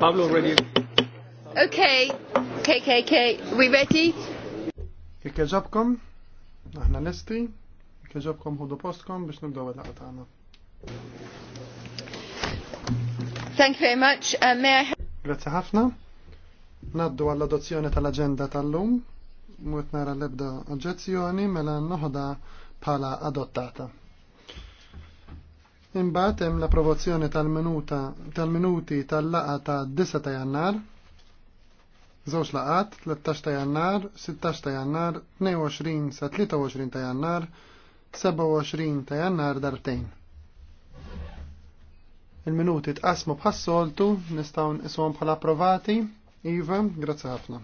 Pablo, ready? Okay, KKK, we ready? Kike ġabkom, aħna lesti, kike hudu postkom biex nibdaw il tagħna. Thank you very much. Uh, may I... Grazie ħafna. Naddu għall-adozzjoni tal-agenda tal-lum. Mwet nara l-ebda oġġezzjoni mela noħda pala adottata. Imbagħad hemm l-approvazzjoni tal-minuta tal-minuti tal-laqa ta' 9 ta' Jannar, żewġ laqat 13 ta' Jannar, 16 ta' Jannar, 22 sa 23 ta' Jannar, 27 ta' Jannar dartejn. Il-minuti tqasmu bħas-soltu nistgħu nqishom bħala approvati. Iva, grazzi ħafna.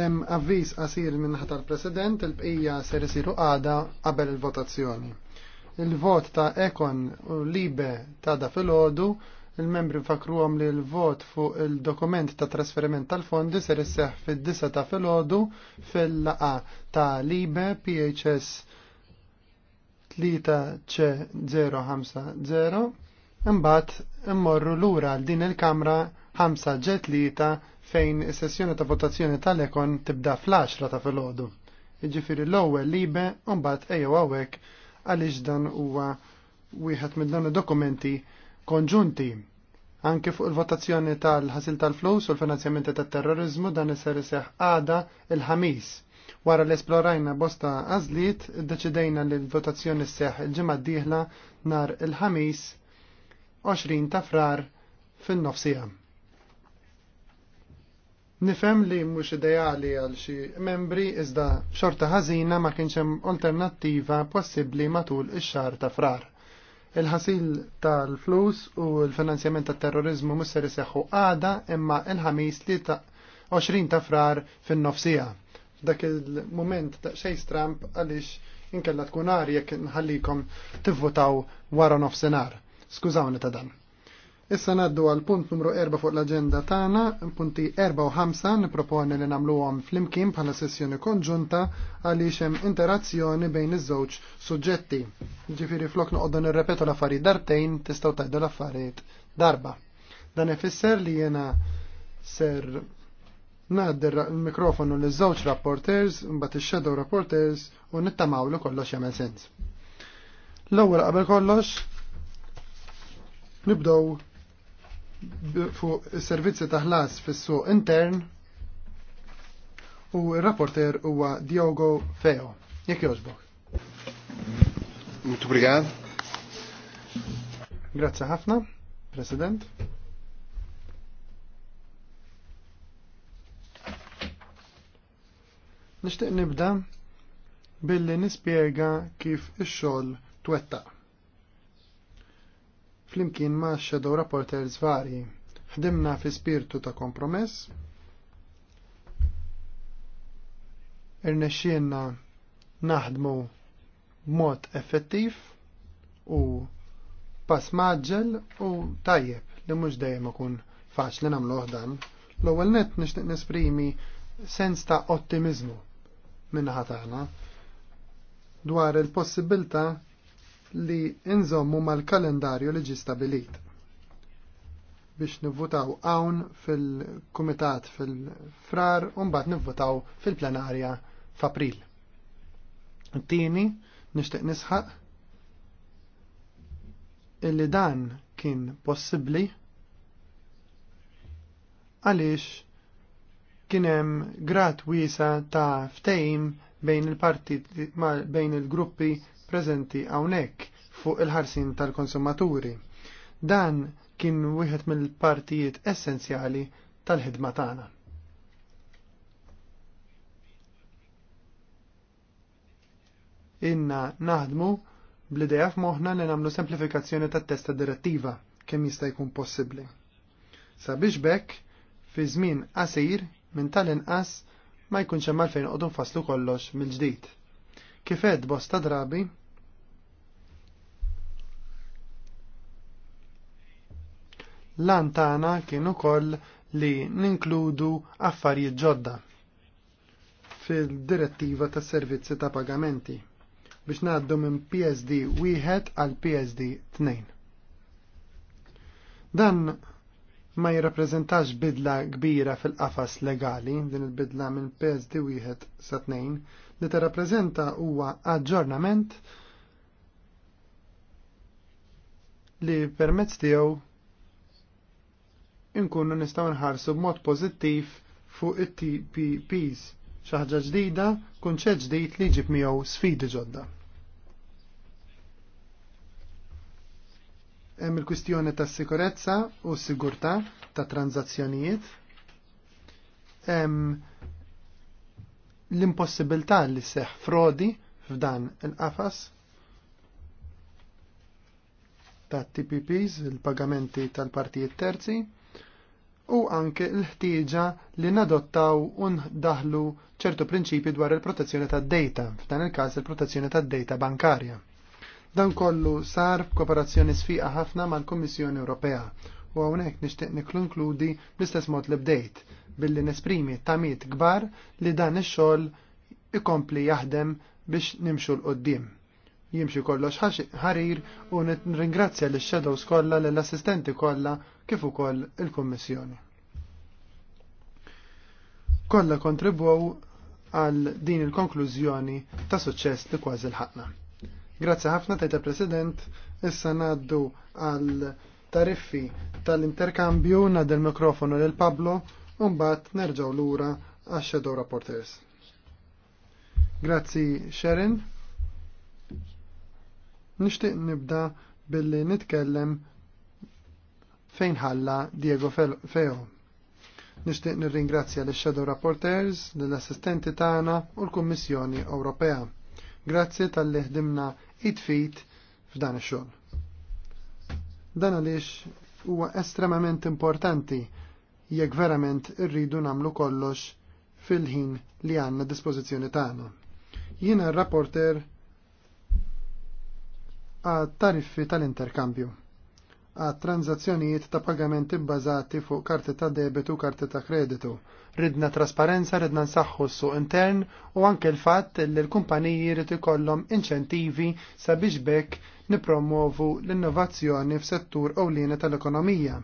Hemm avviż qasir minn tal-President il-bqija ser isiru għada qabel il-votazzjoni il-vot ta' Ekon u Libe ta' da fil-ħodu, il-membri fakru għam li l-vot fuq il-dokument ta' trasferiment tal-fondi ser isseħ fil-disa ta' fil-ħodu fil-laqa ta' Libe PHS 3C050 imbagħad immorru lura għal din il-kamra 5 ġetlita fejn is-sessjoni ta' votazzjoni tal-ekon tibda fl-10 ta' filgħodu. Jiġifieri l-ewwel libe u mbagħad ejjew hawnhekk għaliex dan huwa wieħed minn dawn dokumenti konġunti. Anke fuq il-votazzjoni tal-ħasil tal-flus u l-finanzjamenti tat-terrorizmu dan iser iseħ għada il-ħamis. Wara l esplorajna bosta għażliet, deċidejna li l-votazzjoni seħ il-ġimgħa d-dieħla nar il-ħamis 20 ta' frar fin-nofsija. Nifem li mhux ideali għal xi membri iżda xorta ħażina ma kienx hemm alternattiva possibbli matul ix-xahar ta' frar. Il-ħasil tal-flus u l-finanzjament tat-terrorizmu mhux ser iseħħu għada imma il-ħamis li ta' 20 ta' frar fin-nofsija. Dak il-moment ta' xej stramp għaliex inkella tkun għar jekk nħallikom tivvotaw wara nofsinhar. Skużawni ta' dan. Issa naddu għal punt numru 4 fuq l-agenda tagħna, punti 4 u 5 nipproponi li nagħmluhom flimkien bħala sessjoni konġunta għaliex hemm interazzjoni bejn iż-żewġ suġġetti. Ġifieri flok noqogħdu nirrepetu l-affarijiet dartejn tistgħu tgħidu l-affarijiet darba. Dan ifisser li jiena ser ngħaddi l-mikrofonu liż żewġ rapporters, mbagħad ix-shadow rapporters u nittamawlu kollox jagħmel sens. L-ewwel qabel kollox nibdow fuq servizzi ta' ħlas fis-suq intern u il rapporter huwa Diogo Feo. Jekk jogħġbok. Mutu brigad. Grazie ħafna, President. Nixtieq nibda billi nispjega kif ix-xogħol twettaq flimkien ma' Shadow Rapporters vari. Ħdimna fi spirtu ta' kompromess. irnexxienna naħdmu b'mod effettiv u pass maġġel u tajjeb li mhux dejjem ikun faċli nagħmluh dan. L-ewwel nett nixtieq nesprimi sens ta' ottimiżmu minn tagħna dwar il-possibilità li inżommu mal-kalendarju li ġi stabilit biex nivvutaw hawn fil-kumitat fil-frar u mbagħad nivvutaw fil-plenarja f'April. Tieni nixtieq nisħaq illi dan kien possibbli għaliex kien hemm grat wiesa ta' ftejm bejn il-partit bejn il-gruppi preżenti hawnhekk fuq il-ħarsin tal-konsumaturi. Dan kien wieħed mill-partijiet essenzjali tal-ħidma tagħna. Inna naħdmu bl-idea f'moħħna li nagħmlu semplifikazzjoni tat-testa direttiva kemm jista' jkun possibbli. Sabiex bekk, fi żmien qasir minn tal-inqas ma jkunx hemm għalfejn qogħdu nfasslu kollox mill-ġdid. Kif qed bosta drabi, Lan tagħna kien ukoll li ninkludu affarijiet ġodda fil-direttiva tas servizzi ta' pagamenti biex ngħaddu minn PSD wieħed għal PSD 2. Dan ma jirrappreżentax bidla kbira fil-qafas legali din il-bidla minn PSD wieħed sa 2 li tirrappreżenta huwa aġġornament li permezz tiegħu inkunu nistgħu nħarsu b'mod pożittiv fuq it-TPPs, xi ġdida ġdida, kunċett ġdid li jġib miegħu sfidi ġodda. Hemm il-kwistjoni tas-sikurezza u s-sigurtà ta' tranzazzjonijiet. Hemm l-impossibilità li seħ frodi f'dan il-qafas ta' TPPs, il-pagamenti tal-partijiet terzi, u anke l-ħtieġa li nadottaw un daħlu ċertu prinċipi dwar il-protezzjoni tad data f'dan il-każ il-protezzjoni tad data bankarja. Dan kollu sar f'kooperazzjoni sfiqa ħafna mal-Kummissjoni Ewropea u hawnhekk nixtieq nikkludi bl-istess mod li bdejt billi nesprimi tamiet kbar li dan ix-xogħol ikompli jaħdem biex nimxu l-qoddim jimxi kollox ħarir u nirringrazzja l shadows kollha l assistenti kollha kif ukoll il-Kummissjoni. Kollha kontribwew għal din il-konklużjoni ta' suċċess li kważi l-ħakna. Grazzi ħafna tajta President, issa naddu għal tariffi tal-interkambju nad il-mikrofonu lil Pablo u mbagħad nerġgħu lura għax Shadow Reporters. Grazzi Sharon. Nixtieq nibda billi nitkellem fejn ħalla Diego Feo. Nixtieq nirringrazzja l shadow Rapporteurs, l-assistenti tagħna u l-Kummissjoni Ewropea. Grazzi tal-li ħdimna it-fit f'dan ix-xogħol. Dan għaliex huwa estremament importanti jekk verament irridu namlu kollox fil-ħin li għanna dispożizzjoni tagħna. Jiena r-rapporter għat tariffi tal-interkambju għat tranzazzjonijiet ta' pagamenti bbażati fuq karti ta' debitu u karti ta' kreditu. Ridna trasparenza, ridna nsaħħu s-suq intern u anke l-fatt li l-kumpaniji jrid ikollhom inċentivi sabiex bekk nipromovu l-innovazzjoni f'settur ewlieni tal-ekonomija.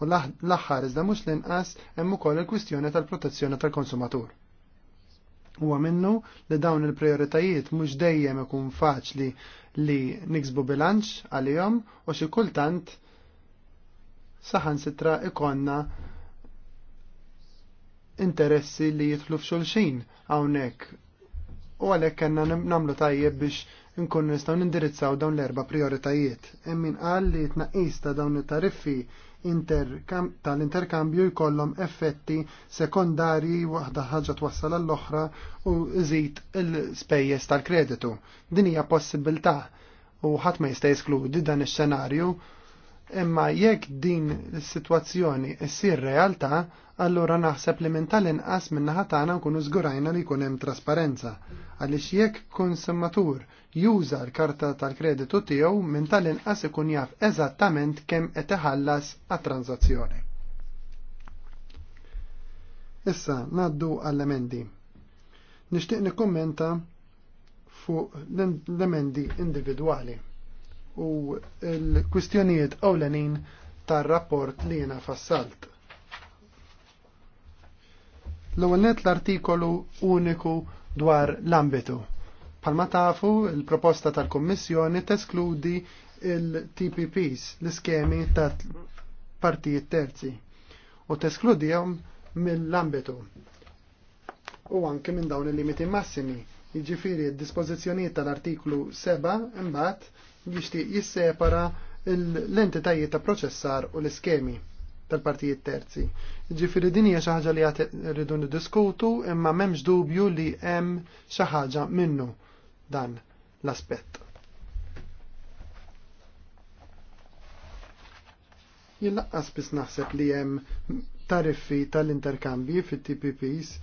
U l-aħħar iżda mhux l-inqas hemm ukoll il-kwistjoni tal-protezzjoni tal-konsumatur. Huwa minnu li dawn il-prioritajiet mhux dejjem ikun faċli li niksbu bilanċ għalihom u xi kultant saħan sitra ikonna interessi li jitlu f'xulxin hawnhekk. U għalhekk kellna nagħmlu tajjeb biex nkunu nistgħu nindirizzaw dawn l-erba' prioritajiet. min qal li tnaqqis ta' dawn it-tariffi tal-interkambju jkollhom effetti sekondarji waħda ħaġa twassal għall-oħra u iżid il-spejjeż tal-kreditu. Din hija possibilità u ħadd ma jista' jeskludi dan ix-xenarju Imma jekk din is-sitwazzjoni issir realtà, allura naħseb li minn tal-inqas min-naħa tagħna nkunu żgurajna li jkun hemm trasparenza. Għaliex jekk konsumatur juża l-karta tal-kreditu tiegħu minn tal-inqas ikun jaf eżattament kemm qed iħallas għat-tranzazzjoni. Issa naddu għall-emendi. Nixtieq nikkummenta fuq l-emendi individwali u l-kwistjonijiet ewlenin tar-rapport li jiena fassalt. L-ewwel l-artikolu uniku dwar l-ambitu. Palma tafu il-proposta tal-Kommissjoni teskludi il-TPPs, l-iskemi ta' partijiet terzi, u teskludihom mill-ambitu. U anke minn dawn il-limiti massimi, jiġifieri d-dispożizzjonijiet tal-artiklu 7 imbagħad jixtieq jissepara l-entitajiet ta' proċessar u l-iskemi tal-partijiet terzi. Ġifiri din hija xi ħaġa li għad rridu niddiskutu imma m'hemmx dubju li hemm xi ħaġa minnu dan l-aspett. Jillaqqas biss naħseb li hemm tariffi tal-interkambji fit-TPPs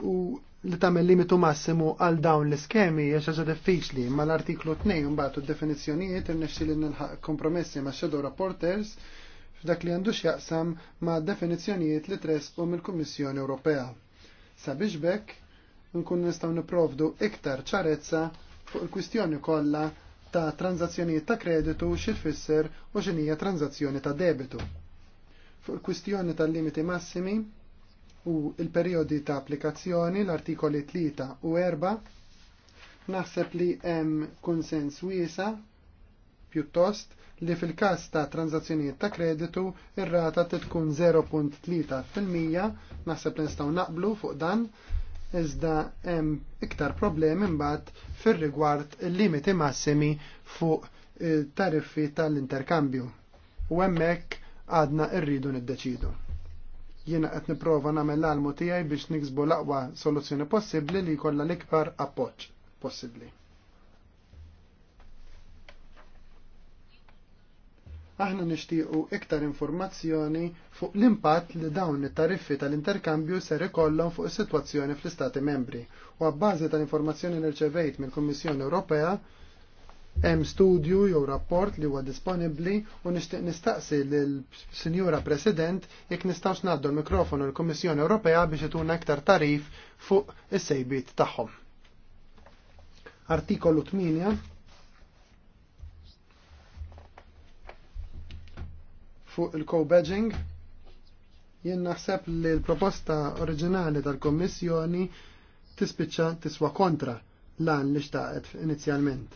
u li tagħmel limitu massimu għal dawn l-iskemi hija diffiċli, ma l-artiklu 2 mbagħad id-definizzjonijiet irnexxi li nilħaq kompromessi ma' shadow rapporters f'dak li għandux jaqsam ma' definizzjonijiet li u mill-Kummissjoni Ewropea. Sabiex bekk nkun nistgħu nipprovdu iktar ċarezza fuq il-kwistjoni kollha ta' tranzazzjonijiet ta' kreditu x'il-fisser u x'inhija tranzazzjoni ta' debitu. Fuq il-kwistjoni tal-limiti massimi, u il-periodi ta' applikazzjoni l-artikoli 3 u 4 naħseb li hemm konsens wiesa pjuttost li fil-każ ta' tranzazzjonijiet ta' kreditu ir-rata tkun 0.3% naħseb li nistgħu naqblu fuq dan iżda hemm iktar problemi mbagħad fir-rigward il-limiti massimi fuq tariffi tal-interkambju. U hemmhekk għadna rridu niddeċidu jiena qed nipprova nagħmel l-almu tiegħi biex niksbu l-aqwa soluzzjoni possibbli li jkollha l-ikbar appoġġ possibbli. Aħna nixtiequ iktar informazzjoni fuq l-impatt li dawn it-tariffi tal-interkambju ser ikollhom fuq is-sitwazzjoni fl-Istati membri u għabbażi tal-informazzjoni li rċevejt mill-Kummissjoni Ewropea Hemm studju jew rapport li huwa disponibbli u nixtieq nistaqsi lill-Sinjura President jekk nistgħux ngħaddu l-mikrofonu l-Kummissjoni Ewropea biex ituna aktar tarif fuq is-sejbiet tagħhom. Artikolu 8 fuq il-co-badging jien naħseb li l-proposta oriġinali tal-Kommissjoni tispiċċa tiswa kontra lan li xtaqet inizjalment.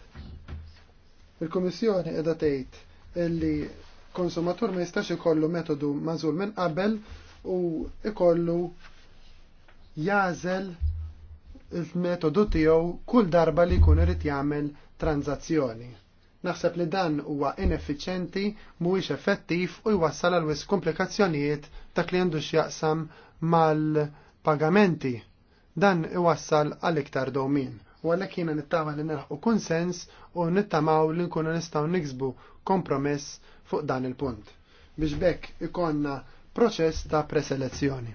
Il-Kummissjoni qiegħda tgħid li konsumatur ma jistax ikollu metodu mażul minn qabel u ikollu jażel il-metodu tiegħu kull darba li jkun irid jagħmel tranzazzjoni. Naħseb li dan huwa ineffiċenti, mhuwiex effettiv u jwassal għal wis komplikazzjonijiet ta' li x'jaqsam mal-pagamenti. Dan iwassal għal iktar domin u għalhekk jiena nittama li nilħqu konsens u nittamaw li nkunu nistgħu niksbu kompromess fuq dan il-punt biex bekk ikonna proċess ta' preselezzjoni.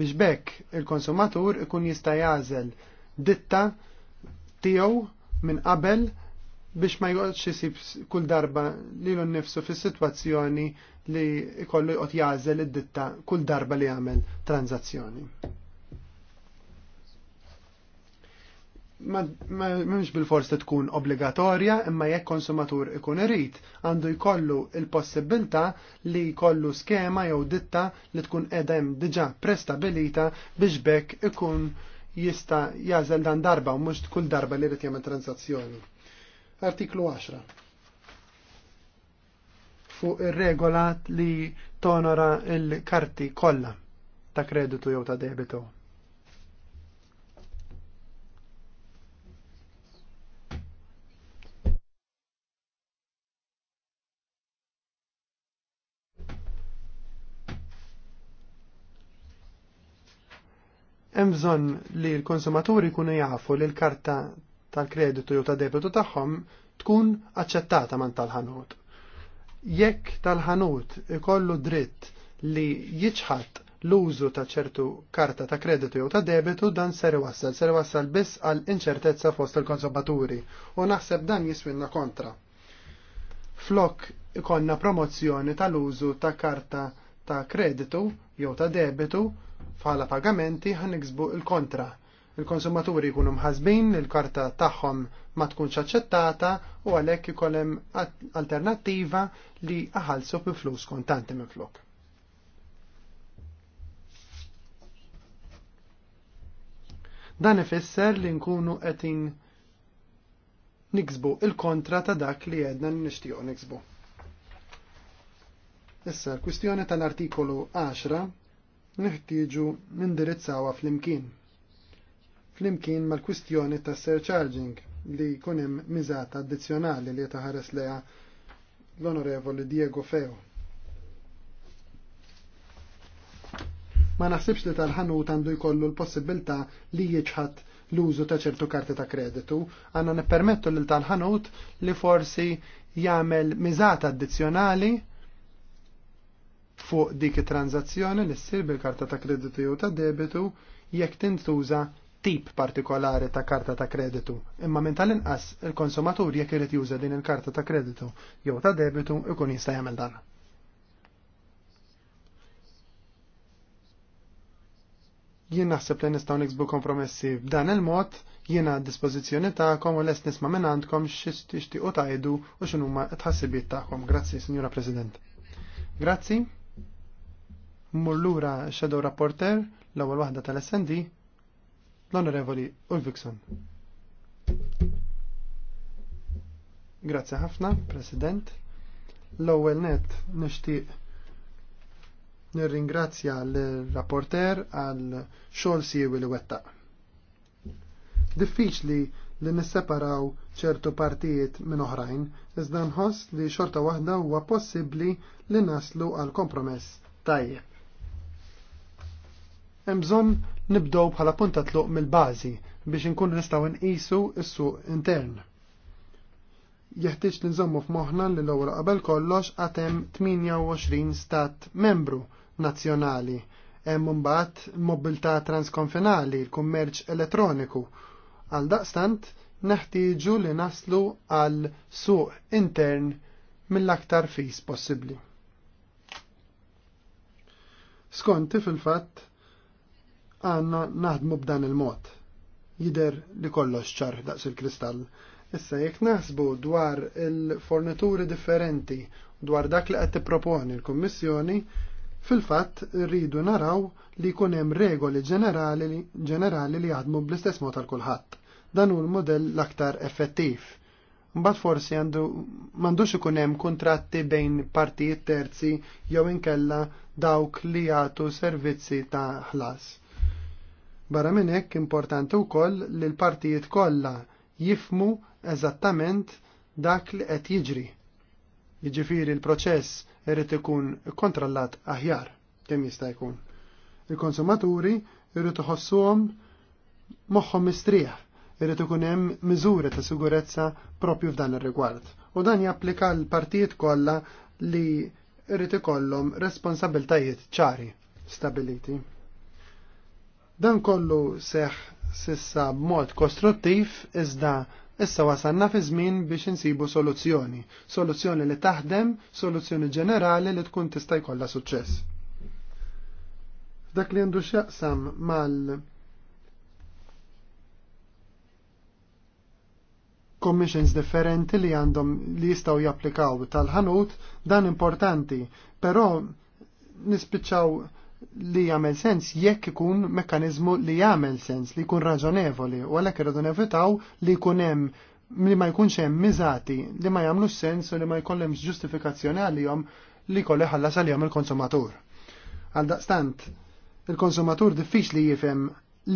Biex bekk il-konsumatur ikun jista' jażel ditta tiegħu minn qabel biex ma jgħodx isib kull darba li l nifsu fis situazzjoni li jkollu jgħod jażel id-ditta kull darba li jagħmel tranzazzjoni. mhux bil-fors li tkun obbligatorja, imma jekk konsumatur ikun irid, għandu jkollu il-possibilità li jkollu skema jew ditta li tkun edem diġa prestabilita biex bekk ikun jista jażel dan darba u mhux kull darba li jrid jagħmel transazzjoni. Artiklu 10. Fuq ir-regola li tonora il-karti kollha ta' kreditu jew ta' debitu hemm bżonn li l-konsumaturi jkunu jafu li l-karta tal-kreditu jew ta' debitu tagħhom tkun aċċettata man tal-ħanut. Jekk tal-ħanut ikollu dritt li jiċħat l-użu ta' ċertu karta ta' kreditu jew ta' debitu dan ser wassal, ser wassal biss għal inċertezza fost il-konsumaturi u naħseb dan jiswinna kontra. Flok ikonna promozzjoni tal-użu ta' karta ta' kreditu jew ta' debitu bħala pagamenti ħaniksbu il-kontra. Il-konsumaturi jkunu mħazbin il-karta tagħhom ma tkunx aċċettata u għalhekk ikol hemm alternattiva li aħalsu bi flus kontanti minflok. Dan ifisser li nkunu qed niksbu il-kontra ta' dak li għedna nixtiequ niksbu. Issa, l-kwistjoni tal-artikolu 10 nħtieġu nindirizzawha flimkien. Flimkien mal-kwistjoni ta' surcharging li kunem miżata addizzjonali li taħares leha l-onorevoli Diego Feo. Ma naħsibx li tal-ħanut għandu jkollu l-possibilità li jiġħad l-użu ta' ċertu karti ta' kreditu, għanna nippermettu lil tal-ħanut li forsi jagħmel miżata addizzjonali fuq dik it-tranzazzjoni li ssir bil-karta ta' kreditu jew ta' debitu jekk tintuża tip partikolari ta' karta ta' kreditu. Imma minn tal-inqas il-konsumatur jekk irid juża din il-karta ta' kreditu jew ta' debitu ikun jista' jagħmel dan. Jien naħseb li nistgħu niksbu kompromessi b'dan il-mod jiena d-dispożizzjoni tagħkom u lest nisma' minn għandkom x'tixtiequ tgħidu u x'inhuma t-ħassibiet tagħkom. Grazzi, Sinjura President. Grazzi. Mullura lura Shadow Rapporter l-ewwel waħda tal-SND l-Onorevoli Ulvikson. Grazzi ħafna, President. L-ewwel net nixtieq nirringrazzja l-rapporter għal xogħol siewi li wettaq. Diffiċli li nisseparaw ċertu partijiet minn oħrajn, iżda nħoss li xorta waħda huwa possibbli li naslu għal kompromess tajjeb hemm bżonn nibdew bħala punta tluq mill-bażi biex inkunu nistgħu nqisu s-suq intern. Jeħtieġ li nżommu f'moħħna li l-ewwel qabel kollox għad hemm 28 stat membru nazzjonali. Hemm imbagħad mobilità transkonfinali, l-kummerċ elettroniku. Għal daqstant neħtieġu li naslu għal suq intern mill-aktar fis possibbli. Skonti fil-fatt għanna naħdmu b'dan il-mod. Jider li kollox ċar daqs il-kristall. Issa jekk naħsbu dwar il-fornituri differenti dwar dak li qed tipproponi l-Kummissjoni, fil-fatt rridu naraw li jkun hemm regoli ġenerali, ġenerali li jaħdmu bl-istess mod għal kulħadd. Dan hu l-modell l-aktar effettiv. Mbagħad forsi għandu m'għandux ikun hemm kuntratti bejn partijiet terzi jew inkella dawk li jagħtu servizzi ta' ħlas Barra minn hekk importanti wkoll li l-partijiet kollha jifmu eżattament dak li qed jiġri. Jiġifieri l-proċess irid ikun kontrollat aħjar kemm jista' jkun. Il-konsumaturi irid iħossuhom moħħhom mistrieħ irid ikun hemm miżuri ta' sigurezza propju f'dan ir-rigward. U dan japplika l-partijiet kollha li irid ikollhom responsabiltajiet ċari stabiliti. Dan kollu seħ sissa b'mod kostruttiv iżda issa wasanna fi żmien biex insibu soluzzjoni, soluzzjoni li taħdem, soluzzjoni ġenerali li tkun tista' jkollha suċċess. Dak li għandu x'jaqsam mal commissions differenti li għandhom li jistaw japplikaw tal-ħanut, dan importanti, pero nispiċċaw li jagħmel sens jekk ikun mekkaniżmu li jagħmel sens, li jkun raġonevoli, u għalhekk irridu nevitaw li jkun hemm li ma jkunx hemm miżati li ma jagħmlux sens u li ma jkollhomx ġustifikazzjoni għalihom li jkolli ħallas għalihom il-konsumatur. Għal daqstant, il-konsumatur diffiċ li jifhem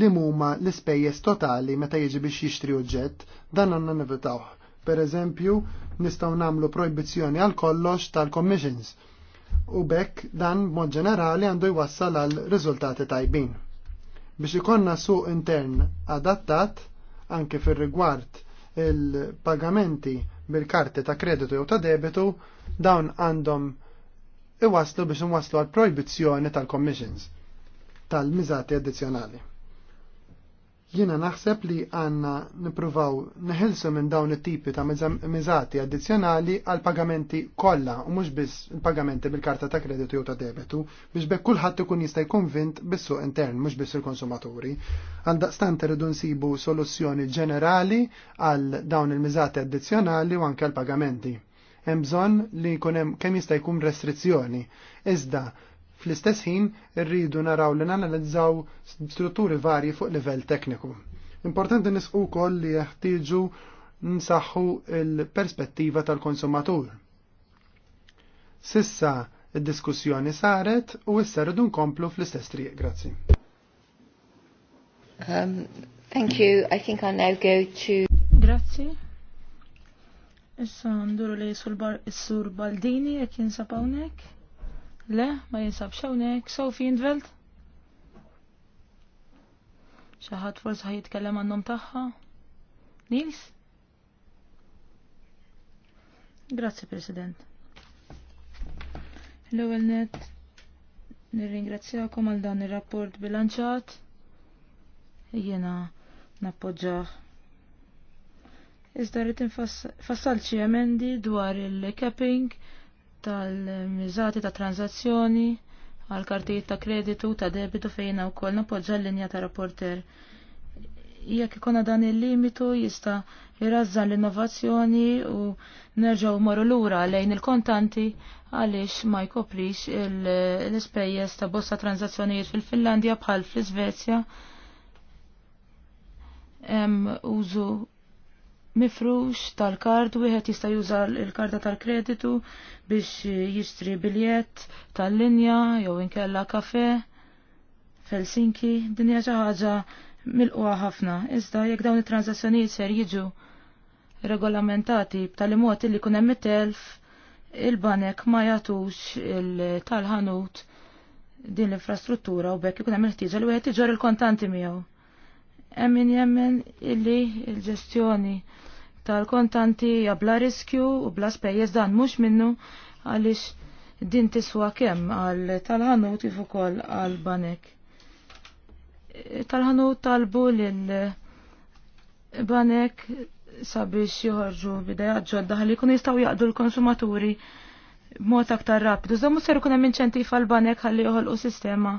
li huma l-ispejjeż totali meta jiġi biex jixtri oġġett, dan għandna nevitaw. Per eżempju, nistgħu nagħmlu projbizzjoni għal kollox tal-commissions u bekk dan mod ġenerali għandu jwassal għal riżultati tajbin. Biex ikonna suq intern adattat anke fir-rigward il-pagamenti bil-karti ta' kreditu jew ta' debitu dawn għandhom iwaslu biex nwaslu għal proibizzjoni tal-commissions tal-miżati addizzjonali. Jiena naħseb li għanna nipruvaw neħelsu minn dawn it-tipi ta' miżati addizzjonali għal pagamenti kollha u mhux biss il-pagamenti bil-karta ta' kreditu jew ta' debetu, biex bekk kulħadd ikun jista' jkonvint bis-suq intern mhux biss il-konsumaturi. Għaldaqstant irridu nsibu soluzzjoni ġenerali għal dawn il-miżati addizzjonali u anke għal pagamenti. Hemm bżonn li jkun hemm kemm jista' jkun restrizzjoni. Iżda Fl-istess ħin irridu naraw li nanalizzaw strutturi varji fuq livell tekniku. Importanti nisqu wkoll li jeħtieġu nsaħħu il-perspettiva tal-konsumatur. Sissa id-diskussjoni saret u issa rridu nkomplu fl-istess triq. Grazzi. Um, thank you. I think I'll now go to... Grazzi. Issa nduru li sul-sur Baldini, jek jinsab hawnhekk. Le, ma jinsabx hawnhekk. Sophie Indveld? Xi ħadd forsi ħajitkellem għannom tagħha? Nils? Grazzi President. L-ewwel net nirringrazzjakom għal dan ir-rapport bilanċat. Jiena nappoġġah. Iżda rrid infassalċi emendi dwar il-capping tal-miżati ta' tranzazzjoni għal kartijiet ta' kreditu ta' debitu fejna u koll napoġġa l-linja ta' rapporter. Jekk ikona dan il-limitu jista' jirrazza l-innovazzjoni u nerġgħu moru lura lejn il-kontanti għaliex ma jkoprix l-ispejjeż ta' bosta tranzazzjonijiet fil-Finlandja bħal fl-Iżvezja. Hemm użu mifrux tal-kard wieħed jista' juża l-karta tal-kreditu biex jixtri biljett tal-linja jew inkella kafe felsinki, din hija xi ħaġa milquha ħafna. Iżda jekk dawn it-transazzjonijiet ser jiġu regolamentati b'tali mod li jkun hemm it-telf il-banek ma jagħtux tal ħanut din l-infrastruttura u bekk ikun hemm il-ħtieġa li wieħed iġor il-kontanti miegħu. Hemm min jemmen illi l-ġestjoni il tal-kontanti ja bla riskju u bla spejjeż dan mhux minnu għaliex din tiswa kemm għal tal-ħanut kif ukoll għal banek. Tal-ħanut talbu lil banek sabiex joħorġu bidejja ġodda ħalli kun jistgħu jaqdu l-konsumaturi b'mod aktar rapidu. Żommu seru ikun hemm inċentiv għal banek ħalli joħolqu sistema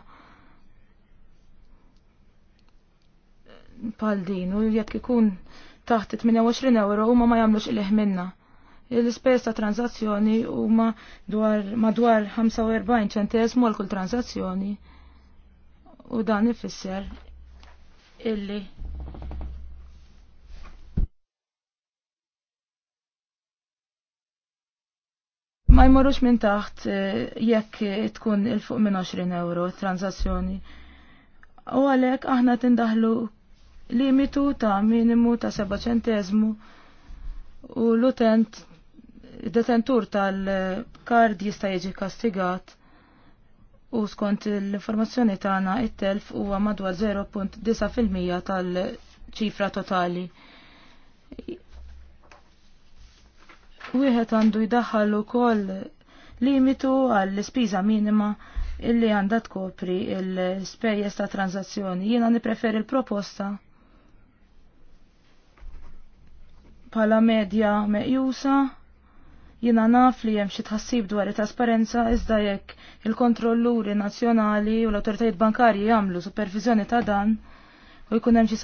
pal din u jekk ikun taħt 28 euro huma ma jagħmlux eħ minna. l spes ta' tranzazzjoni huma dwar madwar 45 ċentesmu għal kull tranzazzjoni u dan ifisser illi ma jmorrux minn taħt eh, jekk tkun il fuq minn 20 euro tranzazzjoni. U għalek aħna tindaħlu limitu ta' minimu ta' seba' ċentezmu u l-utent detentur tal-kard jista' jiġi kastigat u skont l-informazzjoni tagħna it-telf huwa madwar 0.9% tal-ċifra totali. Wieħed għandu jdaħħal ukoll limitu għall ispiża minima illi għandha tkopri l-spejjeż ta' tranzazzjoni. Jiena nippreferi l-proposta pala medja meqjusa jina naf li hemm xi tħassib dwar it-trasparenza iżda jekk il-kontrolluri nazzjonali u l-awtoritajiet bankarji jagħmlu supervizjoni ta' dan u jkun hemm xi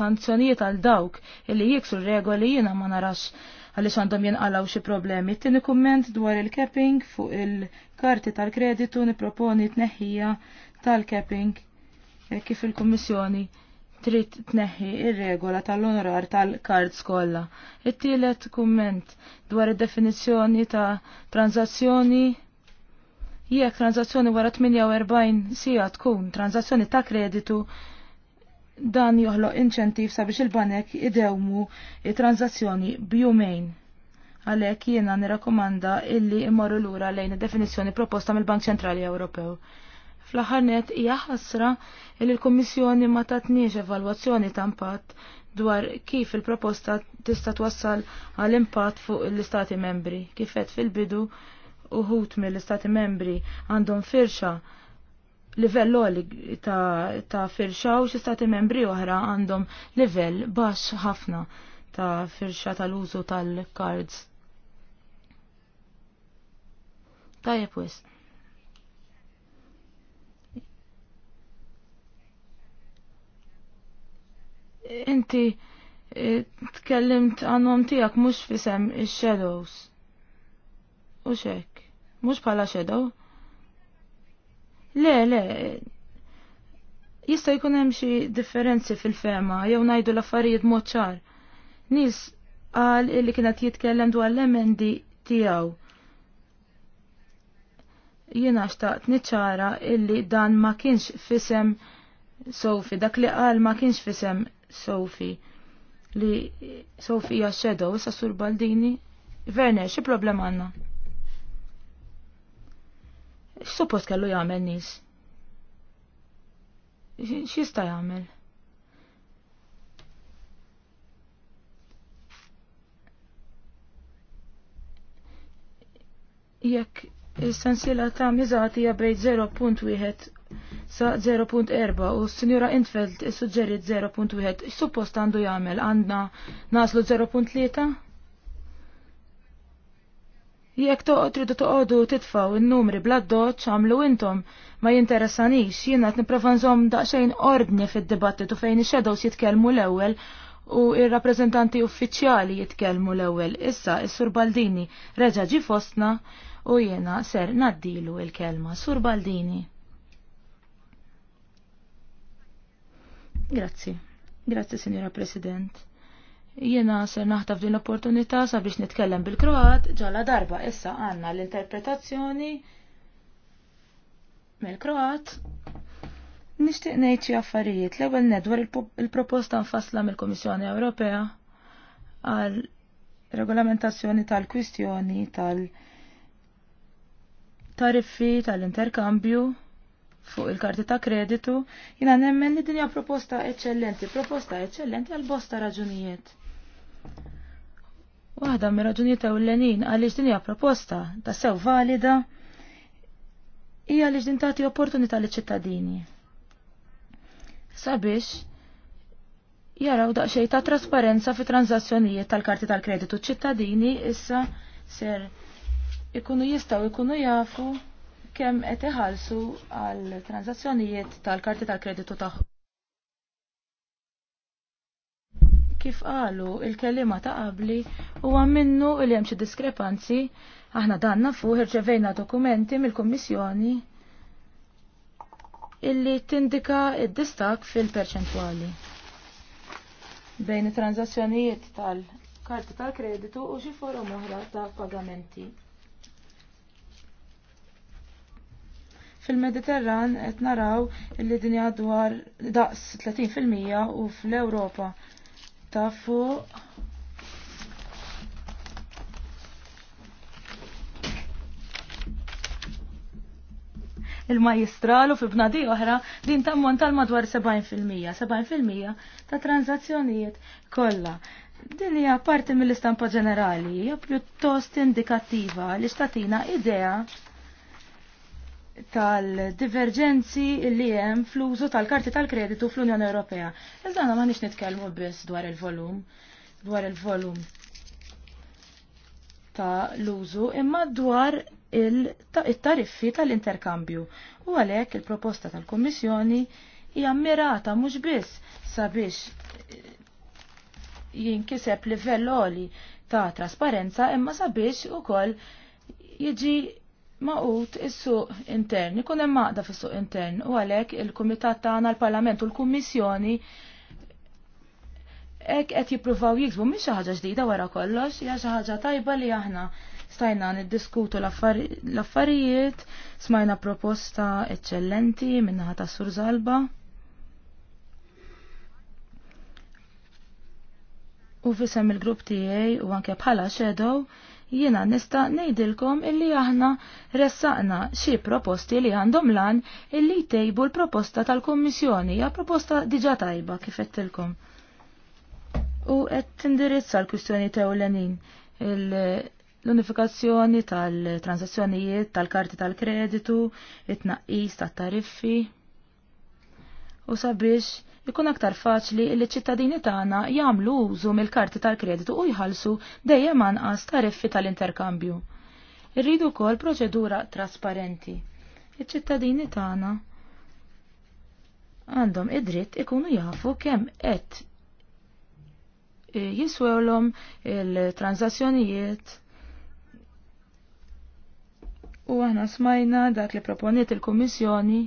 sanzjonijiet għal dawk illi jiksu regoli jiena ma narax għaliex għandhom jinqalaw xi problemi. Tieni kumment dwar il-capping fuq il-karti tal-kreditu nipproponi tneħħija tal-capping eh, kif il-Kummissjoni trid tneħħi ir-regola tal-onorar tal-kards kollha. It-tielet kumment dwar id-definizzjoni ta' tranzazzjoni jekk tranzazzjoni wara 48 sija tkun tranzazzjoni ta' kreditu dan joħloq inċentiv sabiex il-banek idewmu tranzazzjoni b'jumejn. Għalhekk jiena nirakomanda illi immorru lura lejn id-definizzjoni proposta mill-Bank Ċentrali Ewropew. Fl-aħħar net hija ħasra li l-Kummissjoni ma tatniex evalwazzjoni ta' impatt dwar kif il-proposta tista' twassal għal impatt fuq l-Istati membri. Kif qed fil-bidu uħut mill-Istati membri għandhom firxa livell oli ta', ta firxa u x-Istati membri oħra għandhom livell baxx ħafna ta' firxa tal-użu tal-cards. Tajjeb wisq. inti eh, tkellimt għannom tijak mux fisem il-shadows. U xek, mux pala shadow. Le, le, jista jkun hemm xi differenzi fil-fema jew ngħidu l-affarijiet mod ċar. Nis qal illi kienet jitkellem dwar l-emendi tiegħu. Jiena xtaqt niċċara illi dan ma kienx fisem Sofi dak li qal ma kienx fisem Sophie li Sofi hija Shadow issa Sur Baldini. Verne xi problema għandna? Suppost kellu jagħmel nies. X'jista' jagħmel? Jekk is-sensiela ta' miżati hija bejn 0.1 sa 0.4 u s-Sinjura Intfeld suġġerit 0.1 suppost għandu jagħmel għandna naslu 0.3? Jekk toqgħod tridu toqgħodu titfgħu n numri bla doċ għamlu intom ma jinteressanix jiena qed nipprova nżomm daqsxejn ordni fid-dibattitu fejn ix-shadows jitkellmu l-ewwel u ir-rappreżentanti uffiċjali jitkellmu l-ewwel. Issa is-Sur Baldini reġa' ġi fostna u jiena ser naddilu il-kelma. Sur Baldini. Grazzi. Grazzi, Signora President. Jena ser naħtaf din l-opportunità sabiex nitkellem bil-Kroat ġalla darba issa għanna l-interpretazzjoni mill-Kroat. Nishtiq ngħid xi affarijiet l-ewwel nedwar il-proposta nfassla mill-Kummissjoni Ewropea għal regolamentazzjoni tal-kwistjoni tal-tariffi tal-interkambju tal kwistjoni tal tariffi tal interkambju fuq il-karti ta' kreditu, jina nemmen li dinja proposta eccellenti, proposta eccellenti għal bosta raġunijiet. Waħda mi raġunijiet ewlenin għaliex dinja proposta ta' sew valida hija għalix din tagħti opportunità li ċittadini. Sabiex jaraw daqsxejn ta' trasparenza fi tranzazzjonijiet tal-karti tal-kreditu ċittadini issa ser ikunu jistgħu ikunu jafu kemm qed iħallsu għal transazzjonijiet tal-karti tal-kreditu tagħhom. Kif qalu il kelliema ta' qabli huwa minnu li hemm xi diskrepanzi aħna danna fuq irċevejna dokumenti mill-Kummissjoni illi tindika id-distak fil-perċentwali bejn it-transazzjonijiet tal-karti tal-kreditu u xi forom oħra ta' pagamenti. Fil-Mediterran qed naraw li dinja dwar daqs 30% u fl-Ewropa ta' fuq il-majistralu fi bnadi oħra din tammont tal-madwar 70%, 70% ta' tranzazzjonijiet kollha. Din hija parti mill-istampa ġenerali, hija pjuttost indikattiva li xtatina idea tal-divergenzi li hemm fl-użu tal-karti tal-kreditu fl-Unjoni Ewropea. Iżana ma nix nitkellmu biss dwar il-volum, dwar il-volum ta' l-użu imma dwar il-tariffi tal-interkambju. U għalhekk il-proposta tal-Kummissjoni hija mirata mhux biss sabiex jinkiseb livell oli ta' trasparenza imma sabiex ukoll jiġi maqut is-suq intern, ikun hemm maqda fis-suq intern u għalhekk il-kumitat tagħna l-Parlament u l-Kummissjoni hekk qed jippruvaw jiksbu mhix xi ħaġa ġdida wara kollox, hija xi ħaġa tajba li aħna stajna niddiskutu l-affarijiet, smajna proposta eċċellenti minnaħa ta' Sur Zalba. U fisem il-grupp tiegħi u anke bħala xedow jiena nista' ngħidilkom illi aħna ressaqna xi proposti li għandhom lan illi jtejbu l-proposta tal-Kummissjoni hija proposta diġà tajba kif tilkom. U qed tindirizza l-kwistjoni tewlenin l-unifikazzjoni tal-transazzjonijiet tal-karti tal-kreditu, it-tnaqqis tat-tariffi. U sabiex ikun aktar faċli li ċittadini tagħna jagħmlu użu mill-karti tal-kreditu u jħallsu dejjem anqas tariffi tal-interkambju. Irridu wkoll proċedura trasparenti. Iċ-ċittadini tagħna għandhom id-dritt ikunu jafu kemm qed e, jiswewlhom il-transazzjonijiet u aħna smajna dak li proponiet il-Kummissjoni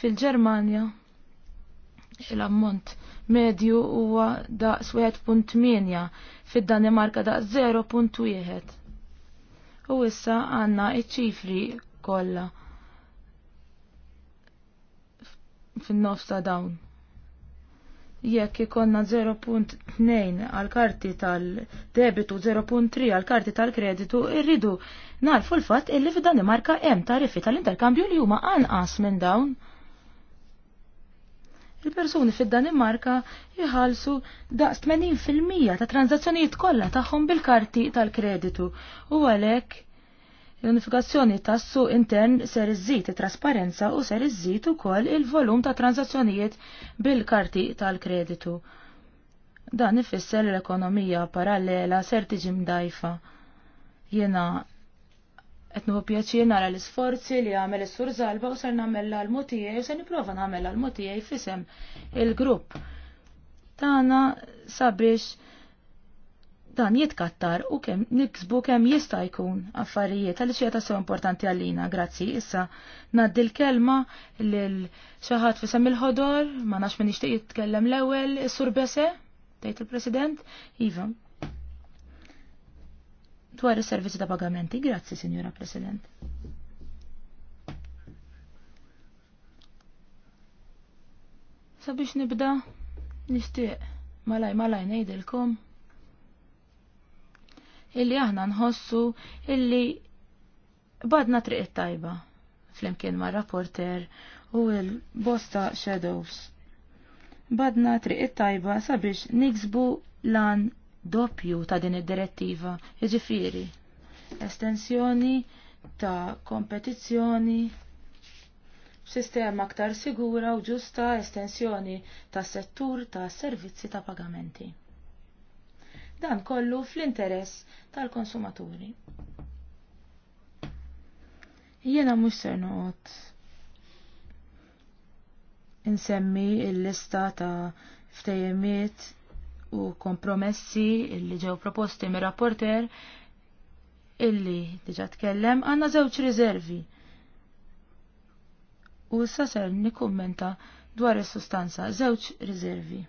fil-Ġermanja l-ammont medju huwa daqs 1.8 fid-Danimarka daqs 0.1. U issa għanna iċ-ċifri kollha fin-nofs ta' dawn. Jekk ikonna 0.2 għal karti tal-debitu 0.3 għal karti tal-kreditu, irridu narfu l-fatt illi fid-Danimarka hemm tariffi tal-interkambju li huma anqas minn dawn il persuni fid-Danimarka jħalsu daqs 80% ta' tranzazzjonijiet kollha tagħhom bil-karti tal-kreditu u għalhekk l-unifikazzjoni ta' su intern ser iżżid it-trasparenza u ser iżżid ukoll il-volum ta' tranzazzjonijiet bil-karti tal-kreditu. Dan ifisser l-ekonomija parallela ser tiġi mdajfa. Jena Qed nieħu pjaċir nara l-isforzi li għamel is-sur Zalba u sarna nagħmel l-almu u se nipprova nagħmel l-almu tiegħi fisem il-grupp. Tana sabiex dan jitkattar u kemm niksbu kemm jista' jkun affarijiet għaliex hija sew importanti għalina, grazzi. Issa ngħaddi l-kelma lil xi ħadd fisem il-ħodor, ma nafx min nixtieq jitkellem l-ewwel, is-sur Bese, tgħid il-President, iva, dwar is-servizzi ta' pagamenti. Grazzi, Sinjora President. Sabiex nibda, nixtieq malaj malaj ngħidilkom illi aħna nħossu illi badna triq it-tajba flimkien ma' rapporter u l-bosta Shadows. Badna triq it-tajba sabiex niksbu lan doppju ta' din id-direttiva, jiġifieri estensjoni ta' kompetizzjoni b'sistema aktar sigura u ġusta estensjoni tas settur ta' servizzi ta' pagamenti. Dan kollu fl-interess tal-konsumaturi. Jiena mhux ser noqgħod insemmi l-lista ta' ftejemiet u kompromessi li ġew proposti mir rapporter illi diġa tkellem għanna żewġ riservi. U issa ser nikkummenta dwar is-sustanza żewġ riservi.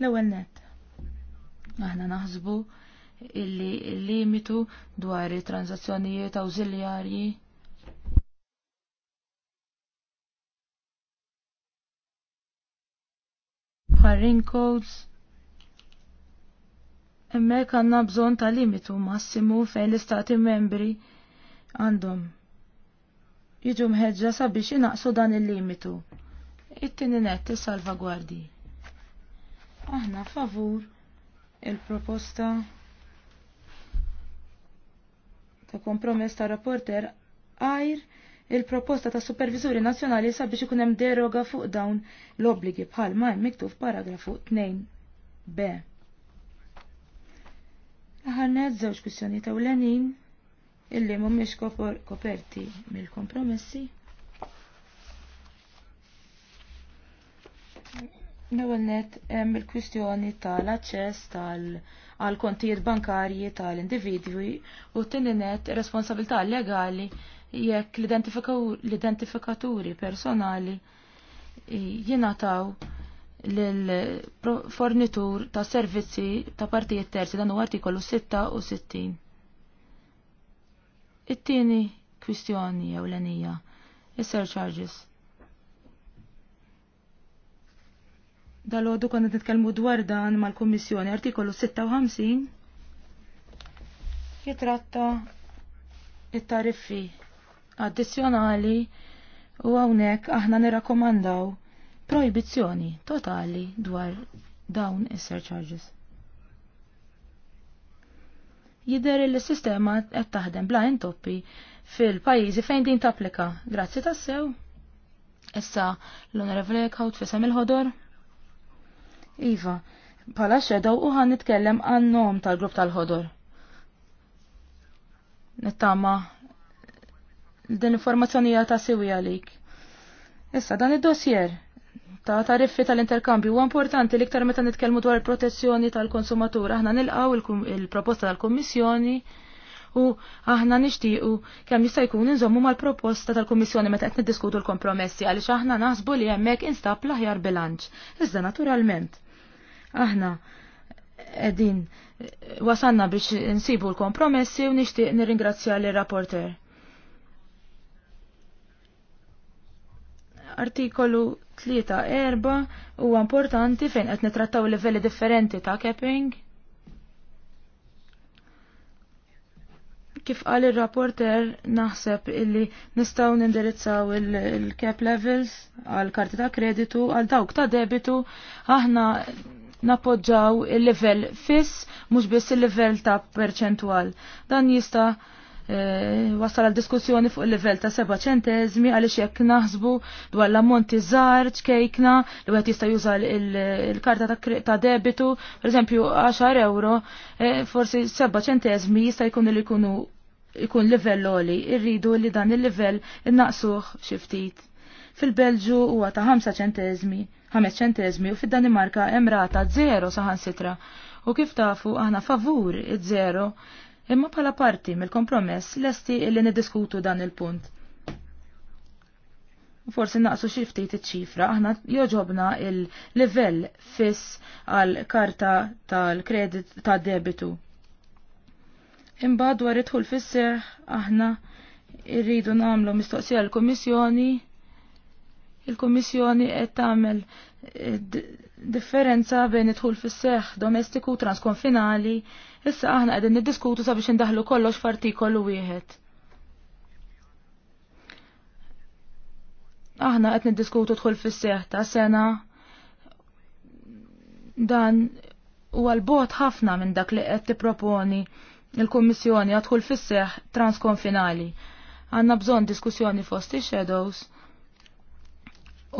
L-ewwel net. Aħna naħsbu illi limitu dwar it-transazzjonijiet awżiljarji dwar codes. Hemmhekk għandna bżonn ta' limitu massimu fejn l-istati membri għandhom. Jiġu mħeġġa sabiex inaqsu dan il-limitu. It-tieni nett is Aħna favur il-proposta ta' kompromess ta' rapporter għajr il-proposta ta' Supervizuri Nazzjonali sabiex ikun hemm deroga fuq dawn l-obbligi bħal ma hemm miktub paragrafu 2b. Aħarnet żewġ kwistjoni ta' ulenin illi mhumiex koperti mill-kompromessi. L-ewwel net hemm il-kwistjoni tal-aċċess tal kontijiet bankarji tal-individwi u t-tini net responsabilità legali jekk l-identifikaturi personali jinataw l-fornitur ta' servizzi ta' partijiet terzi dan u artikolu 66. It-tieni kwistjoni jew l-enija, is-surcharges. Dal-għodu konna nitkellmu dwar dan mal-Kummissjoni, artikolu 56 jitratta it-tariffi addizzjonali u hawnhekk aħna nirakomandaw proibizzjoni totali dwar dawn is-surcharges. Jider li s-sistema qed taħdem bla intoppi fil-pajjiżi fejn din tapplika. Grazzi tassew. Issa l-Onorevole Kaut fisem il-ħodor. Iva, pala xedaw uħan nitkellem nom tal-grupp tal-ħodor. Nittama din informazzjoni hija ta' siwi għalik. Issa dan id-dossier ta' tariffi tal-interkambju huwa importanti liktar meta nitkellmu dwar protezzjoni tal-konsumatur. Aħna nilqaw il-proposta tal-Kummissjoni u aħna nixtiequ kemm jista' jkun inżommu mal-proposta tal-Kummissjoni meta qed niddiskutu l-kompromessi għaliex aħna naħsbu li hemmhekk instab l-aħjar bilanċ. Iżda naturalment aħna qegħdin wasanna biex insibu l-kompromessi u nixtieq nirringrazzja l-rapporter. Artikolu 3-4 huwa importanti fejn qed nitrattaw livelli differenti ta' capping. Kif qal ir-rapporter naħseb illi nistgħu nindirizzaw il-cap levels għal karti ta' kreditu għal dawk ta' debitu aħna nappoġġaw il-level fiss mhux biss il-level ta' perċentwal. Dan jista' Eh, wasal għal diskussjoni fuq il-level ta' seba' ċentezmi għaliex jekk naħsbu dwar l-ammonti żgħar ċkejkna li għet jista' juża l-karta ta' debitu, pereżempju 10 euro, eh, forsi seba' ċentezmi jista' jkun li jkunu jkun livell loli, irridu li dan il-livell innaqsuh xi ftit. Fil-Belġu huwa ta' 5 ċentezmi, 5 ċentezmi u fid-Danimarka hemm rata saħan saħansitra. U kif tafu aħna favur id żero Imma bħala parti mill-kompromess lesti illi niddiskutu dan il-punt. Forsi naqsu xi ftit iċ-ċifra, aħna joġobna il-livell fiss għal karta tal-kredit ta' debitu. Imbagħad dwar idħul fisser aħna irridu nagħmlu mistoqsija l-Kummissjoni. Il-Kummissjoni qed tagħmel eh, differenza bejn idħul fis-seħħ domestiku transkonfinali Issa aħna qegħdin niddiskutu sabiex indaħlu kollox f'artikolu wieħed. Aħna qed niddiskutu tħol fis ta' sena dan huwa l-bot ħafna minn dak li qed tipproponi il-Kummissjoni għadħul fis transkonfinali. Għandna bżonn diskussjoni fosti ix-shadows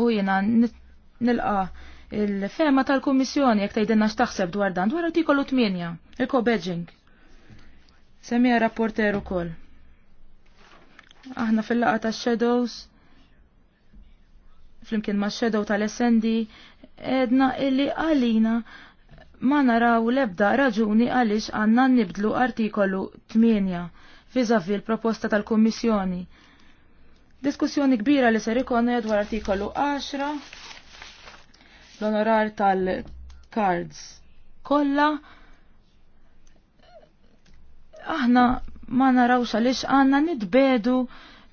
u jiena nilqa' Il-fema tal-Kummissjoni jekk tgħidilna x'taħseb dwar dan dwar artikolu 8, il-co-badging. Semija rapporter ukoll. Aħna fil-laqa tax-shadows flimkien ma' shadow tal essendi edna illi għalina ma naraw lebda raġuni għaliex għanna nibdlu artikolu 8 vizavi l-proposta tal-Kummissjoni. Diskussjoni kbira li ser ikonna dwar artikolu 10 l-onorar tal-cards kollha aħna ma narawx għaliex għandna nitbedu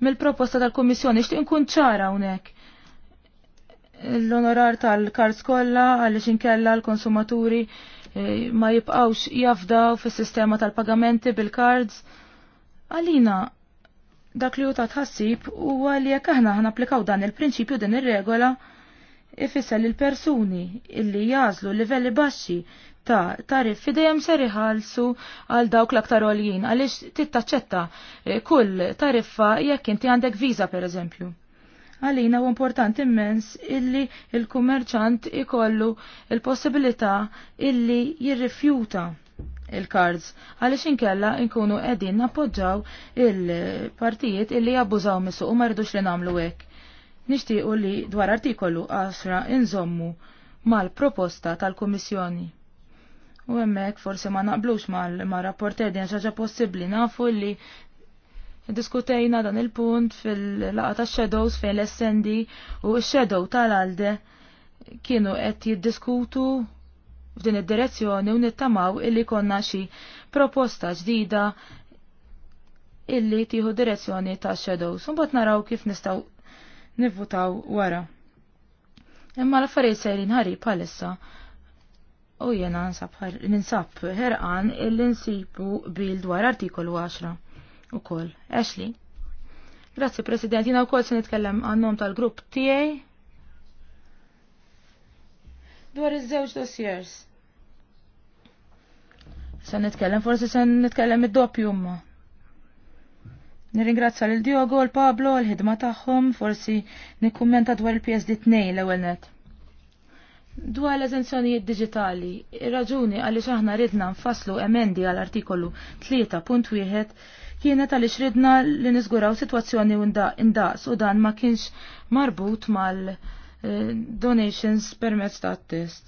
mill-proposta tal-Kummissjoni xtieq nkun ċara hawnhekk. L-onorar tal-kards kollha għaliex inkella l-konsumaturi eh, ma jibqawx jafdaw fis-sistema tal-pagamenti bil-cards. Għalina, dak li ta tħassib u għalija jekk aħna applikaw dan il-prinċipju din ir-regola il ifisser li l-persuni illi jażlu livelli baxxi ta' tarif fidejem ser iħallsu għal dawk l-aktar għoljin għaliex tittaċċetta eh, kull tariffa jekk inti għandek per pereżempju. Għalina u importanti immens illi il-kummerċant ikollu il-possibilità illi jirrifjuta il-kards għaliex inkella nkunu qegħdin nappoġġaw il-partijiet illi jabbużaw misu u ma rridux li nagħmlu hekk. Nixtiequ li dwar artikolu għasra inżommu mal-proposta tal-Kummissjoni. U hemmhekk forsi ma naqblux mal-rapport edin xaġa possibbli nafu li diskutejna dan il-punt fil-laqa ta' shadows fejn l essendi u x-shadow tal-alde kienu qed jiddiskutu f'din id-direzzjoni u nittamaw illi konna xi proposta ġdida illi tieħu direzzjoni ta' shadows. Mbagħad naraw kif nistgħu nivvutaw wara. Imma l-affarijiet sejrin ħarri palissa u jena ninsab herqan il-insibu bil dwar artikolu 10 u koll. Ashley. Grazzi, President. Jena u koll se nitkellem għannom tal-grupp tijaj dwar iż-żewġ dossiers. Se nitkellem, forsi se nitkellem id-doppju ma Nirringrazzja lil Diogo l Pablo l-ħidma tagħhom, forsi nikkummenta dwar il-PSD 2 l-ewwel net. Dwar l-eżenzjonijiet diġitali, ir-raġuni għaliex aħna ridna nfasslu emendi għall artikolu 3.1 kienet għaliex ridna li niżguraw sitwazzjoni indaqs u dan ma kienx marbut mal-donations eh, permezz ta' test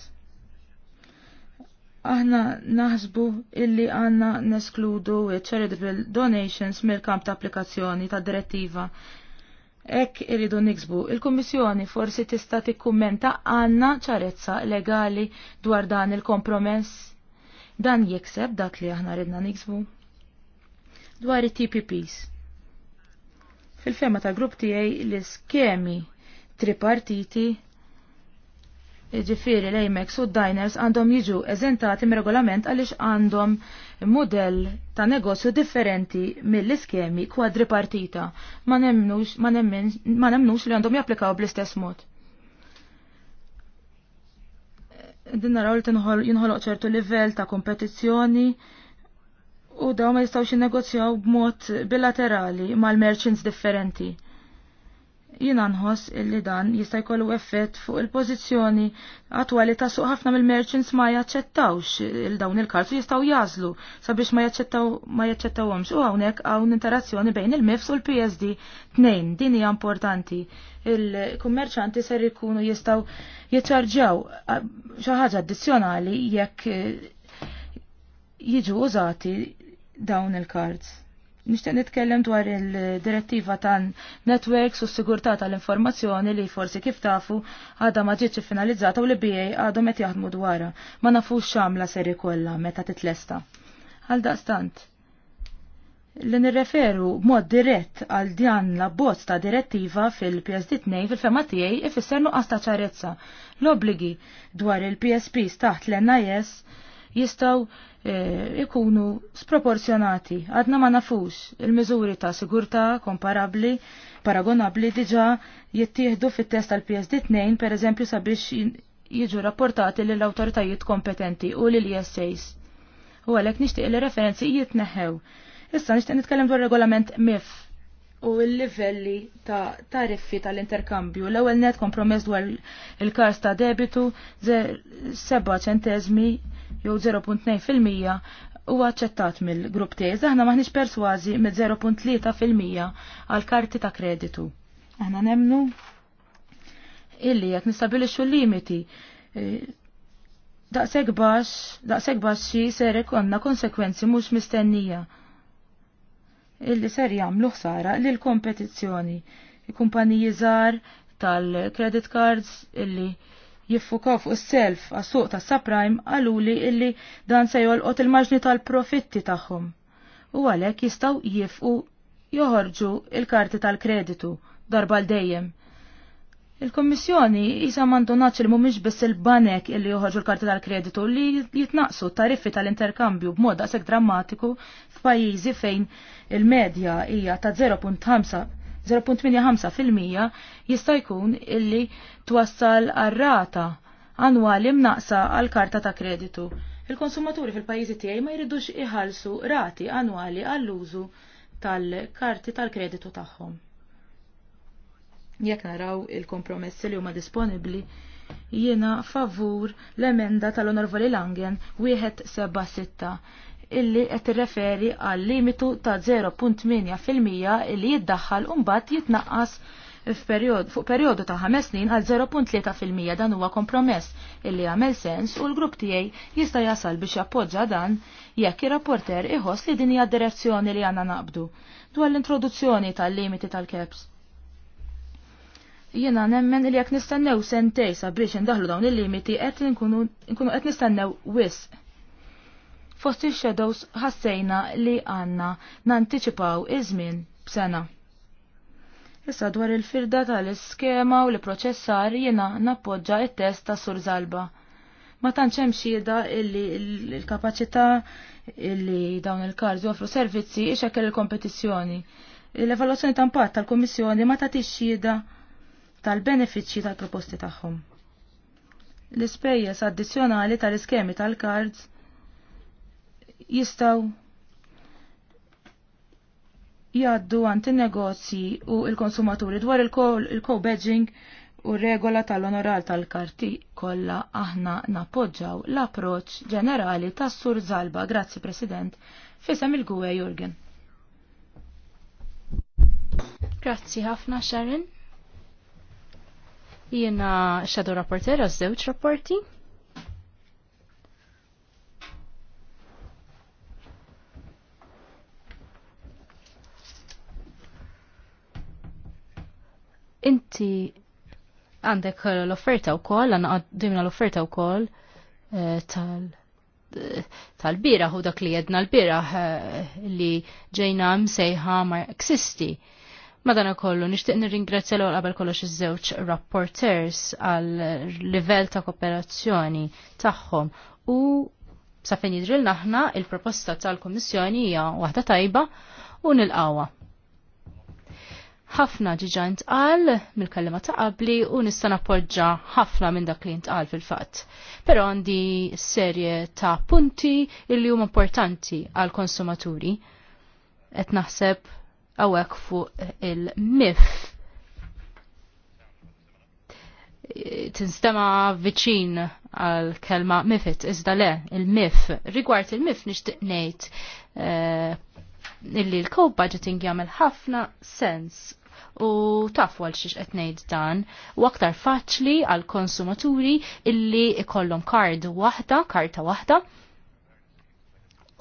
aħna naħsbu illi għanna neskludu charitable donations mill-kamp ta' applikazzjoni ta' direttiva. Ek irridu niksbu, il-Kommissjoni forsi tista' tikkummenta għanna ċarezza legali dwar dan il-kompromess. Dan jekseb dak li aħna ridna niksbu. Dwar it-TPPs. Fil-fema ta' grupp tiegħi l-iskemi tripartiti ġifiri l-Amex u d-Diners għandhom jiġu eżentati mir-regolament għaliex għandhom model ta' negozju differenti mill-iskemi kwadripartita. Ma nemmnux, ma, nemmnux, li għandhom japplikaw bl-istess mod. Din naraw li jinħoloq ċertu livell ta' kompetizzjoni u daw ma jistawx jinnegozjaw b'mod bilaterali mal-merchants differenti jina nħoss illi dan jista' jkollu effett fuq il-pożizzjoni attwali ta' suq ħafna mill-merchants ma jaċċettawx il dawn il u jistgħu jażlu sabiex ma jaċċettaw ma jaċċettawhomx u hawnhekk hawn interazzjoni bejn il-MIFS u l-PSD tnejn din hija importanti. Il-kummerċanti ser ikunu jistgħu jiċċarġaw xi ħaġa addizzjonali jekk jiġu użati dawn il-kards. Nixtieq nitkellem dwar il-direttiva ta' networks u s-sigurtà tal-informazzjoni li forsi kif tafu għadha ma ġietx finalizzata u li bijaj għadhom qed jaħdmu dwarha. Ma nafux x'għamla seri kollha meta titlesta. Għal daqstant. Li nirreferu b'mod dirett għal dan la bozz ta' direttiva fil-PSD 2 fil-fema tiegħi ifisser nuqqas ta' ċarezza. L-obligi dwar il psp taħt l-NIS jistaw eh, ikunu sproporzjonati. Għadna ma nafux il-miżuri ta' sigurta komparabli, paragonabli diġa jittieħdu fit-test tal-PSD 2 per eżempju sabiex jiġu rapportati l autoritajiet kompetenti u l ISAs. E u għalek nishtiq li referenzi jitneħew. Issa nishtiq nitkellem dwar regolament MIF u l-livelli ta' tariffi tal-interkambju. L-ewwel net kompromess dwar il-kars ta' debitu 7 ċentezmi jew 0.2% huwa aċċettat mill-grupp tiegħi. Aħna maħniex persważi mid 0.3% għal karti ta' kreditu. Aħna nemnu illi jekk nistabilixxu limiti e, daqshekk baxx, daqshekk baxx xi ser ikonna konsekwenzi mhux mistennija illi ser jagħmlu ħsara lil kompetizzjoni. Kumpaniji żgħar tal-credit cards illi jiffukaw fuq s self għas-suq ta' subprime għaluli illi dan se jolqot il-maġni tal-profitti tagħhom. U għalhekk jistgħu jifqu joħorġu il-karti tal-kreditu darba l dejjem. Il-Kommissjoni jisa mandonaċ il mumiex biss il-banek illi joħorġu l-karti tal-kreditu li jitnaqsu tariffi tal-interkambju b'mod daqshekk drammatiku f'pajjiżi fejn il-medja hija ta' 0.5 0.85% jista' jkun illi twassal għar-rata annwali mnaqsa għal karta ta' kreditu. Il-konsumaturi fil-pajjiżi tiegħi ma jridux iħallsu rati annwali għall-użu tal-karti tal-kreditu tagħhom. Jekk naraw il-kompromessi li huma disponibbli, jiena favur l-emenda tal-Onorvoli Langen wieħed seba' sitta illi qed irreferi għal limitu ta' 0.8% illi jiddaħħal u mbagħad jitnaqqas fuq perjodu ta' 5 snin għal 0.3% dan huwa kompromess illi għamel sens u l-grupp tiegħi jista' jasal biex jappoġġa dan jekk ir-rapporter iħoss li din hija direzzjoni li għandna naqbdu dwar l-introduzzjoni tal-limiti tal keps Jiena nemmen li jekk nistennew sentej sabiex indaħlu dawn il-limiti qed nkunu qed nistennew wisq Fost il-shadows ħassejna li għanna nantiċipaw iż-żmien b'sena. Issa dwar il-firda tal-iskema u l proċessar jiena nappoġġa it-test ta' Sur Zalba. Ma tantx hemm xhieda illi l-kapaċità illi dawn il-karż joffru servizzi ixekkel il-kompetizzjoni. L-evaluazzjoni ta' impatt tal-Kummissjoni ma tagħtix xhieda tal-benefiċċji tal-proposti tagħhom. L-ispejjeż addizzjonali tal-iskemi tal-kards jistaw jaddu għant il-negozji u il-konsumaturi dwar il-co-badging u regola tal-onoral tal-karti kolla aħna napoġġaw l-approċ ġenerali tas sur Zalba, grazzi President, fisem il-gwe Jurgen. Grazzi ħafna Sharon. Jiena xadu Rapporter għaż żewġ rapporti Inti għandek l-offerta u koll, għanna għaddimna l-offerta u koll eh, tal eh, tal-bira u dak li jedna l-bira eh, li ġejna msejħa eksisti. Madana kollu, nishtiq nir-ringrazzja l-għol qabel kollox iż-żewġ rapporters għal livell ta' kooperazzjoni tagħhom u sa fejn jidrilna aħna il-proposta tal-Kummissjoni hija waħda tajba u nilqawa ħafna ġiġa ntqal mill-kellima ta' qabli u nista' nappoġġa ħafna minn dak li ntqal fil-fatt. Però għandi serje ta' punti illi huma importanti għal konsumaturi. Qed naħseb hawnhekk fuq il-MIF tinstema viċin għal kelma mifit, iżda le, il-mif. Rigward il-mif nixtieq ngħid uh, illi l-co budgeting jagħmel ħafna sens u taf għal xiex qed ngħid dan, u aktar faċli għal konsumaturi illi ikollhom kard waħda, karta waħda,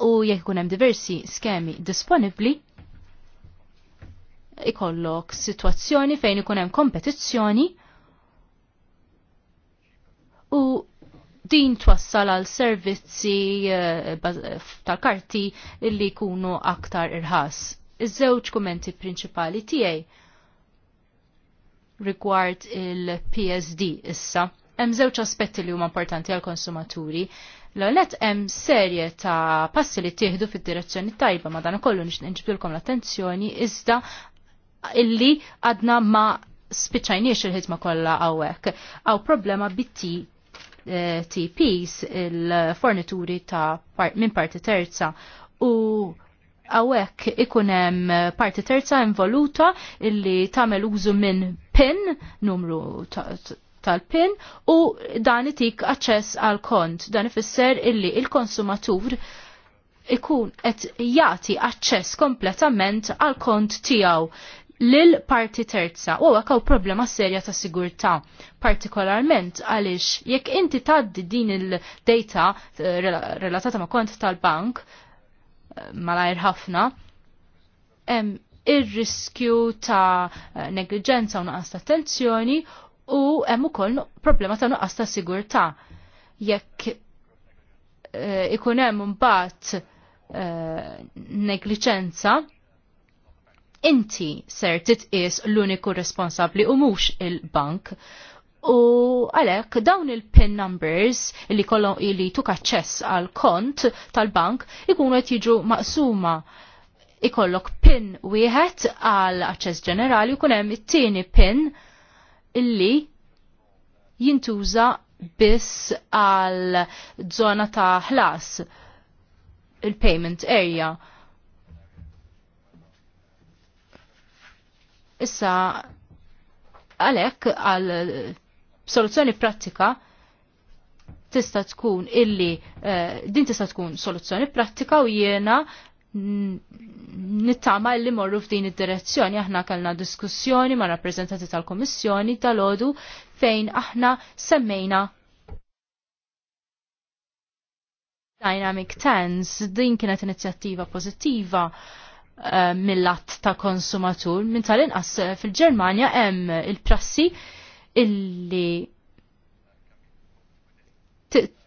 u jekk ikun hemm diversi skemi disponibbli, ikollok situazzjoni fejn ikun hemm kompetizzjoni u din twassal għal servizzi eh, tal-karti illi jkunu aktar irħas. Iż-żewġ kumenti prinċipali tiegħi rigward il-PSD issa. Hemm żewġ aspetti li huma importanti għal konsumaturi. L-għonet hemm serje ta' passi li tieħdu fid-direzzjoni tajba ma dan ukollu nġibdulkom l-attenzjoni iżda illi għadna ma spiċċajniex il-ħidma kollha hawnhekk. Aw problema bit TPs il-fornituri ta' minn parti terza u għawek ikunem parti terza involuta illi tamel użu minn PIN, numru tal-PIN, u dan itik aċċess għal kont. Dan ifisser illi il-konsumatur ikun qed jagħti aċċess kompletament għal kont tiegħu lil parti terza u għakaw problema serja ta' sigurta. Partikolarment għalix jekk inti taddi din il-data eh, relatata ma' kont tal-bank, malajr ħafna, hemm ir-riskju ta' negliġenza u nuqqas ta' attenzjoni u hemm ukoll problema ta' nuqqas ta' sigurtà. Jekk eh, ikun hemm mbagħad eh, negliġenza, inti ser titqies l-uniku responsabbli u mhux il-bank U għalek, dawn il-pin numbers li kollon li tuk aċċess għal kont tal-bank ikunu qed jiġu maqsuma ikollok pin wieħed għal aċċess ġenerali u kunem it-tieni pin illi jintuża biss għal zona ta' ħlas il-payment area. Issa għalek għal soluzzjoni pratika tista tkun illi uh, din tista tkun soluzzjoni pratika u jiena nittama illi morru f'din id-direzzjoni aħna kellna diskussjoni ma' rappreżentanti tal komissjoni tal-Odu fejn aħna semmejna Dynamic Tens din kienet inizjattiva pożittiva uh, mill-att ta' konsumatur minn tal-inqas eh, fil-Ġermanja hemm il-prassi illi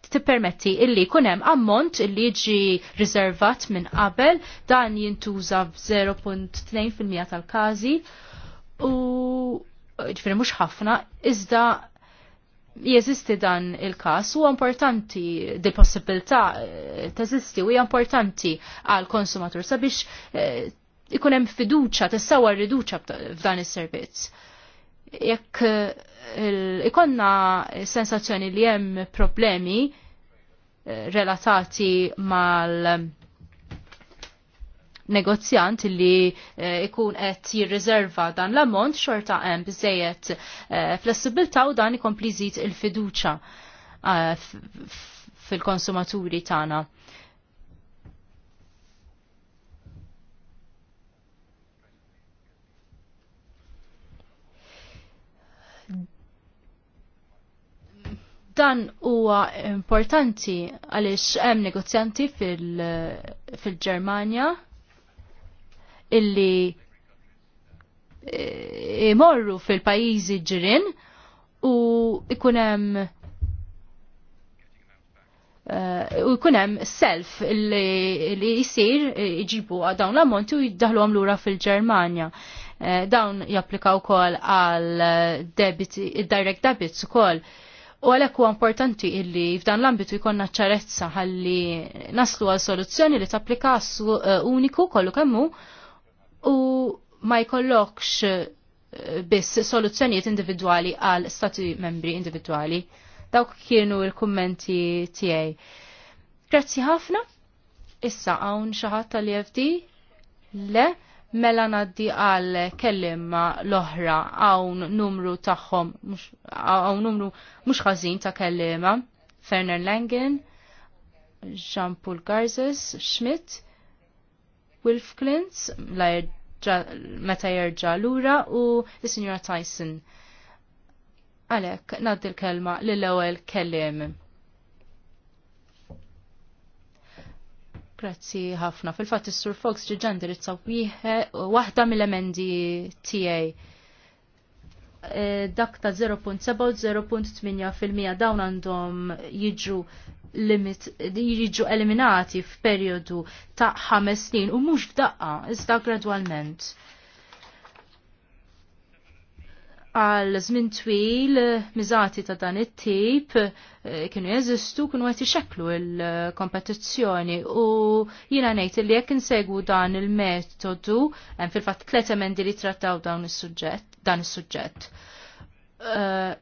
tippermetti illi kunem ammont illi ġi riservat minn qabel dan jintuża 0.2% tal-każi u ġifieri mhux ħafna iżda jeżisti dan il-każ huwa importanti di possibilità eh, teżisti u hija importanti għal konsumatur sabiex eh, ikun hemm fiduċja riduċa riduċja f'dan is-servizz jekk eh, ikonna sensazzjoni li hemm problemi eh, relatati mal negozjant li eh, ikun qed jirriserva dan l-ammont xorta hemm biżejjed flessibilità u dan ikompli il-fiduċa fil-konsumaturi tagħna. Dan huwa importanti għaliex hemm negozjanti fil-Ġermanja fil illi eh, imorru fil-pajjiżi ġirin u ikun hemm eh, u jkun hemm self li jsir iġibu dawn l-ammonti u jiddaħlu għamlura lura fil-Ġermanja. Eh, dawn japplikaw kol għal direct debits ukoll U għalhekk huwa importanti illi f'dan l-ambitu jkollna ċarezza ħalli naslu għal soluzzjoni li tapplika e, uniku kollu kemmu u ma jkollokx e, biss soluzzjonijiet individwali għal stati membri individwali. Dawk kienu il-kummenti tiegħi. Grazzi ħafna. Issa hawn xi ħadd tal-EFD? Le mela naddi għal kellimma l-oħra għawn numru taħħom, għawn numru mux ħazin ta' kellimma, Ferner Langen, Jean-Paul Garzes, Schmidt, Wilf Klintz, meta jerġa lura u l signora Tyson. Għalek, naddi l-kelma l-ewel kellimma. Grazzi ħafna. Fil-fatt is-Sur Fox ġiġa ndirizzaw wahda mill-emendi tiegħi. E, dak ta' 0.7 u 0.8% dawn għandhom jiġu limit jiġu eliminati f'perjodu ta' ħames snin u mhux daqqa iżda gradwalment għal żmien twil miżati ta' dan it-tip eh, kienu jeżistu kienu qed ixekklu l-kompetizzjoni u jiena ngħid li jekk insegwu dan il-metodu hemm fil-fatt tliet emendi li trattaw dawn is-suġġett dan is-suġġett. Eh,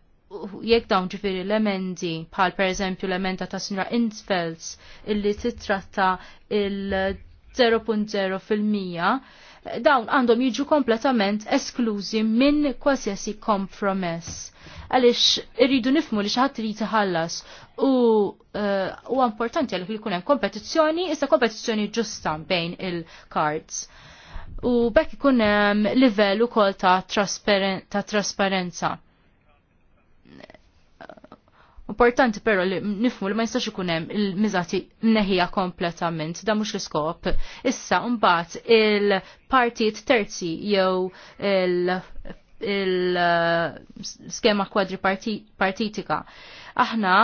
jekk dawn ġifiri l-emendi bħal pereżempju l-emenda ta' Sinra Intfelds illi titratta il-0.0 fil-mija dawn għandhom jiġu kompletament esklużi minn kwasjasi kompromess. Għalix irridu nifmu li xaħat li tħallas u eh, u importanti għalik li hemm kompetizzjoni, issa kompetizzjoni ġusta bejn il-cards. U bekk ikun hemm livell ukoll ta' trasparenza Importanti però li nifmu li ma jistax ikun hemm il-miżati mneħija kompletament, da mhux l-iskop. Issa mbagħad il-partijiet terzi jew il-skema il partitika. Aħna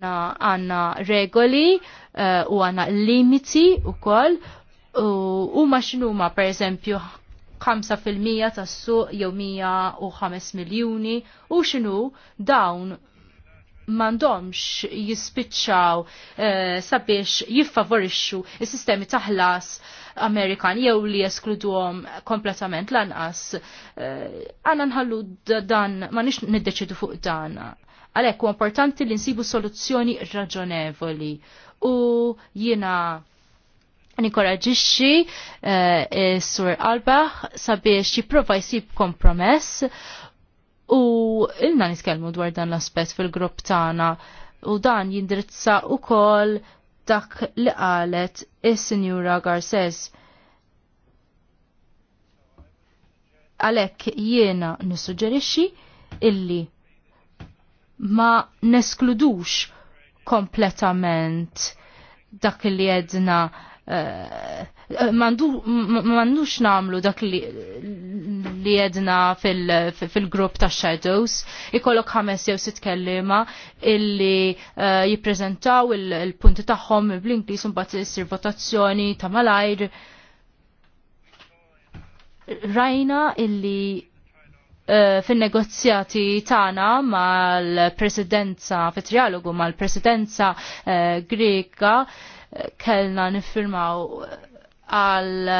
għanna regoli eh, u għanna limiti u koll u, ma xinu ma per eżempju 5% tas-suq jew 105 miljuni u x'inhu dawn mandomx jispiċċaw eh, sabiex jiffavorixxu is-sistemi taħlas Amerikan jew li jeskluduhom kompletament lanqas. Għana eh, nħallu dan, ma nix niddeċidu fuq dan. Għalhekk huwa importanti li nsibu soluzzjoni raġonevoli u jiena nikoraġixxi uh, sur Albach sabiex jipprova jsib kompromess u ilna niskelmu dwar dan l-aspett fil-grupp tagħna u dan jindirizza wkoll dak li qalet is-Sinjura Garces. Għalhekk jiena nissuġġerixxi illi ma neskludux kompletament dak li jedna Eh, eh, mandux namlu dak li jedna fil-grupp ta' Shadows, ikollok ħames jew sitt kellima illi eh, jippreżentaw il-punti tagħhom bl-Ingliż u mbagħad issir votazzjoni ta' malajr. Rajna illi fin-negozjati tagħna mal-presidenza, fit-trialogu mal-presidenza Greka, kellna niffirmaw għal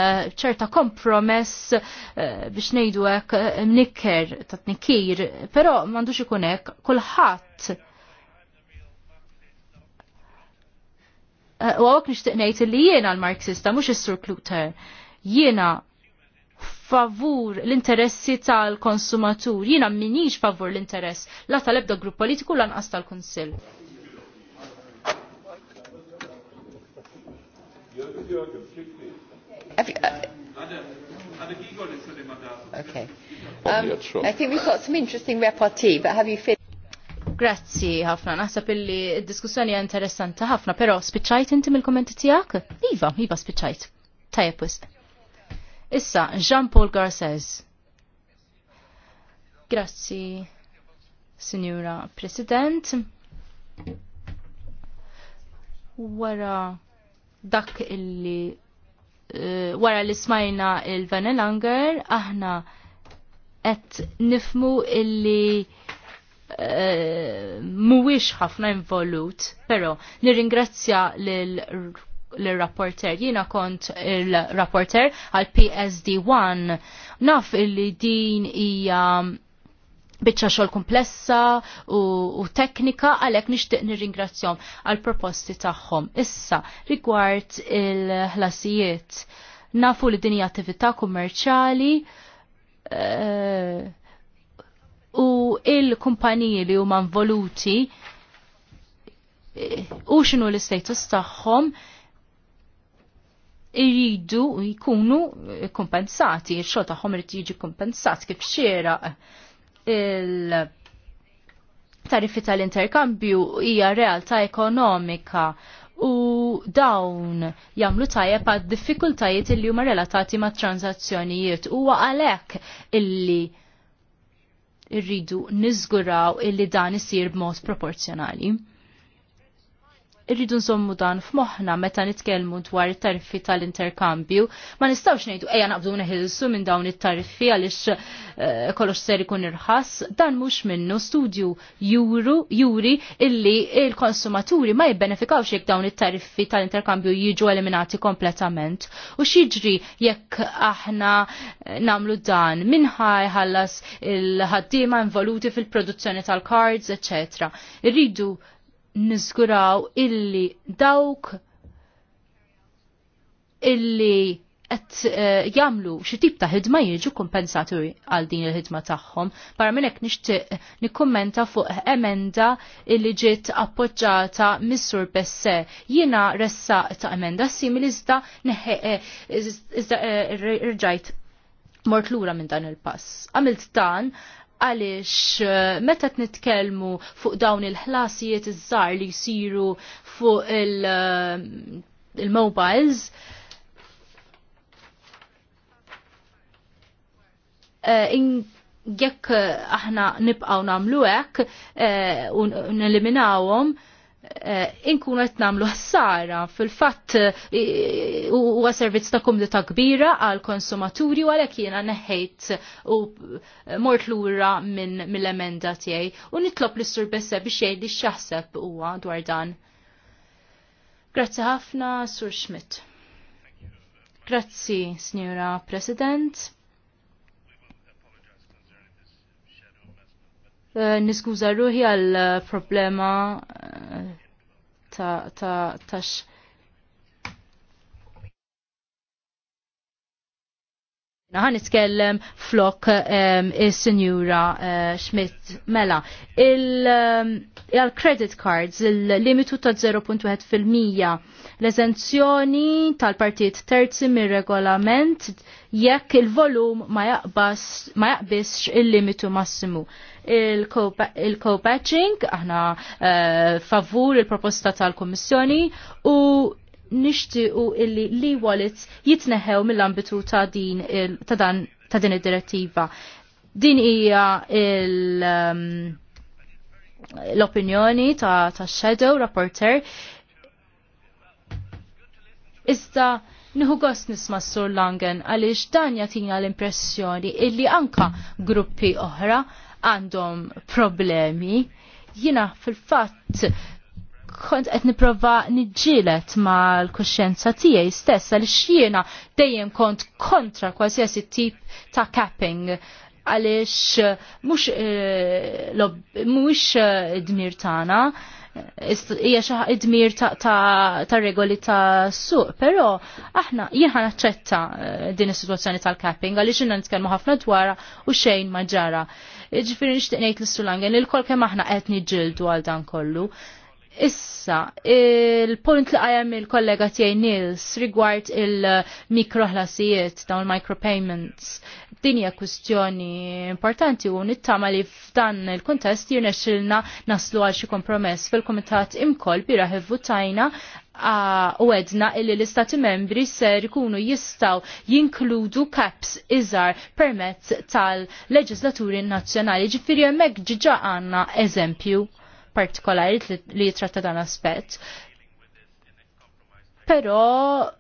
ċerta kompromess eh, biex nejdu għek eh, mnikker ta' tnikir, però m'għandux ikun hekk kulħadd eh, u għawak nishtiq nejt li jiena l-Marxista, mux is-Sur Kluter, jiena favur l-interessi tal-konsumatur, jiena minix favur l-interess, la tal-ebda grupp politiku lanqas tal-Konsil. Uh, okay. Um, I think we've got some interesting repartee, but have you finished? Grazzi ħafna, naħseb illi id-diskussjoni interessanti ħafna, però spiċċajt inti mill-kommenti tiegħek? Iva, iva spiċċajt. Tajjeb Issa, Jean-Paul Garces. Grazzi, Signora President. Wara dak illi uh, wara li smajna il-Vanelanger aħna qed nifmu illi uh, mhuwiex ħafna involut, però nirringrazzja lil l-rapporter. Jina kont il-rapporter għal PSD1. Naf illi din hija um, bicċa xol komplessa u, u teknika għalek nishtiq nirringrazzjom għal proposti tagħhom. Issa, rigward il-ħlasijiet, nafu li dinja attività kummerċali uh, eh, u il-kumpaniji li huma involuti eh, u xinu l-istatus tagħhom iridu jkunu kompensati, il-xogħol tagħhom irid jiġi kompensat kif xieraq il- tariffi tal-interkambju hija realtà ekonomika u dawn jamlu tajjeb għad diffikultajiet illi huma relatati ma' tranzazzjonijiet u għalhekk illi irridu niżguraw illi dan isir b'mod proporzjonali irridu nżommu dan f'moħħna meta nitkellmu dwar it-tariffi tal-interkambju, ma nistgħux ngħidu ejja naqbdu neħilsu minn dawn it-tariffi għaliex eh, kollox ser ikun irħas, dan mhux minnu studju juru juri illi il-konsumaturi ma jibbenefikawx jekk dawn it-tariffi tal-interkambju jiġu eliminati kompletament. U x'jiġri jekk aħna eh, namlu dan minħa jħallas il-ħaddiema involuti fil-produzzjoni tal-cards, eċċetera. Irridu niżguraw illi dawk illi qed jagħmlu xi tip ta' ħidma jiġu kompensaturi għal din il-ħidma tagħhom. Barra minn hekk nixtieq nikkummenta fuq emenda li ġiet appoġġata mis-Sur Besse. Jiena ressaq ta' emenda simili iżda iżda rġajt mort lura minn dan il-pass. Għamilt dan għaliex meta nitkellmu fuq dawn il-ħlasijiet iż-żar li jsiru fuq il-mobiles, il jekk aħna nibqaw namlu hekk u neliminawhom, uh, Eh, inkunu qed nagħmlu ħsara fil-fatt eh, huwa servizz ta' komunità kbira għal konsumaturi u għalhekk jiena neħħejt u mort lura minn mill-emenda tiegħi u nitlob l sur Besse biex jgħid x'jaħseb huwa dwar dan. Grazzi ħafna, Sur Schmidt. Grazzi, Signora President. Eh, niskuża ruħi għal problema ta' ta' ta Naħan nitkellem flok il-senjura eh, Schmidt mela. Il-credit cards, il-limitu ta' 0.1% l-esenzjoni tal-partijiet terzi mir regolament jekk il-volum ma jaqbisx il-limitu massimu. Il-co-patching, aħna eh, favur il-proposta tal-Komissjoni u nixtiequ illi li wallets jitneħew mill-ambitu ta' din ta' dan ta' din id-direttiva. Din hija il um, l-opinjoni ta', ta Shadow Rapporter. Iżda Nħu gost nisma s-sur Langen għalix dan jatina l-impressjoni illi anka gruppi oħra għandhom problemi. Jina fil-fatt kont qed nipprova niġġielet mal-kuxjenza tiegħi stessa li xjiena dejjem kont kontra kważjasi tip ta' capping għaliex eh, mhux eh, mhux eh, dmir tagħna hija xi dmir ta' regoli ta' suq, però aħna jien ħan aċċetta din is-sitwazzjoni tal-capping għaliex inna nitkellmu ħafna dwarha u xejn ma ġara. Ġifieri nixtieq ngħid l-Sulangen il-kol kemm aħna qed niġġieldu għal dan kollu. Issa, il-punt li għajem il-kollega tijaj Nils rigward il-mikroħlasijiet, dawn il-micropayments, dinja kustjoni importanti u nittama li f'dan il-kontest jirnexilna naslu għal xi kompromess fil-komitat imkoll bira votajna u għedna illi l-istati membri ser ikunu jistaw jinkludu caps iżar permezz tal-leġislaturi nazzjonali ġifiri jemmek ġiġa għanna eżempju partikolari li jitratta dan aspet. Pero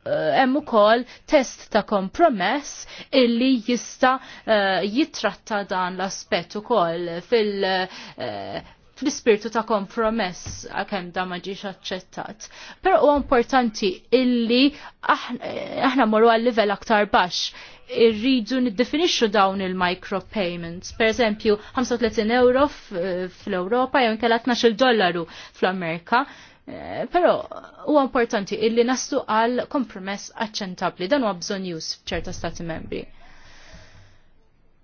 eh, hemm uh, ukoll test ta' kompromess illi jista' eh, jitratta dan l-aspett ukoll fil eh, fl-ispirtu ta' kompromess għakem da maġiġ aċċettat. Pero u importanti illi aħna morru għal livell aktar baxx irridu niddefinixxu dawn il-micropayments. Per eżempju, 35 euro fl-Europa jew inkella 12 dollaru fl-Amerika. Eh, Però huwa importanti illi nastu għal kompromess aċċentabli dan huwa bżonn jus f'ċerta stati membri.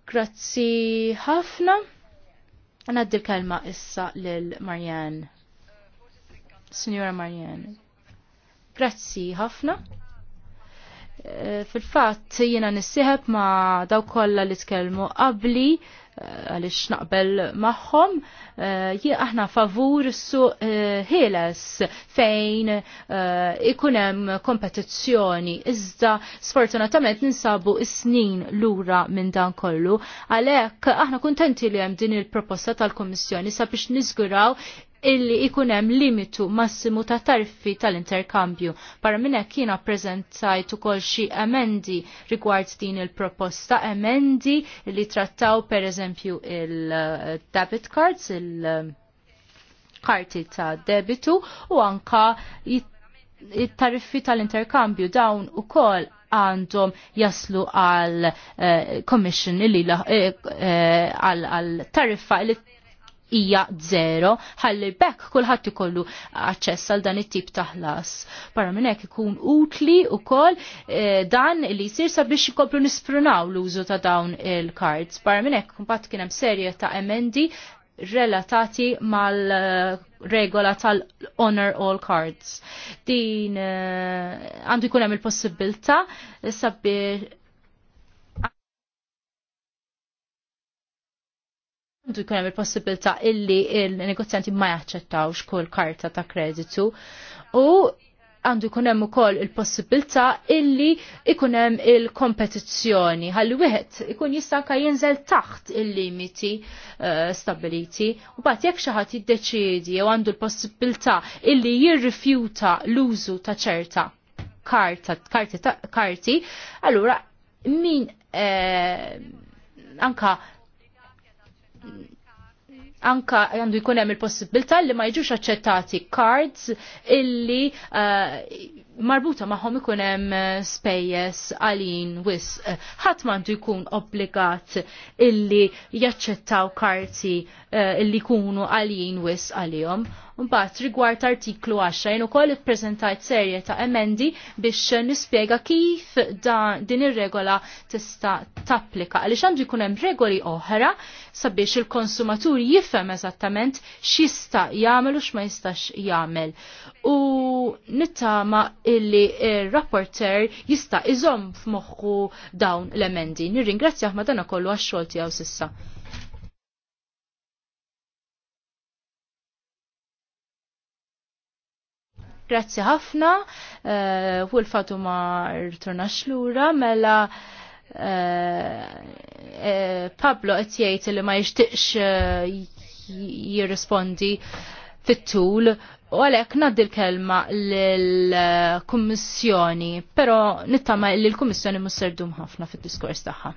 Grazzi ħafna. Għanaddi l-kelma issa l-Marjan. Signora Marjan. Grazzi ħafna. Eh, fil-fatt jiena nissieħeb ma' daw kollha li tkellmu qabli eh, għalix naqbel maħħom, eh, aħna favur su ħeles fejn ikunem kompetizzjoni. Iżda sfortunatament ninsabu snin lura minn dan kollu, għalek aħna kontenti li hemm din il-proposta tal-Kommissjoni sabiex niżguraw illi ikunem limitu massimu ta' tarfi tal-interkambju. Para minn hekk jiena preżentajt ukoll xi emendi rigward din il-proposta, emendi li trattaw per eżempju il-debit cards, il-karti ta' debitu u anka il tariffi tal-interkambju dawn ukoll għandhom jaslu għal uh, commission illi eh, eh, għal uh, uh, tariffa li hija zero, ħalli bekk kulħadd ikollu aċċess għal dan it-tip ta' ħlas. Barra minn hekk ikun utli wkoll eh, dan li jsir sabiex ikomplu nisprunaw l-użu ta' dawn il-cards. Barra minn hekk imbagħad kien hemm serje ta' emendi relatati mal-regola tal-honor all cards. Din eh, għandu e, jkun hemm il-possibilità sabiex għandu jkun hemm il-possibilità illi il-negozjanti ma jaċċettawx kull karta ta' kreditu u għandu jkun hemm ukoll il-possibilità illi ikun hemm il-kompetizzjoni ħalli wieħed ikun jista' anke jinżel taħt il-limiti uh, stabiliti u bagħad jekk xi ħadd jiddeċiedi jew għandu l-possibilità illi jirrifjuta l-użu ta' ċerta karta karti, karti allura min eh, anka anka għandu jkun hemm il-possibilità li ma jiġux aċċettati cards illi uh, marbuta maħom ikun hemm eh, spejjeż għalin wis eh, ħadd m'għandu jkun obbligat illi jaċċettaw karti eh, illi jkunu għalin wis għalijom. Mbagħad rigward artiklu 10 ukoll ippreżentajt serje ta' emendi biex nispjega kif din ir-regola tista' tapplika għaliex għandu jkun hemm regoli oħra sabiex il-konsumatur jifhem eżattament x'jista' jagħmel u x'ma jistax jagħmel. U nittama illi il-rapporter jista' iżomm f'moħħu dawn l-emendi. Nirringrazzjah ma dana kollu għax-xogħol tiegħu sissa. Grazzi ħafna, uh, eh, u l-fatu ma rtornax lura, mela eh, eh, Pablo qed jgħid li ma jixtieqx jirrispondi fit-tul u għalhekk ngħaddi l-kelma lill-Kummissjoni, però nittama li l-Kummissjoni mhux serdum ħafna fid-diskors tagħha.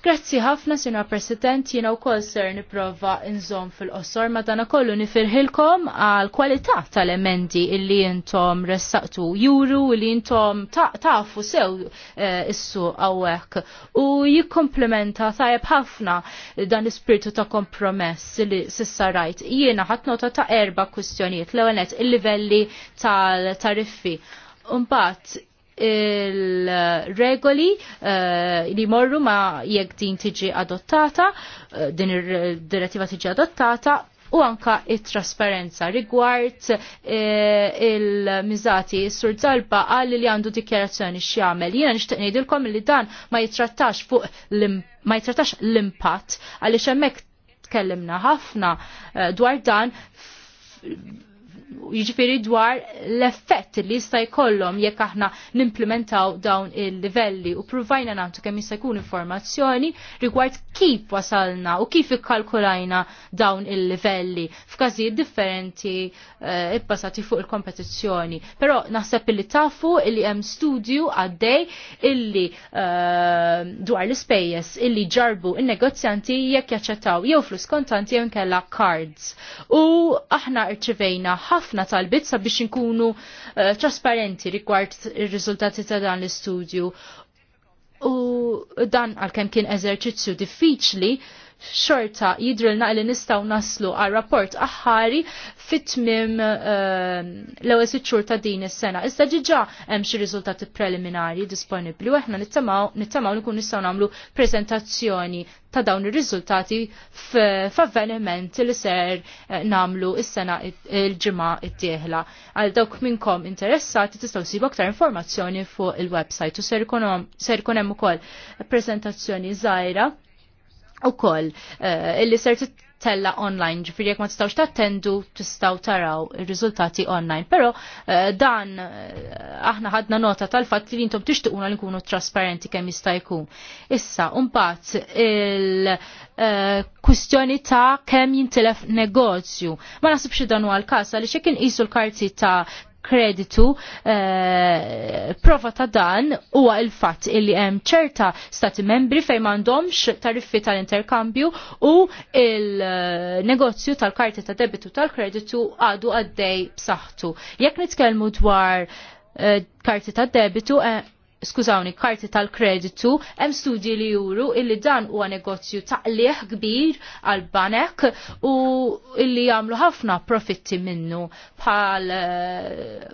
Grazzi ħafna, Sinjor President, jiena wkoll ser nipprova nżomm fil-qosor dana kollu nifirħilkom għal kwalità tal-emendi illi intom ressaqtu juru illi intom tafu sew eh, issu għawek u jikkomplementa tajab ħafna dan l-spiritu ta' kompromess li sissa rajt. Jiena ħatnota nota ta' erba' kwistjonijiet l għanet il-livelli tal-tariffi. Umbat, il-regoli eh, li morru ma jekk din tiġi adottata, eh, din il-direttiva tiġi adottata, u anka il trasparenza rigward eh, il-mizati sur talba għalli li għandu dikjerazzjoni xiamel. Jiena nixtieq ngħidilkom li dan ma jitrattax fuq ma l-impatt għaliex hemmhekk tkellimna ħafna dwar dan jiġifieri dwar l-effett li jista' jkollhom jekk aħna nimplementaw dawn il-livelli u provajna nagħtu kemm jista' jkun informazzjoni rigward kif wasalna u kif ikkalkulajna dawn il-livelli f'każijiet differenti eh, ibbażati fuq il-kompetizzjoni. Però naħseb li tafu li hemm studju għaddej illi eh, dwar l-ispejjeż illi ġarbu in-negozjanti jekk jaċċettaw jew flus kontanti jew inkella cards. U aħna rċivejna ħafna ħafna talbit sabiex inkunu uh, trasparenti rigward ir-riżultati ta' dan l-istudju. U dan għalkemm kien eżerċizzju diffiċli, xorta jidrilna li nistaw naslu għal rapport aħħari fit-tmim eh, l-ewwel sitt xhur ta' din is-sena. Issa ġiġa hemm xi riżultati preliminari disponibbli u aħna nittamaw nittamaw nkun nistgħu nagħmlu preżentazzjoni ta' dawn ir-riżultati f'avveniment li ser eh, namlu is-sena il-ġimgħa d tieħla Għal dawk minnkom interessati tistgħu sibu aktar informazzjoni fuq il-website u ser ikun hemm ukoll preżentazzjoni żgħira u koll eh, illi ser tella online, ġifiri jek ma tistawx tattendu tistaw taraw il-rizultati online. Pero eh, dan eh, aħna ħadna nota tal-fat li jintom tixtuquna li nkunu trasparenti kemm jista' jkun. Issa, mbagħad il-kwistjoni ta' kemm jintilef negozju. Ma nasibx dan huwa l-każ għaliex xekin inqisu l-karti ta' kreditu eh, prova ta' dan huwa il-fatt illi hemm ċerta stati membri fejn m'għandhomx tariffi tal-interkambju u il-negozju tal-karti ta' debitu tal-kreditu għadu għaddej b'saħħtu. Jekk nitkellmu dwar eh, karti ta' debitu eh, skużawni, karti tal-kreditu, hemm studji li juru illi dan huwa negozju taqliħ kbir għal banek u illi jagħmlu ħafna profitti minnu bħal eh,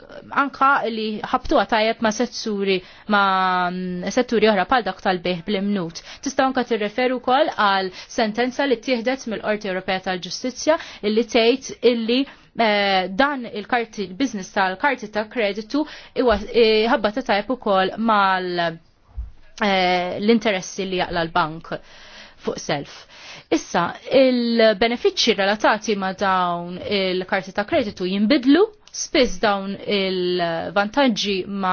anka li ħabtuha tajjeb ma' setturi ma' mm, setturi oħra bħal dak tal-beħ bl-imnut. Tista' anka tirreferu wkoll għal sentenza li tieħdet mill-Qorti Ewropea tal-Ġustizzja illi tgħid illi Eh, dan il-karti, il-biznis tal-karti ta' kreditu eh, ħabba ta' tajb ukoll mal eh, l-interessi li jaqla l-bank fuq self. Issa, il-benefiċċji relatati ma' dawn il-karti ta' kreditu jimbidlu Spiss dawn il-vantaġġi ma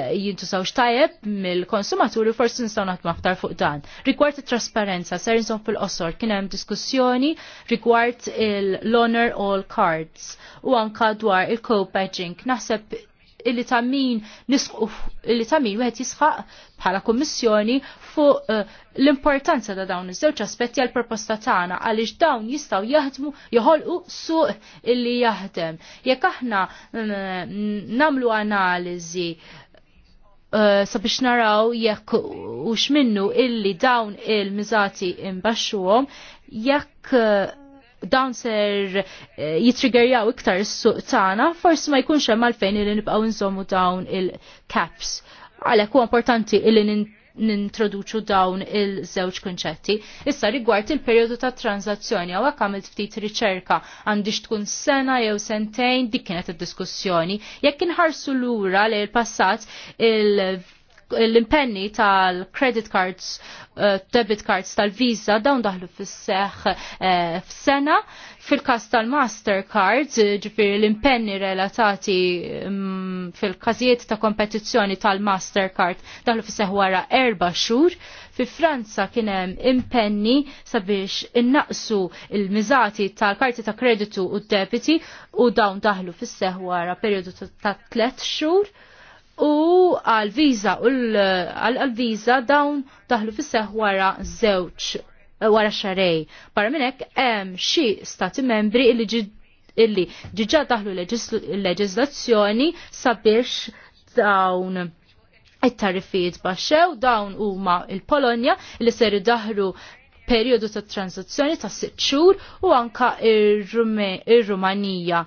eh, jintużawx tajjeb mill-konsumaturi forsi nistgħu naħdmu aktar fuq dan. Rigward it-trasparenza ser insom fil-qosor kien hemm diskussjoni rigward il-loner all cards u anka dwar il-co-badging. Naħseb illi ta' min nisqu illi ta' min wieħed jisħaq bħala kummissjoni fuq eh, l-importanza ta' dawn iż-żewġ aspetti għal proposta tagħna għaliex dawn jistgħu jaħdmu joħolqu suq illi jaħdem. Jekk aħna eh, nagħmlu analiżi eh, sabiex naraw jekk u x'minnu illi dawn il-miżati imbaxxuhom jekk dawn ser eh, jitriggerjaw iktar s-suq tagħna, forsi ma jkunx hemm għalfejn li nibqgħu nżommu dawn il-caps. Għalhekk huwa importanti li nintroduċu dawn il-żewġ kunċetti. Issa rigward il periodu ta' tranzazzjoni għakam il ftit riċerka għandix tkun sena jew sentejn dik kienet id-diskussjoni. Jekk inħarsu lura li l-passat il l-impenni tal-credit cards, eh, debit cards tal-Visa dawn daħlu fis-seħ eh, f'sena. Fil-kas tal-Mastercard, eh, ġifiri l-impenni relatati mm, fil-kazijiet ta' kompetizzjoni tal-Mastercard daħlu fis wara erba xhur. Fi Franza kien hemm impenni sabiex innaqsu il-miżati tal-karti ta' kreditu u debiti u dawn daħlu fis wara perjodu ta' tlet xhur u għal viza u għal viza dawn daħlu fisseħ wara żewġ wara xarej. Barra minn hekk hemm xi stati membri illi ġiġa daħlu l-leġizlazzjoni sabiex dawn it-tariffijiet baxxew dawn huma il-Polonja li ser daħlu periodu ta' tranzizzjoni ta' sitt xhur u anka ir-Rumanija. ir rumanija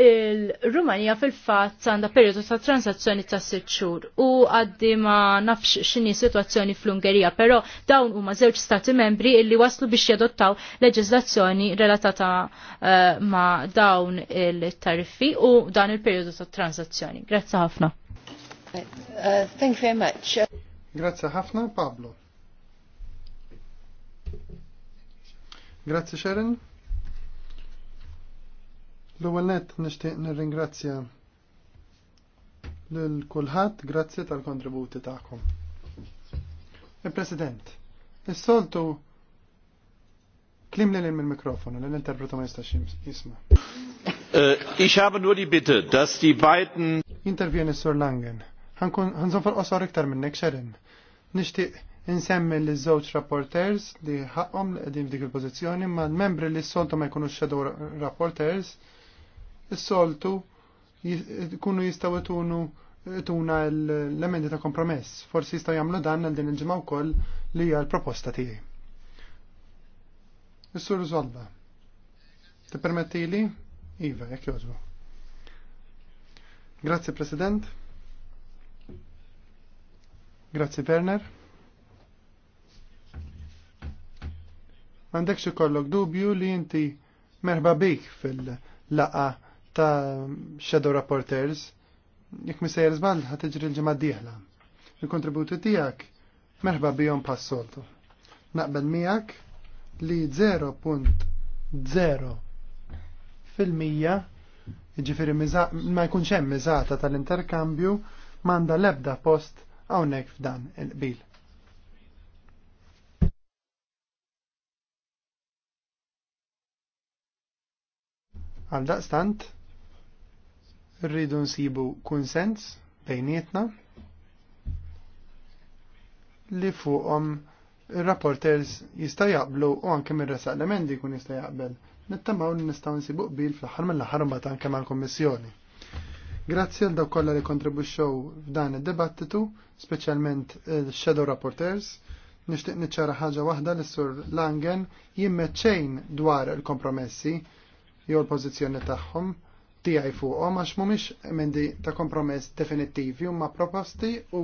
il-Rumanija fil-fatt għandha periodu ta' transazzjoni ta' sitt xhur u għaddi ma nafx x'inhi sitwazzjoni fl-Ungerija, però dawn huma żewġ stati membri illi waslu biex jadottaw leġizlazzjoni relatata uh, ma' dawn il-tariffi u dan il-periodu ta' transazzjoni. Grazzi ħafna. Uh, thank you very much. Grazzi ħafna, Pablo. Grazzi Sharon. L-ewwel nett nixtieq nirringrazzja lil kulħadd grazzi tal-kontributi tagħkom. Il-President, is-soltu klim lil mill-mikrofonu l interpretu ma jistax jisma. Äh, ich habe nur die Bitte, dass die beiden Intervjeni Sur Langen. Ħanżon fil-qosor iktar minnek xerin. Nixtieq Insemmi li żewġ rapporters li ħaqhom li qegħdin f'dik il-pożizzjoni ma' membri li s-soltu ma jkunux shadow rapporters is-soltu jkunu jistgħu jtunu tuna l-emendi ta' kompromess. Forsi jistgħu jagħmlu dan għal din il-ġimgħa wkoll li hija l-proposta tiegħi. Is-sur Zolba. Tippermettili? Iva, jekk jogħġbu. Grazzi President. Grazzi Werner. M'għandekx ikollok dubju li inti merba bik fil-laqa' ta' Shadow Reporters, jekk misajr zbal ħat iġri l ġemad diħla. Il-kontributi tijak, merħba bijom passoltu. Naqbel miegħek li 0.0 fil-mija ġifiri ma jkunx hemm miżata tal-interkambju manda lebda post hawnhekk f'dan il-qbil. Għal daqstant, rridu nsibu kunsens bejnietna li fuqhom il-rapporters jista' jaqblu u anke mir resa l-emendi jkun jista' jaqbel. Nittamaw li nistgħu nsibu qbil fl-aħħar mill-aħħar mbagħad anke mal-Kummissjoni. Grazzi għal dawk kollha li kontribwixxew f'dan id-dibattitu, speċjalment il-Shadow Rapporters. Nixtieq niċċara ħaġa waħda li sur Langen jimmeċċejn dwar il-kompromessi jew l-pożizzjoni tagħhom tiegħi fuqhom għax mhumiex emendi ta' kompromess definittivi huma proposti u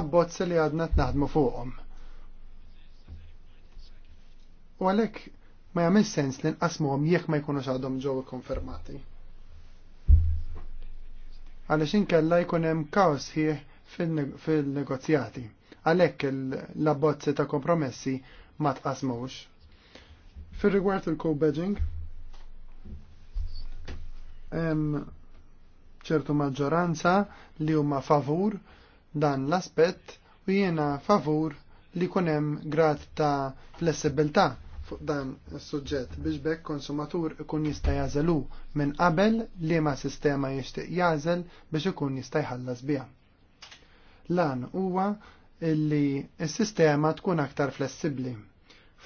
abbozz li għadna tnaħdmu fuqhom. U għalhekk ma jagħmel sens li nqasmuhom jekk ma jkunux għadhom ġew ikkonfermati. Għaliex inkella jkun hemm kaos ħieħ fil-negozjati. Għalhekk l-abbozzi ta' kompromessi ma tqasmux. Fil-rigward il-co-badging, ċertu maġġoranza li huma favur dan l-aspett u jiena favur li kunem grad ta' flessibilità fuq dan is-suġġett biex bekk konsumatur ikun jista' jażelu minn qabel li ma sistema jixtieq jażel biex ikun jista' jħallas biha. Lan huwa li s-sistema tkun aktar flessibbli.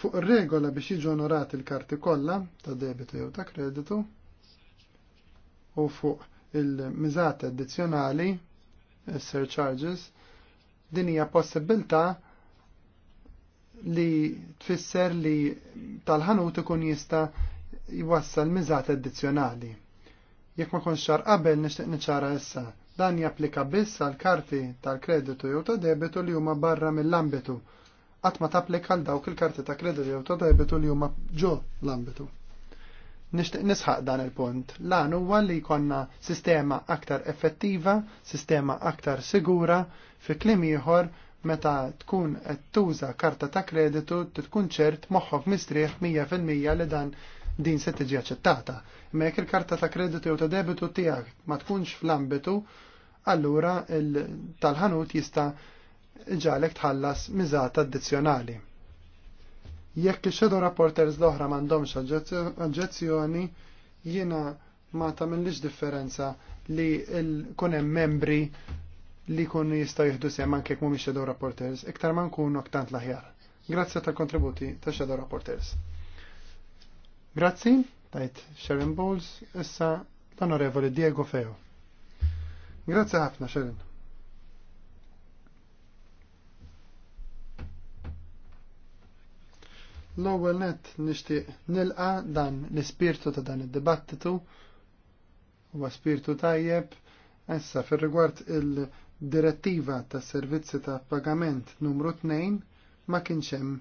Fuq ir-regola biex jiġu onorati l-karti kollha ta' debitu jew ta' kreditu, u fuq il-miżat addizzjonali, surcharges, din hija possibilità li tfisser li tal-ħanut ikun jista' jwassal miżat addizzjonali. Jekk ma konx xar qabel nixtieq niċara issa, dan japplika biss għal karti tal-kreditu jew ta' debitu li huma barra mill-ambitu, qatt ma tapplika għal dawk il-karti ta' kreditu jew ta' debitu li huma ġo l-ambitu. Nishtiq nisħaq dan il-punt. Lan huwa li jkollna sistema aktar effettiva, sistema aktar sigura, fi klim ieħor meta tkun qed tuża karta ta' kreditu tkun ċert moħħok mistrieħ 100% li dan din se tiġi aċċettata. Imma il-karta ta' kreditu jew ta' debitu tiegħek ma tkunx fl-ambitu, allura tal-ħanut jista' ġalek tħallas miżata addizzjonali. Jekk il-Shadow Rapporters l-oħra m'għandhomx oġġezzjoni, jiena ma tagħmilx differenza li kun hemm membri li kun jistgħu jieħdu sem anke jekk mhumiex Shadow Rapporters, iktar ma nkunu aktant l-aħjar. Grazzi tal-kontributi ta' Shadow Rapporters. Grazzi, tajt Sharon Bowles, issa l-Onorevoli Diego Feo. Grazzi ħafna, Sharon. L-ewwel nett nixtieq nilqa dan l-ispirtu ta' dan id-dibattitu huwa spirtu tajjeb issa fir-rigward il-direttiva tas servizzi ta' pagament numru 2 ma kienx hemm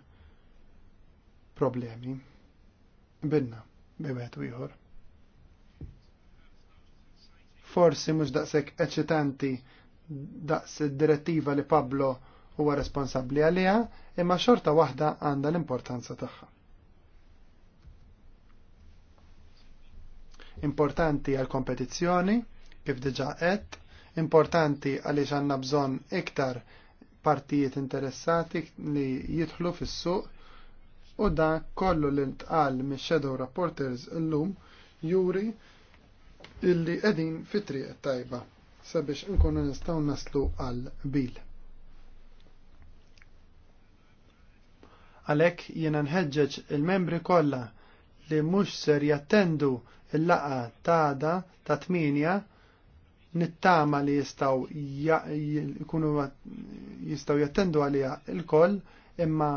problemi binna bibet ieħor. Forsi mhux daqshekk eċitanti daqs id-direttiva li Pablo huwa responsabbli għaliha imma xorta waħda għandha l-importanza tagħha. Importanti għal kompetizzjoni kif diġa qed, importanti għaliex għandna bżonn iktar partijiet interessati li jidħlu fis-suq u da kollu li ntqal mix-shadow rapporters llum juri illi qegħdin fit-triq tajba sabiex nkunu nistgħu naslu għal bil. Għalhekk jiena nħeġġeġ il-membri kollha li mhux ser jattendu il-laqa tada ta' tminja nittama li jistaw jkunu jistaw jattendu għalija il-koll imma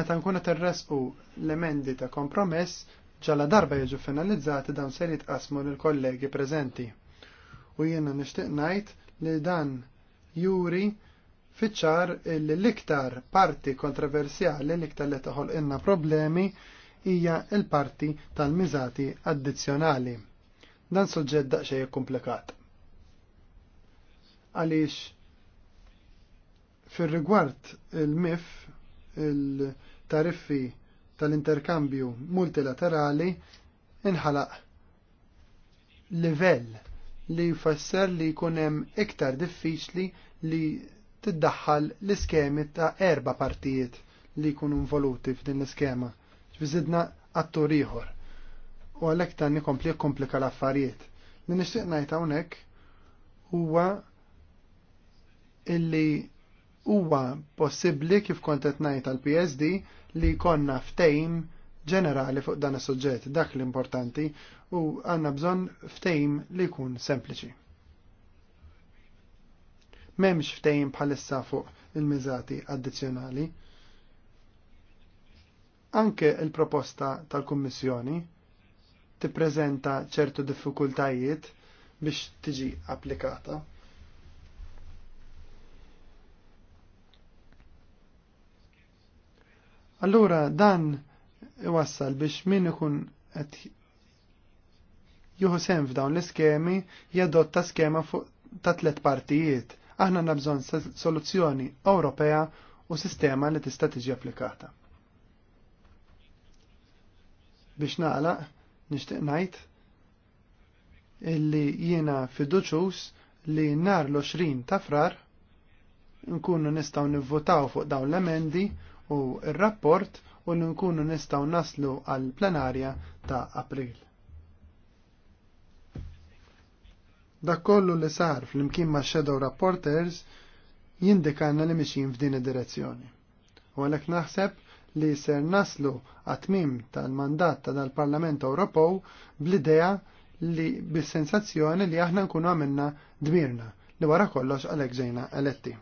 meta nkunu terresqu l-emendi ta' kompromess ġala darba jiġu finalizzati dan ser jitqasmu l-kollegi prezenti. U jiena nixtieq ngħid li dan juri Fiċċar l-iktar parti kontroversjali l-iktar li taħol inna problemi hija l-parti tal-miżati addizzjonali. Dan suġġett daqsxejn komplikat. Għaliex fir-rigward il-MIF il-tariffi tal-interkambju multilaterali inħalaq livell li jfasser li jkun hemm iktar diffiċli li tiddaħħal l-iskemi ta' erba partijiet li jkunu involuti f'din l-iskema. Ġbizidna attur ieħor. U għalhekk dan nikompli komplika l-affarijiet. Li nixtieq ngħid hawnhekk huwa illi huwa possibbli kif kont qed ngħid għal PSD li jkollna ftejm ġenerali fuq dan is-suġġett dak l-importanti u għandna bżonn ftejm li jkun sempliċi. M'hemmx ftejn bħalissa fuq il-miżati addizzjonali. Anke il-proposta tal-Kummissjoni tippreżenta ċertu diffikultajiet biex tiġi applikata. Allura dan iwassal biex min ikun qed juhu sem f'dawn l-iskemi jadotta skema fuq ta' tlet partijiet Aħna nabżon soluzzjoni Ewropea u sistema li tista' tiġi applikata. Biex naqlaq, nixtieq ngħid illi jiena fiduċus li nar l-20 ta' frar nkunu nistgħu nivvotaw fuq dawn l-emendi u r-rapport u li nkunu nistgħu naslu għall plenarja ta' April. Dak kollu li sar fl-imkien ma' Shadow Rapporters jindikanna li mixin f'din id-direzzjoni. U għalek naħseb li ser naslu għatmim tal-mandat ta' dal-Parlament Ewropew bl-idea li bis-sensazzjoni li aħna nkunu għamilna dmirna li wara kollox għalek ġejna eletti.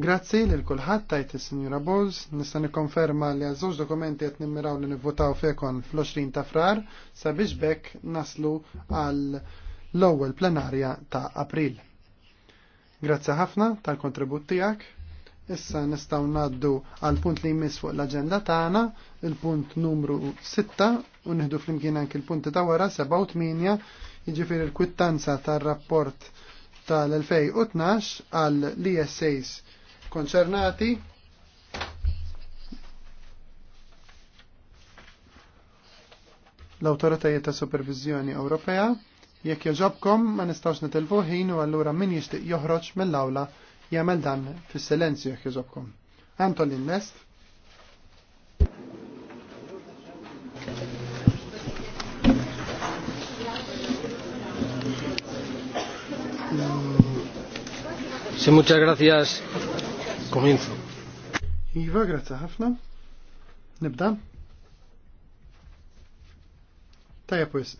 Grazzi lil kulħadd tajt is-Sinjura Bowles, nista' nikkonferma li għal żewġ dokumenti qed nimmiraw li nivvotaw fekon fl-20 ta' frar sabiex bekk naslu għal l-ewwel plenarja ta' April. Grazzi ħafna tal-kontribut tiegħek. Issa nistgħu ngħaddu għal punt li jmiss fuq l-aġenda tagħna, il-punt numru 6 u nieħdu flimkien anke il-punti ta' wara 7 u 8, jiġifieri l-kwittanza tar-rapport tal-2012 għal l-ESAs konċernati l autoritajiet ta' Supervizjoni Ewropea jekk joġobkom ma nistgħux nitilfu ħin u allura min jixtieq joħroġ mill-awla jagħmel dan fis-silenzju jekk joġobkom. Antolin Nest. Sí, muchas gracias, Kominzu. Iva, grazie ħafna. Nibda. Tajja pues.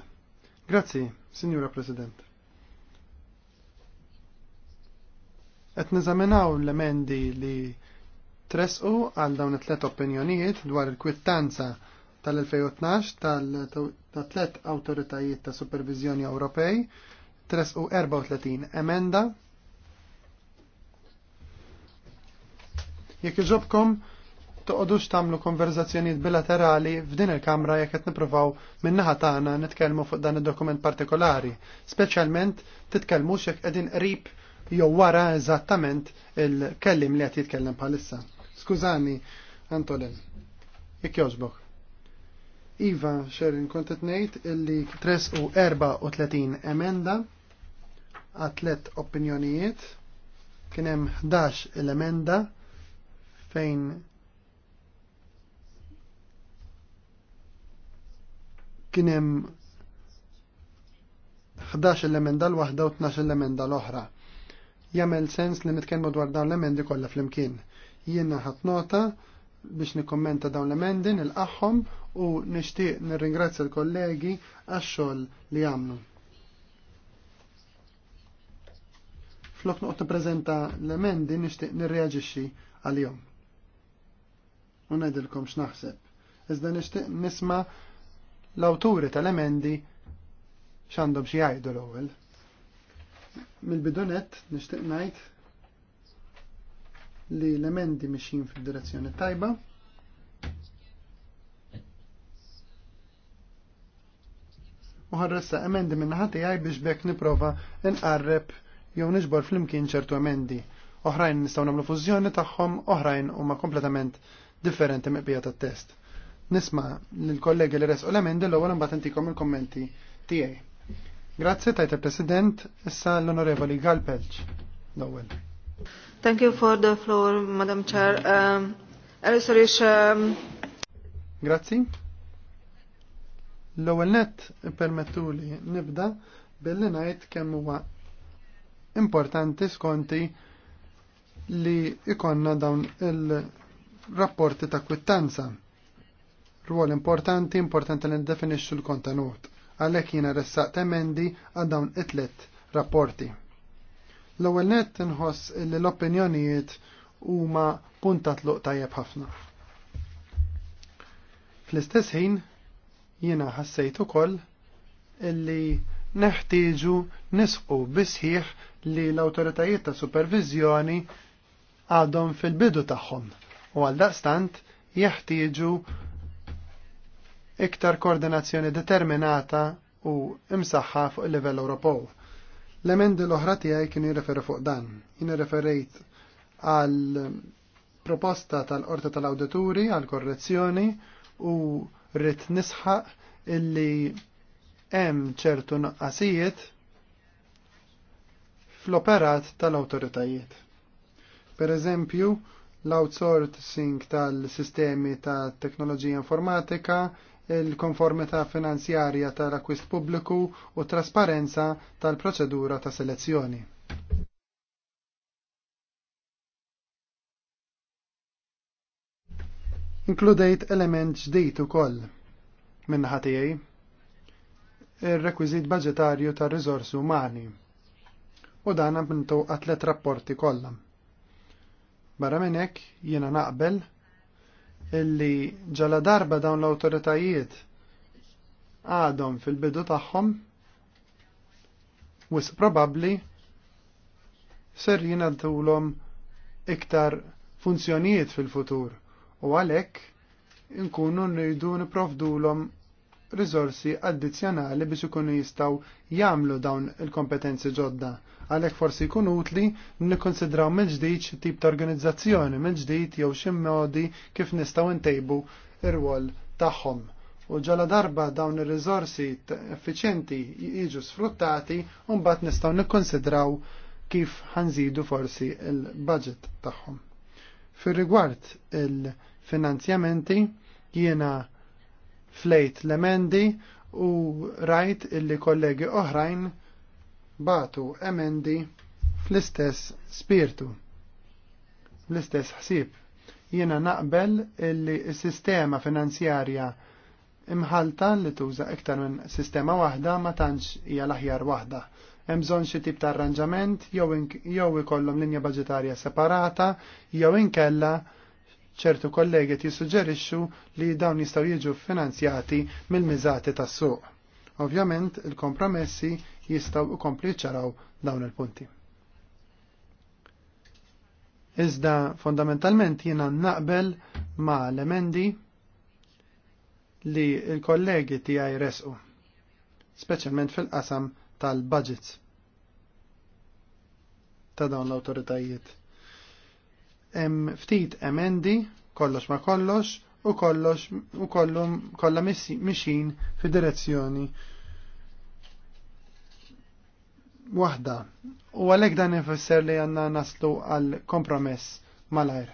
Grazzi, Signora President. Et nizaminaw l-emendi li tresqu għal dawn it-tlet opinjonijiet dwar il-kwittanza tal-2012 tal-tlet autoritajiet ta' supervizjoni Ewropej tresqu 34 emenda Jekk iġobkom, toqodux tamlu konverzazzjoniet bilaterali f'din il-kamra jekk qed nippruvaw min-naħa tagħna nitkellmu fuq dan id-dokument partikolari, speċjalment titkellmux jekk qegħdin qrib jew wara eżattament il-kellim li qed jitkellem bħalissa. Skużani, Antolin, jekk jogħġbok. Iva, xerin kont qed ngħid illi 3 u 34 emenda għatlet opinjonijiet kien hemm 11 il-emenda il emenda fejn kienem 11 element emenda l-waħda u 12 element emenda l-oħra. Jamel sens li nitkellmu dwar dawn l-emendi kollha flimkien. Jiena ħat nota biex nikkommenta dawn l-emendi, nilqaħħom u nixtieq nirringrazzja l-kollegi għax-xogħol li għamlu. Flok noqgħod prezenta l-emendi nixtieq għal għalihom u ngħidilkom x'naħseb. Iżda nixtieq nisma' l-awturi tal-emendi x'għandhom xi jgħidu l-ewwel. Mill-bidunet nixtieq ngħid li l-emendi mixin fil direzzjoni tajba. u ħarressa emendi minna ħati għaj biex bekk niprofa nqarreb jew nġbor fl-imkien ċertu emendi. Oħrajn nistaw namlu fużjoni tagħhom, oħrajn huma kompletament differenti miqbija ta test Nisma' lill-kollegi li resqu l-emendi l-ewwel imbagħad intikom il-kommenti tiegħi. Grazzi tajta President, issa l-Onorevoli Gal Pelċ l-ewwel. Thank you for the floor, Madam Chair. Um, um... Grazzi. L-ewwel net permettuli nibda billi ngħid kemm huwa importanti skonti li ikonna dawn il- rapporti ta' kwittanza. Rwol importanti, importanti li ndefinixxu l-kontenut. Għalhekk jiena ressaq temendi għal dawn it-tlet rapporti. L-ewwel nett inħoss li l-opinjonijiet huma punta tluq tajjeb ħafna. Fl-istess ħin jiena ħassejt ukoll illi neħtieġu nisqu bisħiħ li l-awtoritajiet ta' supervizjoni għadhom fil-bidu tagħhom u għal daqstant jeħtieġu iktar koordinazzjoni determinata u imsaħħa fuq il-livell Ewropew. L-emendi l-oħra tiegħi kien jirreferi fuq dan. Jien irreferejt għal proposta tal-Qorta tal-Awdituri għal korrezzjoni u rrit nisħaq illi hemm ċertu nuqqasijiet fl-operat tal-awtoritajiet. Per eżempju, l-outsourcing tal-sistemi ta' teknoloġija informatika, il-konformità finanzjarja tal-akwist pubbliku u trasparenza tal-proċedura ta' selezzjoni. Inkludejt element ġdijt u koll minna ħatijaj il-rekwizit budgetarju tal-rizorsi umani u dan għammintu għatlet rapporti kollam. Barra minn hekk jiena naqbel illi ġala darba dawn l-awtoritajiet għadhom fil-bidu tagħhom wis probabbli ser jingħaddulhom iktar funzjonijiet fil-futur u għalhekk inkunu nridu nipprovdulhom. Risorsi addizzjonali biex ikunu jistgħu jagħmlu dawn il-kompetenzi ġodda. Għalhekk forsi jkun utli nikkonsidraw mill ġdid tip ta' organizzazzjoni mill ġdid jew xi modi kif nistgħu ntejbu ir-rwol tagħhom. U ġala darba dawn ir-riżorsi effiċjenti jiġu sfruttati u mbagħad nistgħu nikkonsidraw kif ħanżidu forsi il-budget tagħhom. Fir-rigward il-finanzjamenti jiena flejt l-emendi u rajt illi kollegi oħrajn batu emendi fl-istess spirtu, fl-istess ħsib. Jiena naqbel illi s-sistema finanzjarja imħalta li tuża iktar minn sistema waħda ma tantx hija l-aħjar waħda. Hemm bżonn xi tip ta' arranġament jew ikollhom linja budgetarja separata jew inkella ċertu kollegi jissuġġerixxu li dawn jistgħu jiġu finanzjati mill-miżati tas-suq. Ovvjament, il-kompromessi jistgħu ikompli ċaraw dawn il-punti. Iżda fondamentalment jiena naqbel ma' l-emendi li il-kollegi tiegħi resqu, speċjalment fil-qasam tal-budgets ta' dawn l awtoritajiet hemm ftit emendi kollox ma kollox u kollox u kollum, kollha mixin fid-direzzjoni waħda u għalhekk dan ifisser li għandna naslu għal kompromess malajr.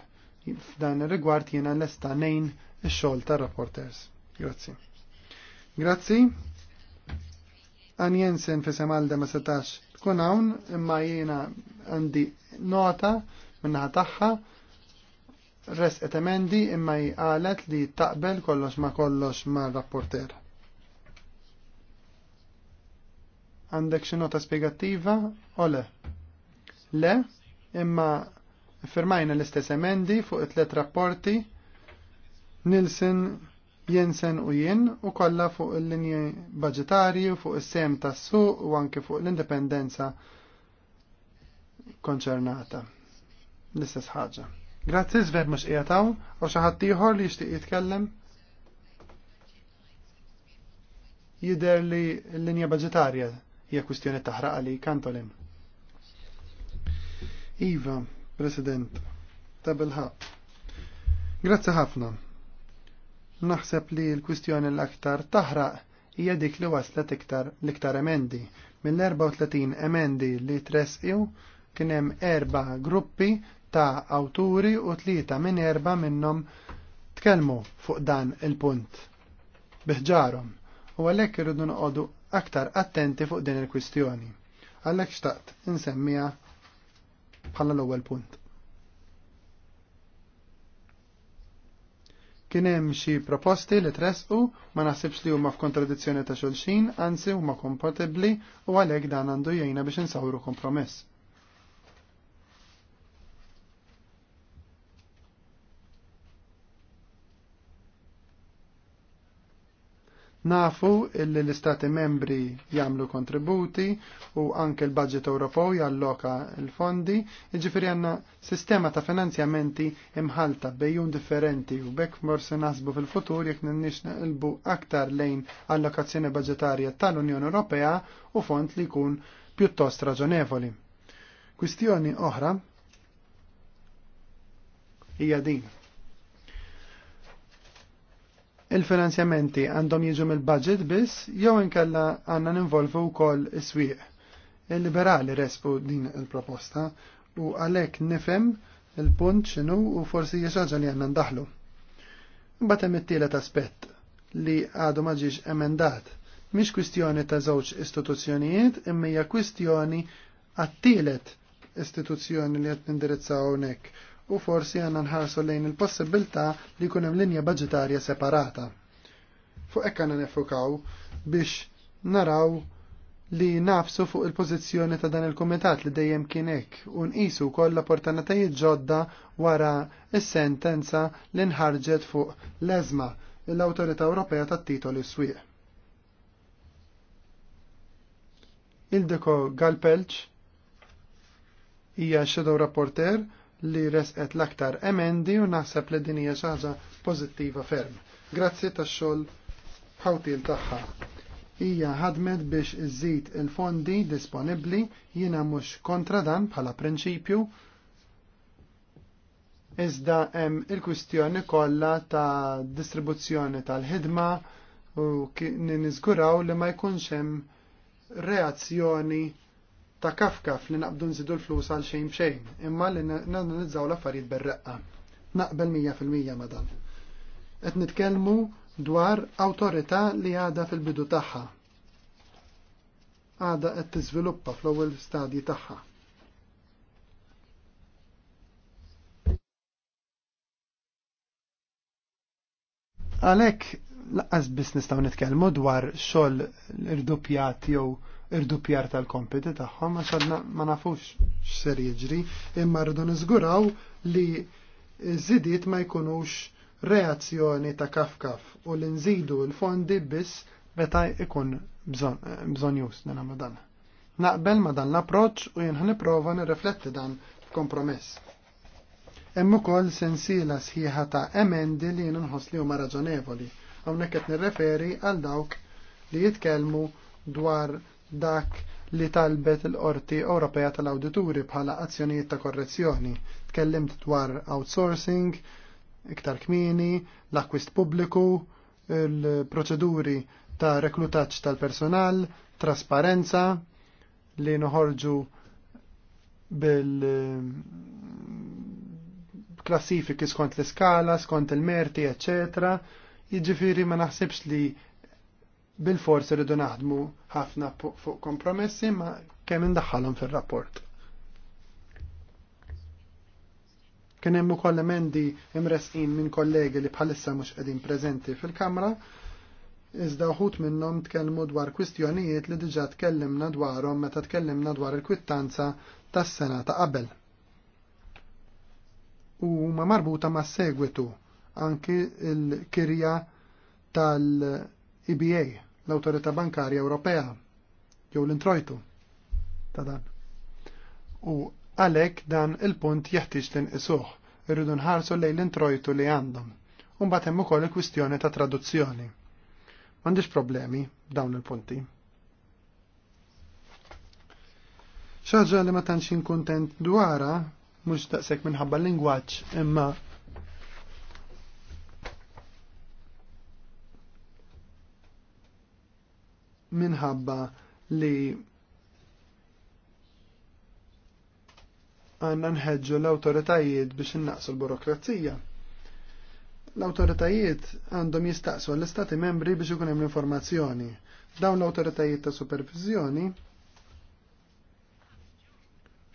F'dan ir-rigward jiena lesta nejn ix-xogħol tar-rapporters. Grazzi. Grazzi. Għan Jensen fi semalda ma setax tkun hawn imma jiena għandi nota minna tagħha res emendi imma jgħalet li taqbel kollox ma kollox ma rapporter. Għandek xi nota spjegattiva o le? Le, imma firmajna l-istess emendi fuq it-tlet rapporti Nilsen, Jensen u jien u kollha fuq il-linji u fuq is-sem tas-suq u anke fuq l-indipendenza konċernata l-istess ħaġa. Grazzi Zver mux ijataw, u xaħat tiħor li jishtiq jitkellem. Jider li l-linja budgetarja hija kwistjoni taħraq li Kantolim. Iva, President, Tabel tabilħaq. Grazzi ħafna. Naħseb li l-kwistjoni l-aktar taħraq hija dik li waslet iktar l-iktar emendi. Mill-34 emendi li tresqiw kien hemm erba' gruppi ta' awturi u tlieta minn erba minnhom tkellmu fuq dan il-punt biħġarhom u għalhekk irridu noqogħdu aktar attenti fuq din il-kwistjoni. Għalhekk xtaqt insemmiha bħala l-ewwel punt. Kien hemm xi proposti li tresqu ma naħsibx li huma f'kontradizzjoni ta' xulxin, anzi huma kompatibbli u għalhekk dan għandu jgħinna biex insawru kompromess. Nafu illi l-Istati membri jagħmlu kontributi u anke l-Budget Ewropew jalloka l-fondi, jiġifieri għandna sistema ta' finanzjamenti imħalta bejjun differenti u bekk morsi nasbu fil-futur jekk nix nilbu aktar lejn allokazzjoni budgetarja tal-Unjoni Ewropea u fond li jkun pjuttost raġonevoli. Kwistjoni oħra hija din il-finanzjamenti għandhom jiġu mill-budget biss jew inkella għandna ninvolvu wkoll is-swieq. Il-liberali respu din il-proposta u għalhekk nifhem il-punt x'inhu u forsi hija li għandna ndaħlu. Imbagħad hemm it-tielet aspett li għadu ma emendat. Mhix kwistjoni ta' żewġ istituzzjonijiet imma hija kwistjoni għat-tielet istituzzjoni li qed nindirizzaw hawnhekk u forsi għanna nħarsu lejn il-possibilità li kunem linja budgetarja separata. Fuq ekk għanna nefukaw biex naraw li nafsu fuq il-pozizjoni ta' dan il-komitat li dejjem kienek u nqisu koll l-opportunitajiet ġodda wara is-sentenza li nħarġet fuq l-ezma l-Awtorità Ewropea tat-titoli swieq. Ildeko Galpelċ hija Shadow Rapporter li resqet l-aktar emendi u naħseb li din hija xi ħaġa pożittiva ferm. Grazzi tax-xogħol ħawtil tagħha. Hija ħadmet biex iżid il-fondi disponibbli jiena mhux kontra dan bħala prinċipju iżda hemm il-kwistjoni kollha ta' distribuzzjoni tal-ħidma u niżguraw li ma jkunx hemm reazzjoni ta' kafkaf li naqbdu nżidu l-flus għal xejn b'xejn, imma li nanalizzaw l-affarijiet berreqqa. Naqbel 100% ma' dan. Qed nitkellmu dwar awtorità li għadha fil-bidu tagħha. Għada qed tiżviluppa fl-ewwel stadji tagħha. Għalhekk laqqas biss nistgħu nitkellmu dwar xogħol irdupjat jew irdupjar tal-kompiti tagħhom għax ma nafux x'ser jiġri, imma rridu niżguraw li żidiet ma jkunux reazzjoni ta' kafkaf u li nżidu l-fondi biss meta ikun bżonn jus li dan. Naqbel ma dan l-approċċ u jien ħniprova nirrifletti dan f'kompromess. Hemm ukoll sensiela sħiħa ta' emendi li jien inħoss li huma raġonevoli hawnhekk qed nirreferi għal dawk li jitkellmu dwar dak li talbet l-Qorti Ewropea tal-Awdituri bħala azzjonijiet ta' korrezzjoni. Tkellimt dwar outsourcing, iktar kmini, l-akwist pubbliku, l proċeduri ta' reklutaċ tal-personal, trasparenza, li noħorġu bil eh, klassifiki skont l-iskala, skont il-merti, eccetera. Jiġifieri ma naħsibx li bil-forsi rridu naħdmu ħafna fuq kompromessi ma kemm indaħħalhom fir-rapport. Kien hemm ukoll emendi imresqin minn kollegi li bħalissa mhux qegħdin preżenti fil-Kamra, iżda uħut minnhom tkellmu dwar kwistjonijiet li diġà tkellimna dwarhom meta tkellimna dwar il-kwittanza tas-sena ta' qabel. U ma marbuta ma' segwitu anki il-kirja tal iba l-Autorità Bankarja Ewropea jew l-introjtu ta' dan. U għalhekk dan il-punt jeħtieġ tinqisuh, irridu nħarsu lejn l-introjtu li għandhom. Imbagħad hemm ukoll il-kwistjoni ta' traduzzjoni. M'għandix problemi dawn il-punti. ċaġa li ma tantx inkuntent dwara, mhux daqshekk minħabba l-lingwaġġ, imma minħabba li għanna nħedġu l-autoritajiet biex innaqsu l-burokrazija. L-autoritajiet għandhom jistaqsu l-istati membri biex ikun hemm informazzjoni. Dawn l-autoritajiet ta' supervizjoni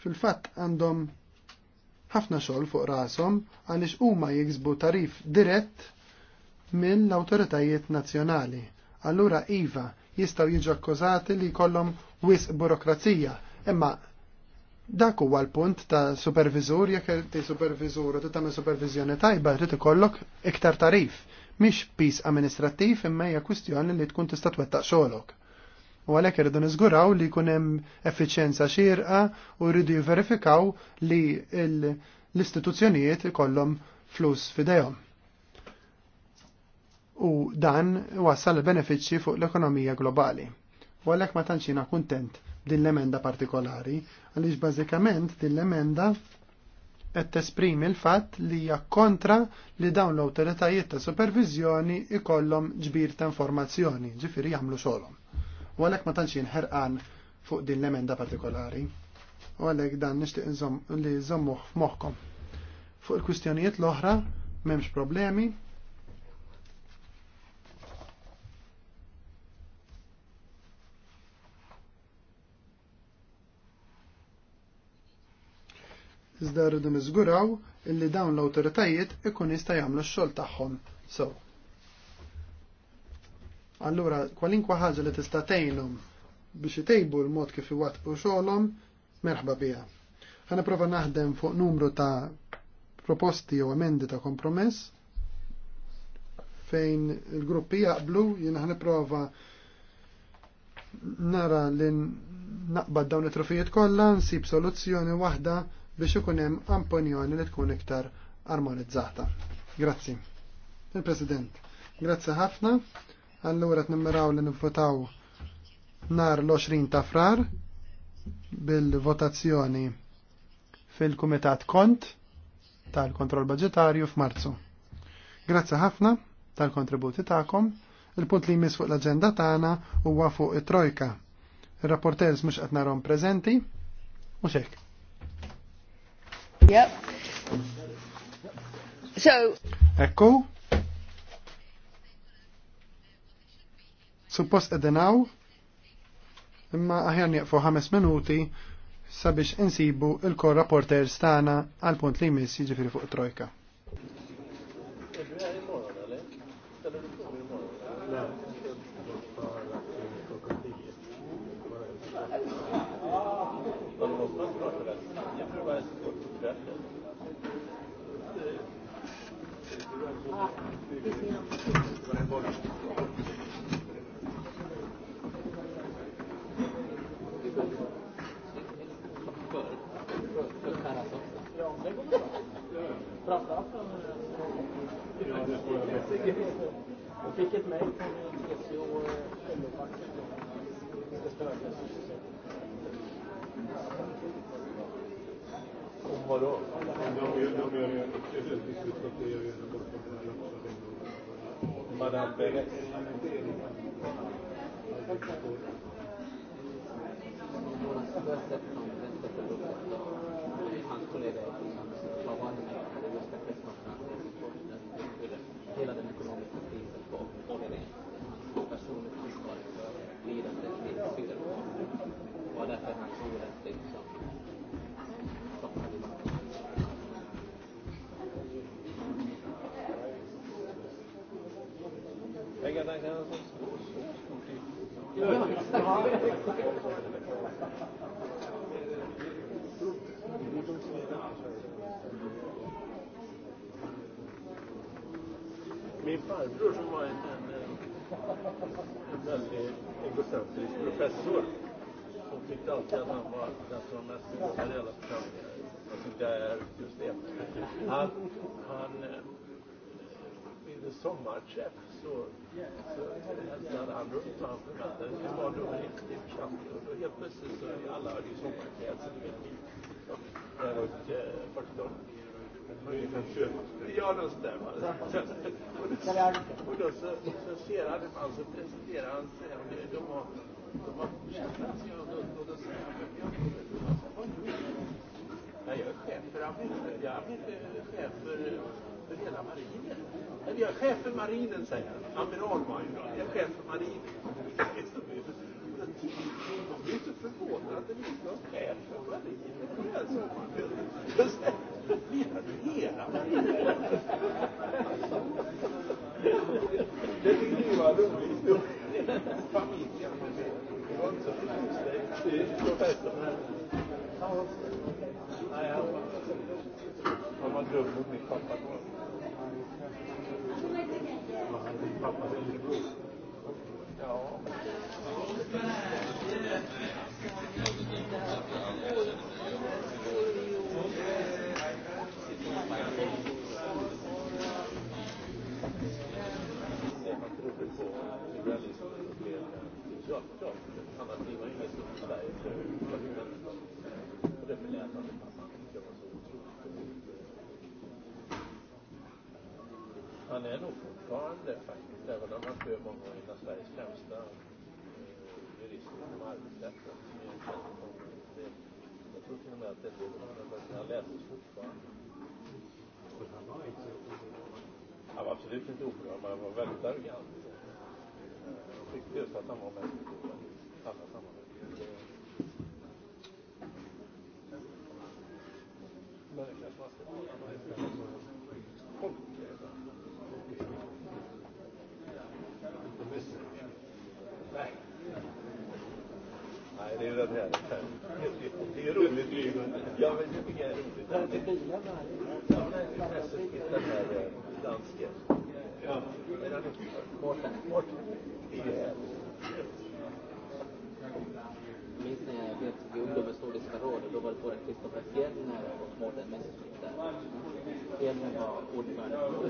fil-fatt għandhom ħafna xogħol fuq rashom għaliex huma jiksbu tarif dirett mill-autoritajiet nazzjonali. Allura iva jistaw jiġu akkużati li jkollhom wisq burokrazija. Imma dak huwa l-punt ta' supervizur jekk ti supervizur u tagħmel supervizjoni tajba trid ikollok iktar tarif, mhix pis amministrattiv imma hija kwistjoni li tkun tista' twettaq xogħolok. U għalhekk irridu niżguraw li jkun hemm effiċjenza xierqa u jridu jiverifikaw li l-istituzzjonijiet ikollhom flus fidejhom u dan wassal benefiċċji fuq l-ekonomija globali. U għalhekk ma tanċina kuntent din l-emenda partikolari, għaliex bażikament din l-emenda qed tesprimi l-fatt li hija kontra li dawn l-awtoritajiet ta' supervizjoni ikollhom ġbir ta' informazzjoni, ġifieri jagħmlu xogħolhom. U għalhekk ma tantxin ħerqan fuq din l-emenda partikolari. U għalhekk dan nixtieq li żommuh f'moħħkom. Fuq il-kwistjonijiet l-oħra m'hemmx problemi, iżda rridu niżguraw illi dawn l-awtoritajiet ikun jista' jagħmlu x-xogħol tagħhom so. Allura kwalinkwa ħaġa li tista' tgħinhom biex itejbu l-mod kif iwattqu xogħolhom merħba biha. Ħa nipprova naħdem fuq numru ta' proposti jew emendi ta' kompromess fejn il-gruppi jaqblu jien ħan nipprova nara li naqbad dawn it-trofijiet kollha nsib soluzzjoni waħda biex ikun hemm amponjoni li tkun iktar armonizzata. Grazzi. Il-President, grazzi ħafna. Allura t-nimmeraw li nivvotaw nar l-20 ta' frar bil-votazzjoni fil-Kumitat Kont tal-Kontroll Budgetarju f'Marzu. Grazzi ħafna tal-kontributi tagħkom. Il-punt li jmiss fuq l-agenda tagħna huwa fuq it-trojka. il rapporters mhux qed narhom preżenti u xek. Yep. So. Ekku. Suppost edenaw, imma aħjar nieqfu ħames minuti sabiex insibu il porter stana għal punt li jmiss jiġifieri fuq trojka. Jag fick ett mejl från TCO och LO-facket. Det stöddes. Om vadå? Madame Perez. Han kollega. professor som tyckte alltid att han var som var mest imponerad av församlingen. Jag tyckte jag är det. Han, han vid sommarträff så, så hälsade han runt på hans förväntade. Det var då en riktig och då helt plötsligt så alla hade ju sommarkläder. Det var ett 40 Jag Och så, ser presenterar jag är chef för, chef för, hela marinen. jag är chef för säger han. Amiral var ju Jag är chef för marinen inte förvånad att det finns någon skäl för Det tyckte vi var roligt. Familjen. Det var inte så framsteg. Professorn här. Nej, han var dum mot min pappa. Han var din pappas äldre bror. Han är nog fortfarande faktiskt, även om han kör många Han var absolut inte oprogram, men han var väldigt arrogant. Jag just att han var alla sammanhang. Men det kanske Nej. Nej, det är ju här. Minns när jag vet Gullöv stod i Skarol och då var det både Kristoffer Fjellner och Mårten Messerschmidt där. Fjellner var ordförande för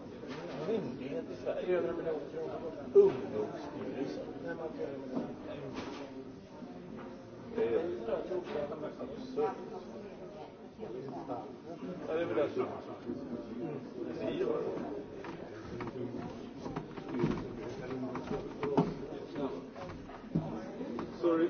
Sorry.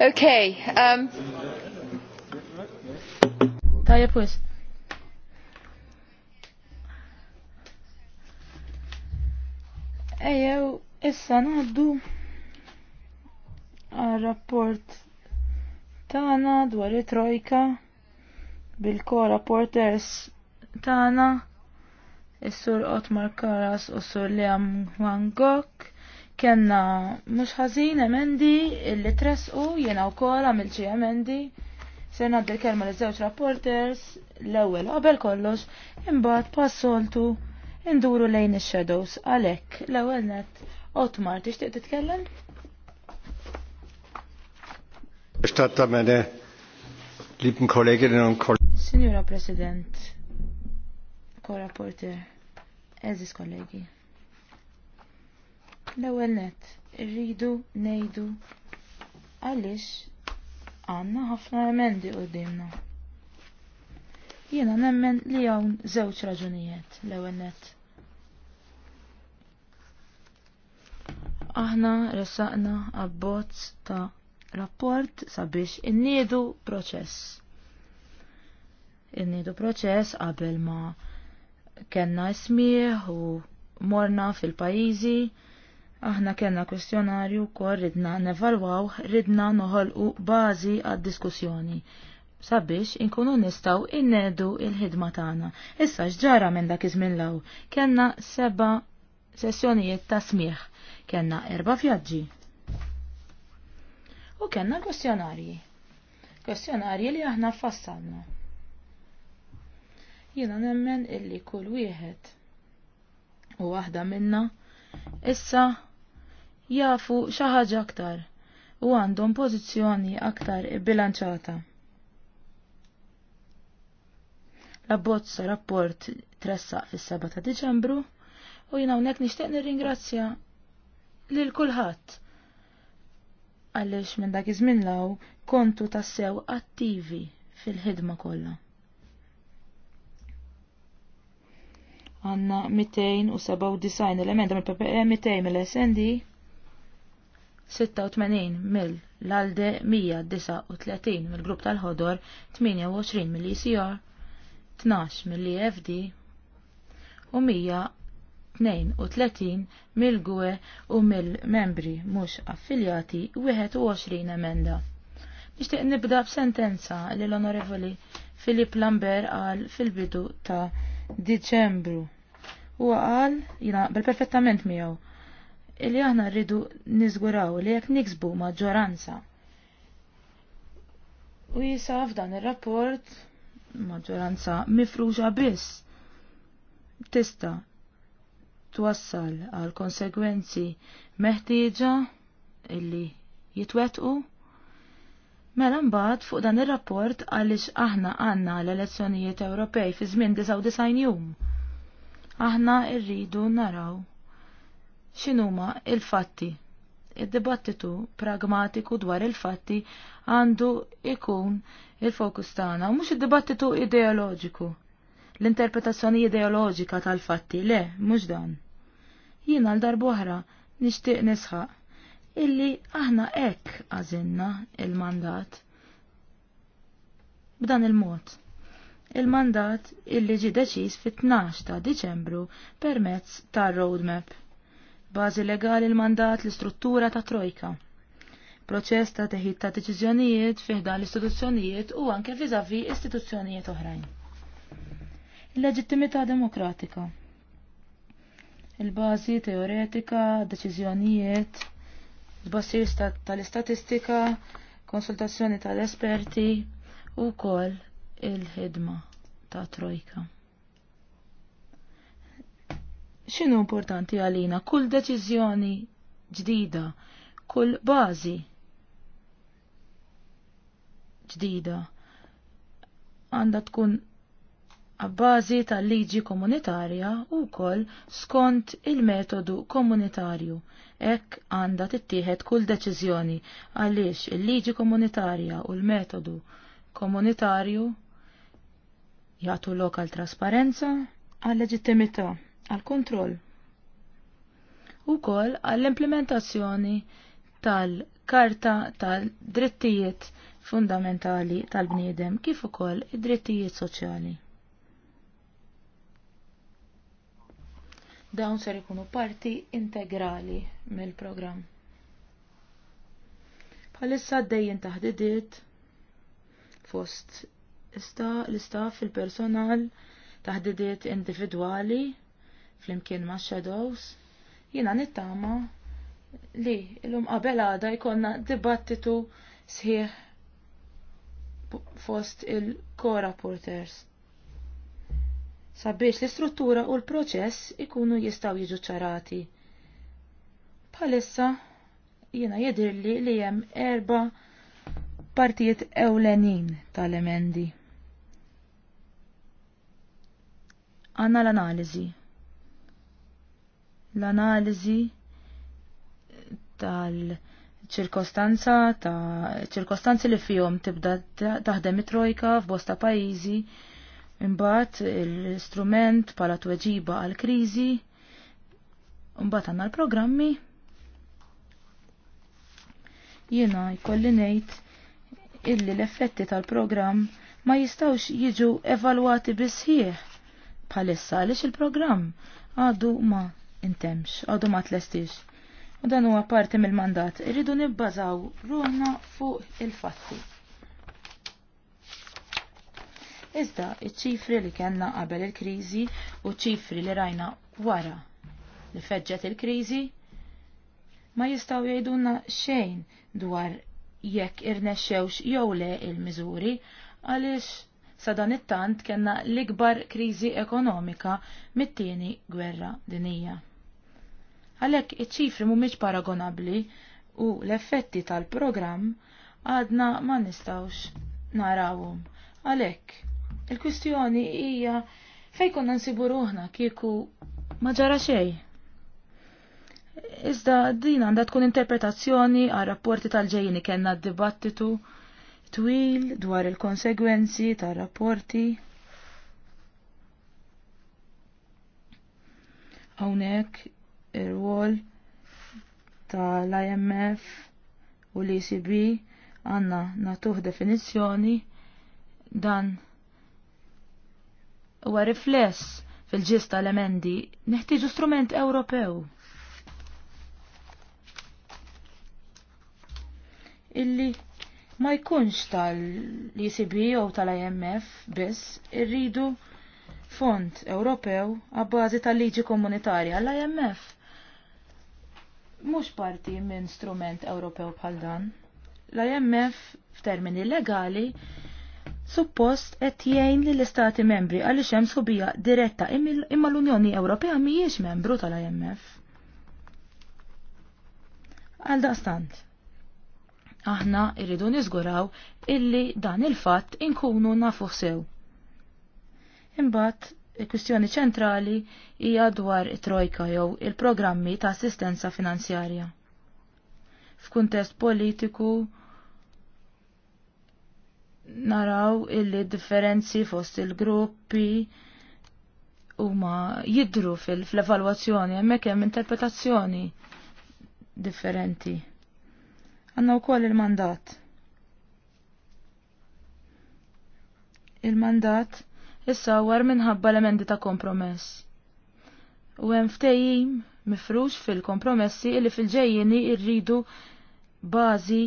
Okay. Um. Tajja pues. Ejjew, issa naħdu għal rapport tagħna dwar it-trojka bil-kora porters tana is-sur Otmar Karas u s-sur Liam Wangok. Gogh kena mux ħazin emendi illi tresqu jena u kol milċi emendi ser naddi l-kelma li zewċ rapporters l-ewel qabel kollox imbat passoltu induru lejn il-shadows għalek l-ewel net Otmar tixtiq titkellem? Gestatta mene, lieben Kolleginnen und Kollegen, Signora President, ko-rapporter, eżis kollegi. L-ewwel net, irridu ngħidu għaliex għandna ħafna emendi qudiemna. Jiena nemmen li hawn żewġ raġunijiet l-ewwel net. Aħna ressaqna abbozz ta' rapport sabiex inniedu proċess il-nidu proċess qabel ma kenna smieħ u morna fil-pajizi, aħna kenna kwestjonarju kor ridna nevalwaw, ridna noħolqu bazi għad diskussjoni sabiex inkunu nistaw innedu il-ħidma tagħna. Issa x'ġara minn dak iż-żmien law, kenna seba sessjonijiet ta' smieħ, kenna erba' vjaġġi. U kenna kwestjonarji. Kwestjonarji li aħna fassalna. Jiena nemmen illi kull wieħed u waħda minna issa jafu xi ħaġa aktar u għandhom pożizzjoni aktar bilanċata. L-abbozza rapport tressaq fis-7 ta' Diċembru u jina hawnhekk nixtieq nirringrazzja lil kulħadd għaliex minn dak iż-żmien law kontu tassew attivi fil-ħidma kollha. għanna 297 elementa mill PPE 200 mill-SND 86 mill-ALDE 139 mill-grupp tal-ħodor 28 mill-ECR 12 mill-EFD u 132 mill-GUE e u mill-membri e mhux affiljati 21 emenda. Nixtieq nibda b'sentenza li l-Onorevoli Filip Lambert għal fil-bidu ta' Diċembru. Huwa qal jina perfettament miegħu illi aħna rridu niżguraw li jekk niksbu maġġoranza. U jisaf f'dan ir-rapport maġġoranza mifruġa biss tista' twassal għal konsegwenzi meħtieġa illi jitwetqu Mela mbagħad fuq dan ir-rapport għaliex aħna għandna l-elezzjonijiet Ewropej fi żmien 99 jum. Aħna rridu naraw x'inhuma il-fatti. Id-dibattitu pragmatiku dwar il-fatti għandu ikun il-fokus tagħna, u mhux id-dibattitu ideoloġiku. L-interpretazzjoni ideoloġika tal-fatti le, mhux dan. Jiena l oħra nixtieq nisħaq illi aħna ek għazinna il-mandat b'dan il-mod. Il-mandat illi ġi deċiż fit-12 ta' Diċembru permezz ta' roadmap. Bażi legali l-mandat l-istruttura ta' trojka. Proċess ta' teħid ta' deċiżjonijiet fiħda l-istituzzjonijiet u anke vizavi istituzzjonijiet oħrajn. Il-leġittimità demokratika. Il-bażi teoretika, deċiżjonijiet, tbassir tal-istatistika, konsultazzjoni tal-esperti u kol il-ħidma ta' trojka. X'inhu importanti għalina? Kull deċiżjoni ġdida, kull bażi ġdida għandha tkun għabbażi tal-liġi komunitarja u kol skont il-metodu komunitarju Ek għanda tittieħed kull deċiżjoni għaliex il-liġi komunitarja u l-metodu komunitarju jagħtu lokal trasparenza għal leġittimità għal kontroll u kol għall-implementazzjoni tal-Karta tal-Drittijiet Fundamentali tal-Bniedem kif ukoll id-drittijiet soċjali. Dawn ser ikunu parti integrali mill-programm. Bħalissa dejjen taħdidiet fost l-istaff il-personal taħdidiet individwali flimkien ma' shadows, jina nittama li l um qabel għada jkonna dibattitu sħiħ fost il core rapporters sabiex l-istruttura u l-proċess ikunu jistaw jiġu ċarati. Bħalissa jiena jedirli li hemm erba partijiet ewlenin tal-emendi. Għanna l analizi l analizi tal-ċirkostanza, ta' ċirkostanzi li fihom tibda taħdem it-trojka f'bosta pajjiżi Imbagħad l-istrument bħala tweġiba għal kriżi imbagħad għandna l-programmi. Jiena jkolli ngħid illi l-effetti tal-programm ma jistawx jiġu evalwati bisħieħ bħalissa għaliex il-programm għadu ma intemx, għadu ma tlestix. U dan huwa parti mill-mandat, irridu nibbażaw ruħna fuq il-fatti. Iżda, iċ-ċifri li kellna qabel il-kriżi u ċifri li rajna wara li feġġet il-kriżi ma jistaw jgħidulna xejn dwar jekk irnexxewx jew le il-miżuri għaliex sa dan it-tant kellna l-ikbar kriżi ekonomika mit-tieni gwerra dinija. Għalhekk iċ-ċifri mhumiex paragonabbli u l-effetti tal-programm għadna ma nistawx narawhom. Għalhekk Il-kwistjoni hija fejn konna nsibu ruħna kieku ma ġara xejn. Iżda din għandha tkun interpretazzjoni għal rapporti tal-ġejjini kellna dibattitu twil dwar il-konsegwenzi tar-rapporti. Hawnhekk ir-rwol tal-IMF u l-ECB għandna natuh definizzjoni dan huwa rifless fil-ġis tal-emendi, neħtieġu strument Ewropew. Illi ma jkunx tal-ECB u tal-IMF biss irridu fond Ewropew għabbażi tal-liġi komunitarja l-IMF. Mhux parti minn strument Ewropew bħal dan. L-IMF f'termini legali suppost qed jgħin l istati membri għaliex hemm subija diretta imma l-Unjoni Ewropea mhijiex membru tal-IMF. Għal daqstant, aħna irridu niżguraw illi dan il-fatt inkunu nafu sew. Imbagħad il-kwistjoni ċentrali hija dwar it-trojka jew il-programmi ta' assistenza finanzjarja. F'kuntest politiku naraw illi differenzi fost il-gruppi huma jidru fil-evalwazzjoni hemmhekk hemm interpretazzjoni differenti. Għandna wkoll il-mandat. Il-mandat issa war minħabba l-emendi ta' kompromess. U hemm ftehim mifrux fil-kompromessi li fil ġejjini irridu bażi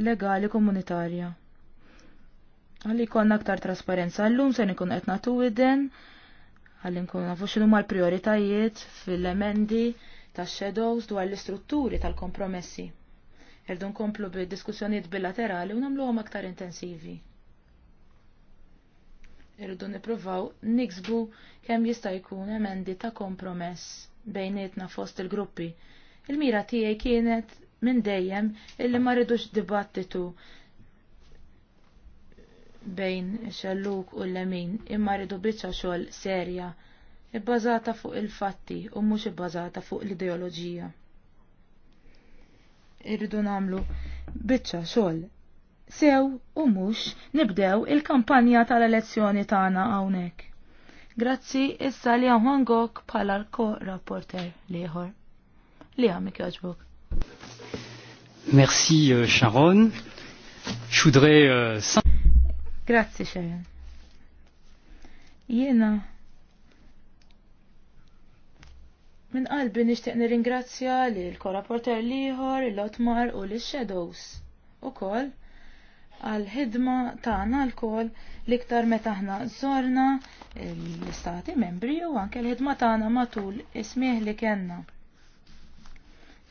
legali komunitarja. Għalli konna aktar trasparenza l-lum se nikun qed nagħtu widen, għalli nkun nafu x'inhu l-prioritajiet fil-emendi tax-shadows dwar l-istrutturi tal-kompromessi. Irdu nkomplu bi diskussjonijiet bilaterali u nagħmluhom aktar intensivi. Irdu nippruvaw niksbu kemm jista' jkun emendi ta' kompromess bejnietna fost il-gruppi. Il-mira tiegħi kienet minn dejjem illi ma rridux dibattitu bejn xelluk u l-lemin imma rridu biċċa xogħol serja ibbażata fuq il-fatti u mhux ibbażata fuq l-ideoloġija. Irridu nagħmlu biċċa xogħol sew u mhux nibdew il-kampanja tal-elezzjoni tagħna hawnhekk. Grazzi issa li Juan Gok bħala l-ko-rapporter liħor. Li għamik Merci euh, Sharon. Je voudrais... Euh, Grazie Sharon. Jena. Min qalbi nishtiq nirringrazzja li l-korrapporter liħor, l-Otmar u l-Shadows. U koll għal-ħidma tagħna l-kol liktar meta aħna żorna l-istati membri u anke l-ħidma tagħna matul ismieħ li kenna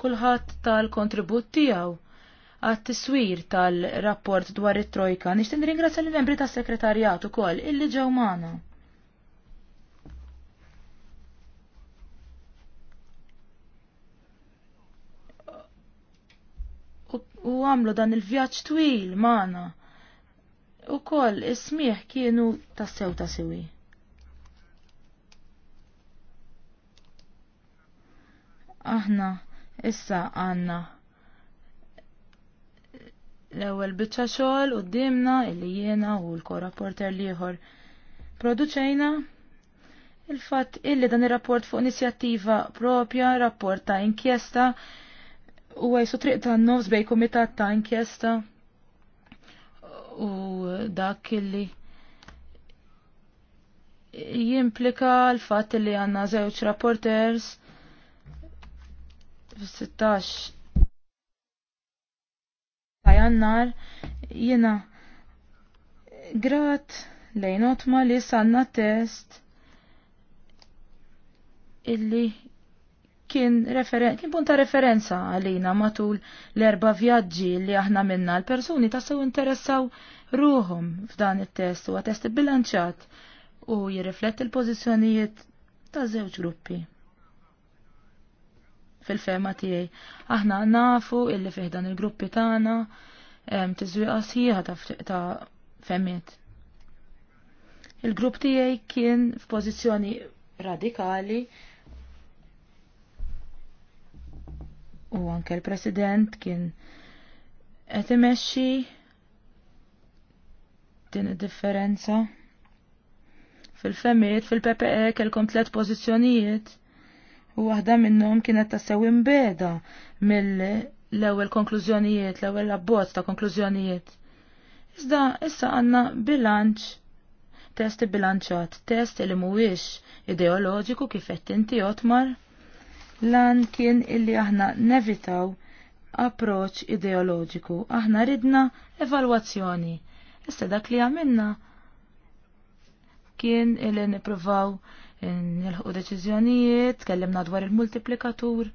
kulħadd tal-kontribut tiegħu għat-tiswir tal-rapport dwar it-trojka. Nixtin ringrazzja l-membri tas-sekretarjat ukoll illi ġew magħna. U għamlu dan il-vjaġġ twil magħna. Ukoll is-smieħ kienu tassew ta' sewi. Aħna Issa għanna l-ewwel biċċa xogħol qudiemna illi jiena u l-korrapporter ieħor produċejna il-fatt illi dan ir-rapport fuq inizjattiva propja, rapport ta' inkjesta u għajsu triq ta' nofs bej kumitat ta' inkjesta u dak illi jimplika l-fatt illi għanna żewġ rapporters 16 ta' jannar jiena grat lejn otma li sanna test illi kien referen kien punta referenza għalina matul l-erba vjaġġi li aħna minna l-persuni ta sew interessaw ruhom f'dan it-test u test bilanċat u jirrifletti l-pożizzjonijiet ta' żewġ gruppi fil-fema tiegħi. Aħna nafu illi fih dan il-gruppi tagħna hemm tiżwieqa sħiħa ta' femiet. Il-grupp tiegħi kien f'pożizzjoni radikali u anke l-President kien qed imexxi din id-differenza. Fil-femiet, fil-PPE, kelkom tlet pożizzjonijiet u waħda minnhom kienet tassew imbeda mill-ewwel konklużjonijiet, l-ewwel abbozz ta' konklużjonijiet. Iżda issa għandna bilanċ test bilanċat, test li mhuwiex ideoloġiku kif qed inti otmar, lan kien illi aħna nevitaw approċ ideoloġiku, aħna ridna evalwazzjoni. Issa dak li għamilna kien illi nippruvaw nilħu deċiżjonijiet, tkellimna dwar il-multiplikatur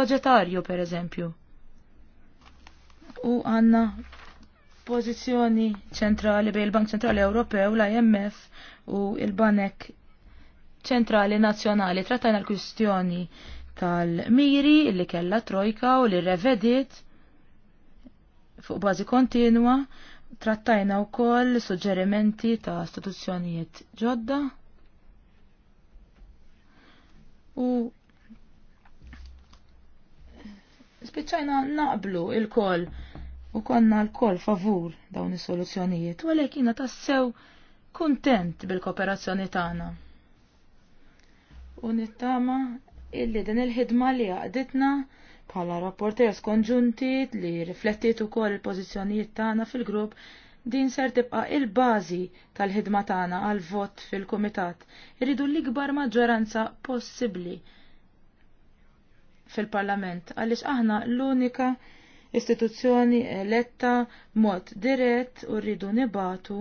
budgetarju per eżempju. U għanna pożizzjoni ċentrali bej il-Bank Ċentrali Ewropew, l-IMF u il-Banek Ċentrali Nazzjonali trattajna l-kwistjoni tal-miri li kella trojka u li revedit fuq bażi kontinwa trattajna wkoll suġġerimenti ta' istituzzjonijiet ġodda u spiċċajna naqblu il kol u konna l kol favur dawn is-soluzzjonijiet u għalhekk jiena tassew kuntent bil-kooperazzjoni tagħna. U nittama illi din il-ħidma li għaqditna bħala rapporters konġunti li riflettiet ukoll il-pożizzjonijiet tagħna fil-grupp din ser tibqa' il-bażi tal-ħidma tagħna għal vot fil-kumitat. Irridu l-ikbar maġġoranza possibbli fil-Parlament għaliex aħna l-unika istituzzjoni eletta mod dirett u rridu nibatu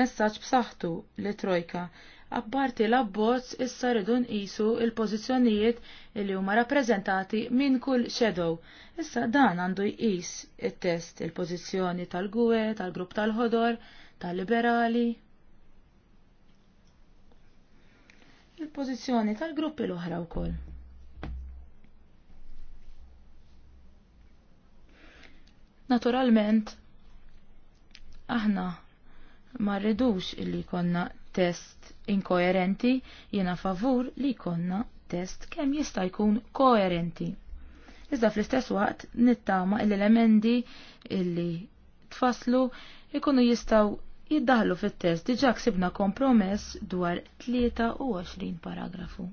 messaġġ b'saħħtu li trojka apparti l-abbozz issa rridu nqisu il-pożizzjonijiet li huma rappreżentati minn kull shadow. Issa dan għandu jqis it-test il-pożizzjoni tal-gwe, tal-grupp tal-ħodor, tal-liberali. Il-pożizzjoni tal-gruppi l-oħra wkoll. Naturalment, aħna ma rridux illi konna test inkoerenti, jiena favur li konna test kemm jista' jkun koerenti. Iżda fl-istess waqt nittama l-elementi illi tfaslu ikunu jistaw jiddaħlu fit-test diġa ksibna kompromess dwar 23 paragrafu.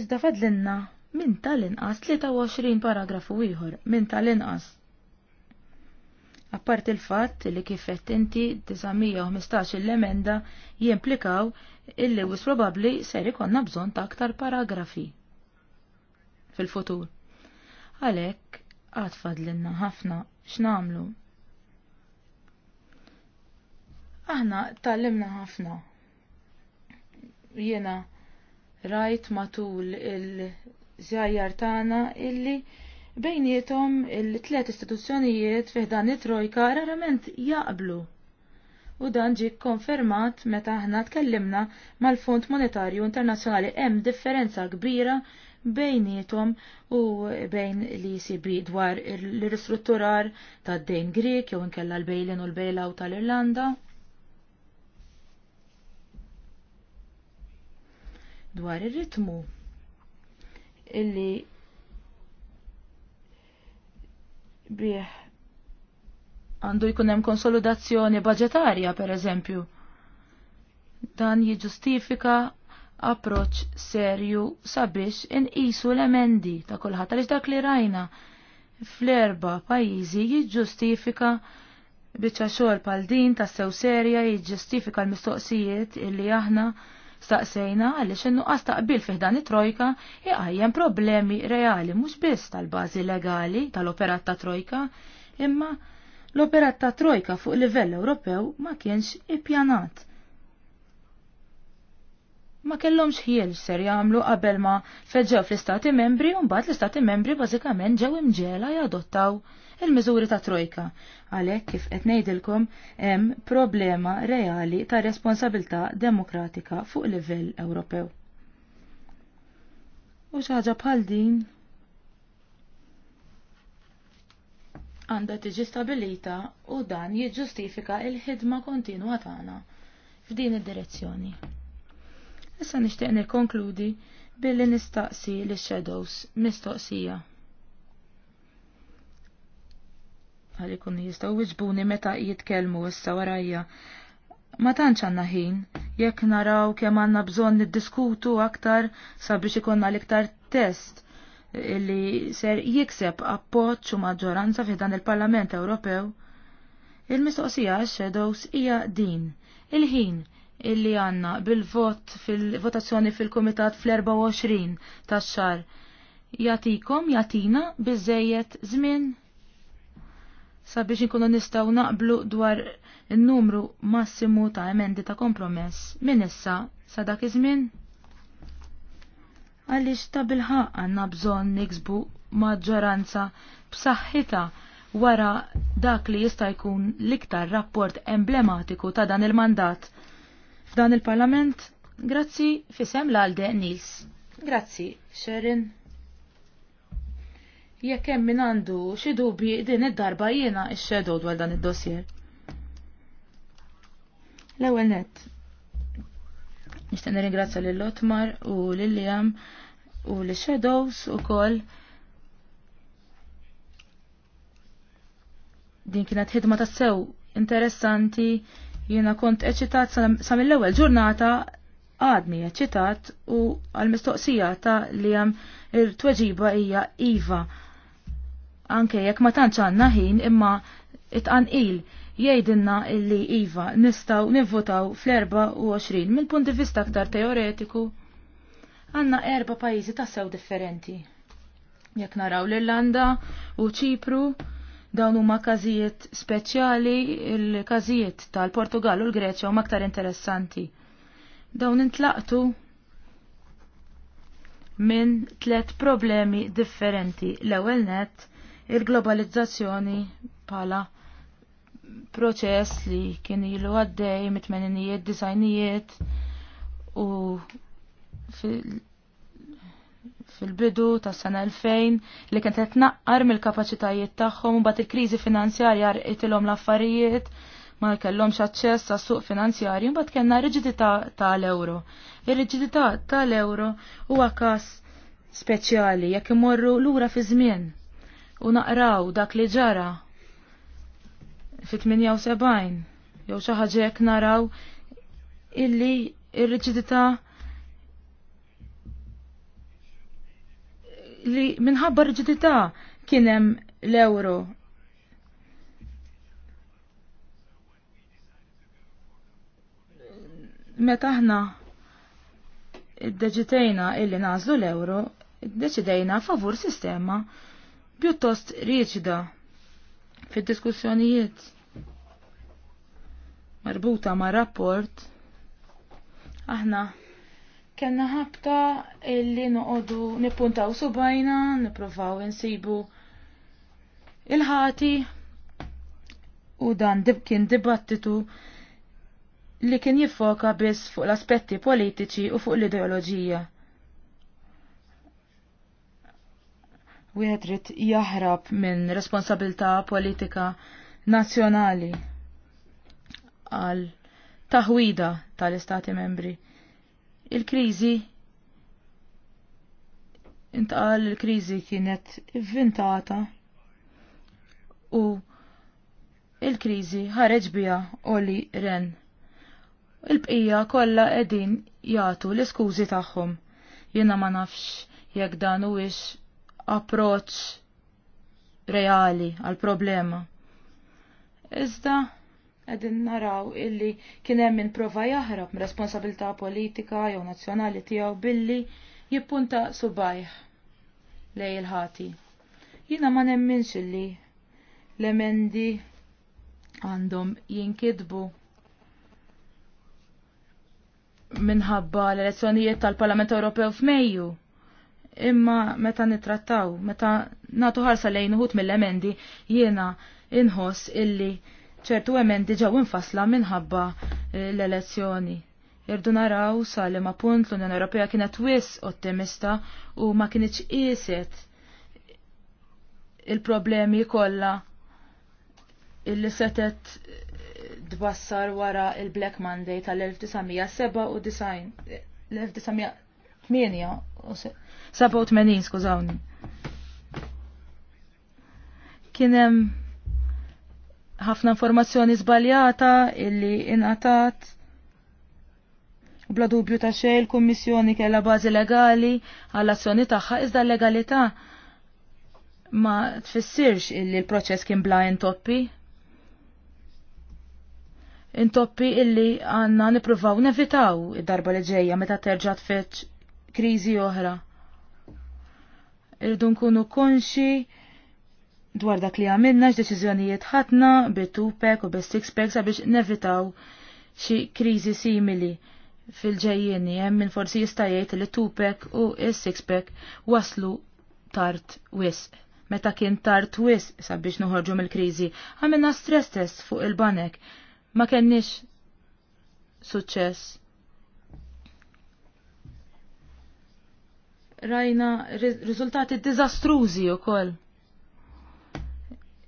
Iżda fadlinna minn tal-inqas 23 paragrafu ieħor minn tal-inqas Appart il-fatt li kifet inti 915 l-emenda jimplikaw illi wis probabli ser ikonna bżon ta' aktar paragrafi fil-futur. Għalek, għatfad l-inna ħafna x'namlu. Aħna tallimna ħafna. Jena rajt matul il-żjajjar tagħna illi Bejnietom il-tlet istituzzjonijiet fih dan it-trojka rarament jaqblu. U dan ġi konfermat meta aħna tkellimna mal-Fond Monetarju Internazzjonali hemm differenza kbira bejnietom u bejn li jisib dwar l-ristrutturar tad dejn Grek jew inkella l-bejlin u l-bejlaw tal-Irlanda. Dwar ir-ritmu illi bih għandu jkun hemm konsolidazzjoni budgetarja per eżempju. Dan jiġustifika approċ serju sabiex inqisu l-emendi ta' kulħadd għaliex dak li rajna fl-erba' pajjiżi jiġġustifika biċċa xogħol bħal din ta' sew serja jiġġustifika l-mistoqsijiet illi aħna Staqsejna għaliex in-nuqqas taqbil fih dan it-trojka iqajjem problemi reali mhux biss tal-bażi legali tal-operat ta' trojka, imma l-operat ta' trojka fuq livell Ewropew ma kienx ippjanat. Ma kellhomx ħiel ser jagħmlu qabel ma feġġew fl-Istati Membri u mbagħad l-Istati Membri bażikament ġew imġela jadottaw il-miżuri ta' trojka. Għalhekk kif qed ngħidilkom hemm problema reali ta' responsabilità demokratika fuq livell Ewropew. U xi ħaġa bħal din għandha tiġi stabilita u dan jiġġustifika il-ħidma kontinwa tagħna f'din id-direzzjoni. Issa nixtieq nikkonkludi billi nistaqsi l shadows mistoqsija. għal ikun jistaw wiġbuni meta jitkellmu issa warajja. Ma tantx għandna ħin, jekk naraw kemm għandna bżonn niddiskutu aktar sabiex ikonna l-iktar test illi ser jikseb appoġġ u maġġoranza fi dan il-Parlament Ewropew. Il-mistoqsija shadows hija din. Il-ħin illi għanna bil-vot fil-votazzjoni fil-Komitat fl-24 tax-xar jatikom jatina biżejjed żmien sabiex ikunu nistgħu naqblu dwar in-numru massimu ta' emendi ta' kompromess minn issa sa dak iż-żmien. Għaliex ta' bilħaq għandna bżonn niksbu maġġoranza b'saħħitha wara dak li jista' jkun l-iktar rapport emblematiku ta' dan il-mandat f'dan il-Parlament. Grazzi fisem l-għalde Nils. Grazzi, Sherin. Jekk hemm min għandu xi dubji din id-darba jiena x xedow dwar dan id-dossier. L-ewwel nett. Nixtieq nirringrazzja lil Lotmar u lil Liam u l shadows ukoll din kienet ħidma ta' sew interessanti jiena kont eċitat sa mill-ewwel ġurnata għadni eċitat u għal-mistoqsija ta' li għam il-tweġiba hija Iva anke jekk ma tantx għandna ħin imma it jgħidilna illi iva nistgħu nivvotaw fl-24 mill-punt di vista aktar teoretiku għandna erba' pajjiżi tassew differenti. Jekk naraw l-Irlanda u Ċipru dawn huma każijiet speċjali il-każijiet tal-Portugal u l-Greċja huma aktar interessanti. Dawn intlaqtu minn tliet problemi differenti. L-ewwel net il-globalizzazzjoni bħala proċess li kien ilu għaddej mit-tmeninijiet, dizajnijiet u fil-bidu fil ta' sena 2000 li kien qed naqqar mill-kapaċitajiet tagħhom u bat il-kriżi finanzjarja rqitilhom l-affarijiet ma kellhomx aċċess għas suq finanzjarju mbagħad kellna riġidità tal-euro. Ir-riġidità tal-euro huwa każ speċjali jekk imorru lura fi żmien u naqraw dak li ġara fit-78 jew xi ħaġa naraw illi ir-riġidità li minħabba riġidità kien hemm l ewro meta aħna id-deġitejna illi nażlu l ewro id-deċidejna favur sistema pjuttost riċida fid-diskussjonijiet marbuta ma' rapport aħna kena ħabta illi noqodu nipuntaw subajna, niprofaw insibu il-ħati u dan dib kien dibattitu li kien jiffoka biss fuq l-aspetti politiċi u fuq l-ideoloġija. wieħed trid jaħrab minn responsabilità politika nazzjonali għal taħwida tal-Istati membri. Il-kriżi intqal il-kriżi kienet vintata u il-kriżi ħareġ biha Oli Ren. Il-bqija kollha qegħdin jagħtu l-iskużi tagħhom. Jiena ma nafx jekk dan huwiex approċ reali għal problema. Iżda għedin naraw illi kien hemm min prova jaħrab responsabilta politika jew nazzjonali tiegħu billi jippunta subajħ lej il-ħati. Jina ma nemminx illi l-emendi għandhom jinkidbu minħabba l-elezzjonijiet tal-Parlament Ewropew f'Mejju imma meta nitrattaw, meta natu ħarsa lejn uħut mill-emendi jiena inħoss illi ċertu emendi ġew infasla minħabba eh, l-elezzjoni. Irdu naraw sali ma punt l-Unjoni Ewropea kienet wis ottimista u ma kienx qiset il-problemi kollha illi setet eh, dwassar wara il-Black Monday tal-1997 eh, l 1998 87, skużawni. Kienem ħafna informazzjoni zbaljata illi inqatat bla dubju ta' xej il-Kummissjoni kellha bażi legali għall azzjoni tagħha iżda l-legalità ma tfissirx illi l-proċess kien bla intoppi. Intoppi illi għanna nipruvaw nevitaw id-darba li ġejja meta terġa' tfetx kriżi oħra irridu nkunu konxi dwar dak li għamilna x'deċiżjonijiet ħadna bit-tupek u bis-sixpek sabiex nevitaw xi kriżi simili fil ġejjieni hemm min forsi jista' jgħid li tupek u s-sixpek waslu tard wisq. Meta kien tard wisq sabiex noħorġu mill-kriżi, għamilna stress test fuq il-banek. Ma kenniex suċċess. rajna riżultati diżastrużi wkoll.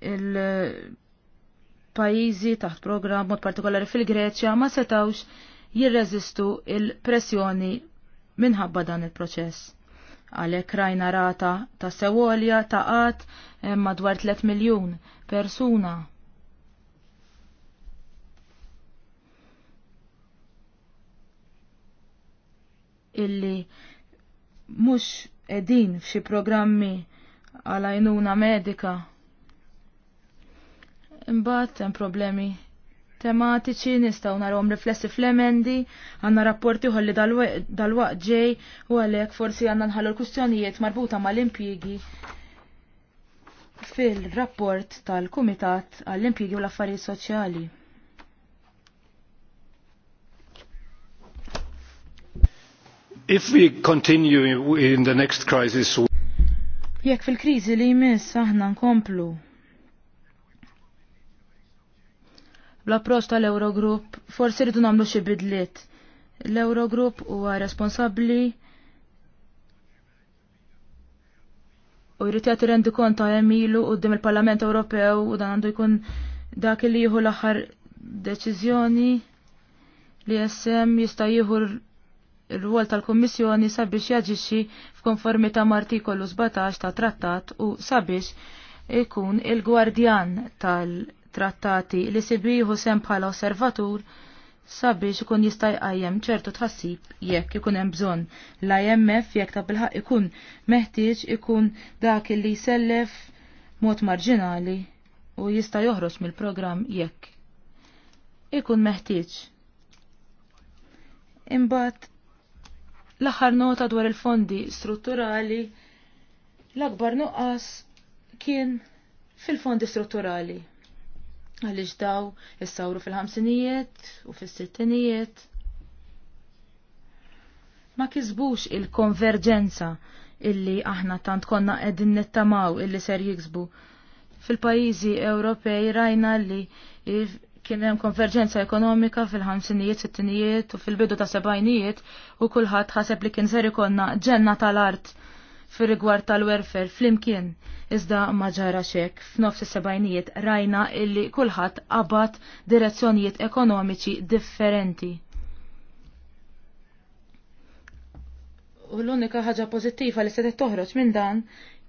Il-pajjiżi taħt program, mod partikolari fil-Greċja ma setawx jirreżistu il-pressjoni minħabba dan il-proċess. Għalhekk rajna rata ta' sewolja ta' għat eh, madwar 3 miljun persuna. illi mhux qegħdin f'xi programmi għal għajnuna medika. Imbagħad hemm problemi tematiċi nistgħu narom riflessi fl-emendi, għandna rapporti ħolli dal-waqt ġej u għalhekk forsi għandna nħallu l-kustjonijiet marbuta mal-impjigi fil-rapport tal-Kumitat għall-impjigi u l-affarijiet soċjali. If we continue in the next crisis... Jekk fil-krizi li jmiss aħna nkomplu. L-approċċ tal-Eurogroup, forsi rridu nagħmlu xi bidliet. L-Eurogroup huwa responsabbli u jrid jagħti rendi hemm ilu qudiem il-Parlament Ewropew u dan għandu jkun dak li jieħu l-aħħar deċiżjoni li jessem jista' jieħu il-rwol tal-Kommissjoni sabiex jaġixxi f'konformità ta' artikolu 17 ta' trattat u sabiex ikun il-gwardjan tal-trattati li sibiħu sem bħala osservatur sabiex ikun jista' jqajjem ċertu tħassib jekk ikun hemm bżonn. L-IMF jekk ta' bilħaq ikun meħtieġ ikun dak li jsellef mod marġinali u jista' joħroġ mill-programm jekk ikun meħtieġ. Imbagħad L-aħħar nota dwar il-fondi strutturali l-akbar nuqqas kien fil-fondi strutturali. Għaliex daw issawru fil-ħamsinijiet u fis-sittinijiet. Ma kisbux il-konverġenza illi aħna tant konna qegħdin nittamaw illi ser jiksbu. Fil-pajjiżi Ewropej rajna li kien hemm konverġenza ekonomika fil-ħamsinijiet, sittinijiet u fil-bidu ta' sebajnijiet u kulħadd ħaseb li kien ser ikonna ġenna tal-art fir rigward tal-werfer flimkien. Iżda ma ġara xek f'nofs is-sebajnijiet rajna illi kulħadd qabad direzzjonijiet ekonomiċi differenti. U l-unika ħaġa pożittiva li se toħroġ minn dan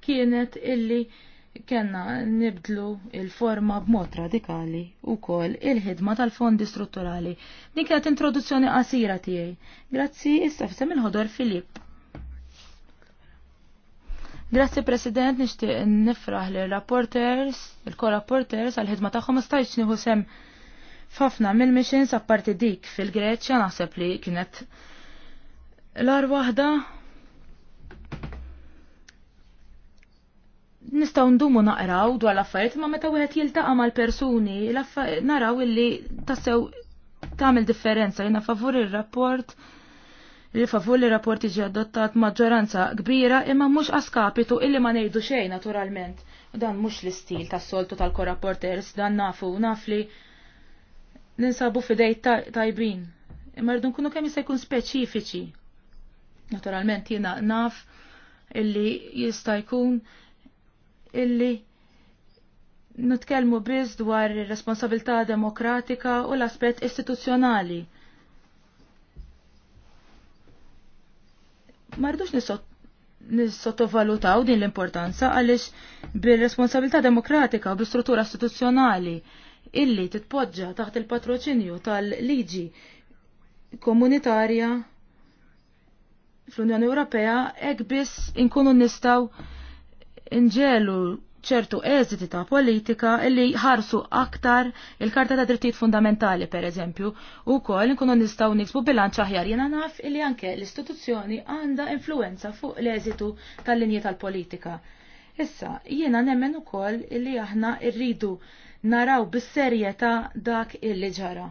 kienet illi kena nibdlu il-forma b'mod radikali u kol il-ħidma tal-fondi strutturali. Din kienet introduzzjoni qasira tiegħi. Grazzi issa fisem il-ħodor Filipp. Grazzi President, nixtieq nifraħ li rapporters, il-co-rapporters għal-ħidma tagħhom ma stajtx nieħu sem f'ħafna mill-missions apparti dik fil-Greċja naħseb li kienet l-ar waħda nistaw ndumu naqraw dwar l-affarijiet ma meta wieħed jiltaqa' mal-persuni naraw illi tassew tagħmel differenza jiena favur ir-rapport li favur li rapport iġi adottat maġġoranza kbira imma mhux askapitu illi ma ngħidu xejn naturalment. Dan mhux l-istil tas-soltu tal-korrapporters dan nafu naf li ninsabu fidej tajbin. Imma rridu nkunu kemm jista' jkun speċifiċi. Naturalment jiena naf illi jista' jkun illi nitkellmu biz dwar responsabilità demokratika u l-aspett istituzzjonali. Mardux nissottovalutaw din l-importanza għaliex bil-responsabilità demokratika u bil-struttura istituzzjonali illi titpoġġa taħt il-patroċinju tal-liġi komunitarja fl-Unjoni Ewropea hekk biss inkunu nistgħu inġelu ċertu eżiti ta' politika illi ħarsu aktar il-Karta ta' Drittijiet Fundamentali per eżempju u kol nkunu nistaw niksbu bilanċ aħjar jena naf illi anke l-istituzzjoni għanda influenza fuq l-eżitu tal-linji tal-politika. Issa, jiena nemmen ukoll illi aħna rridu naraw bis-serjetà dak illi ġara.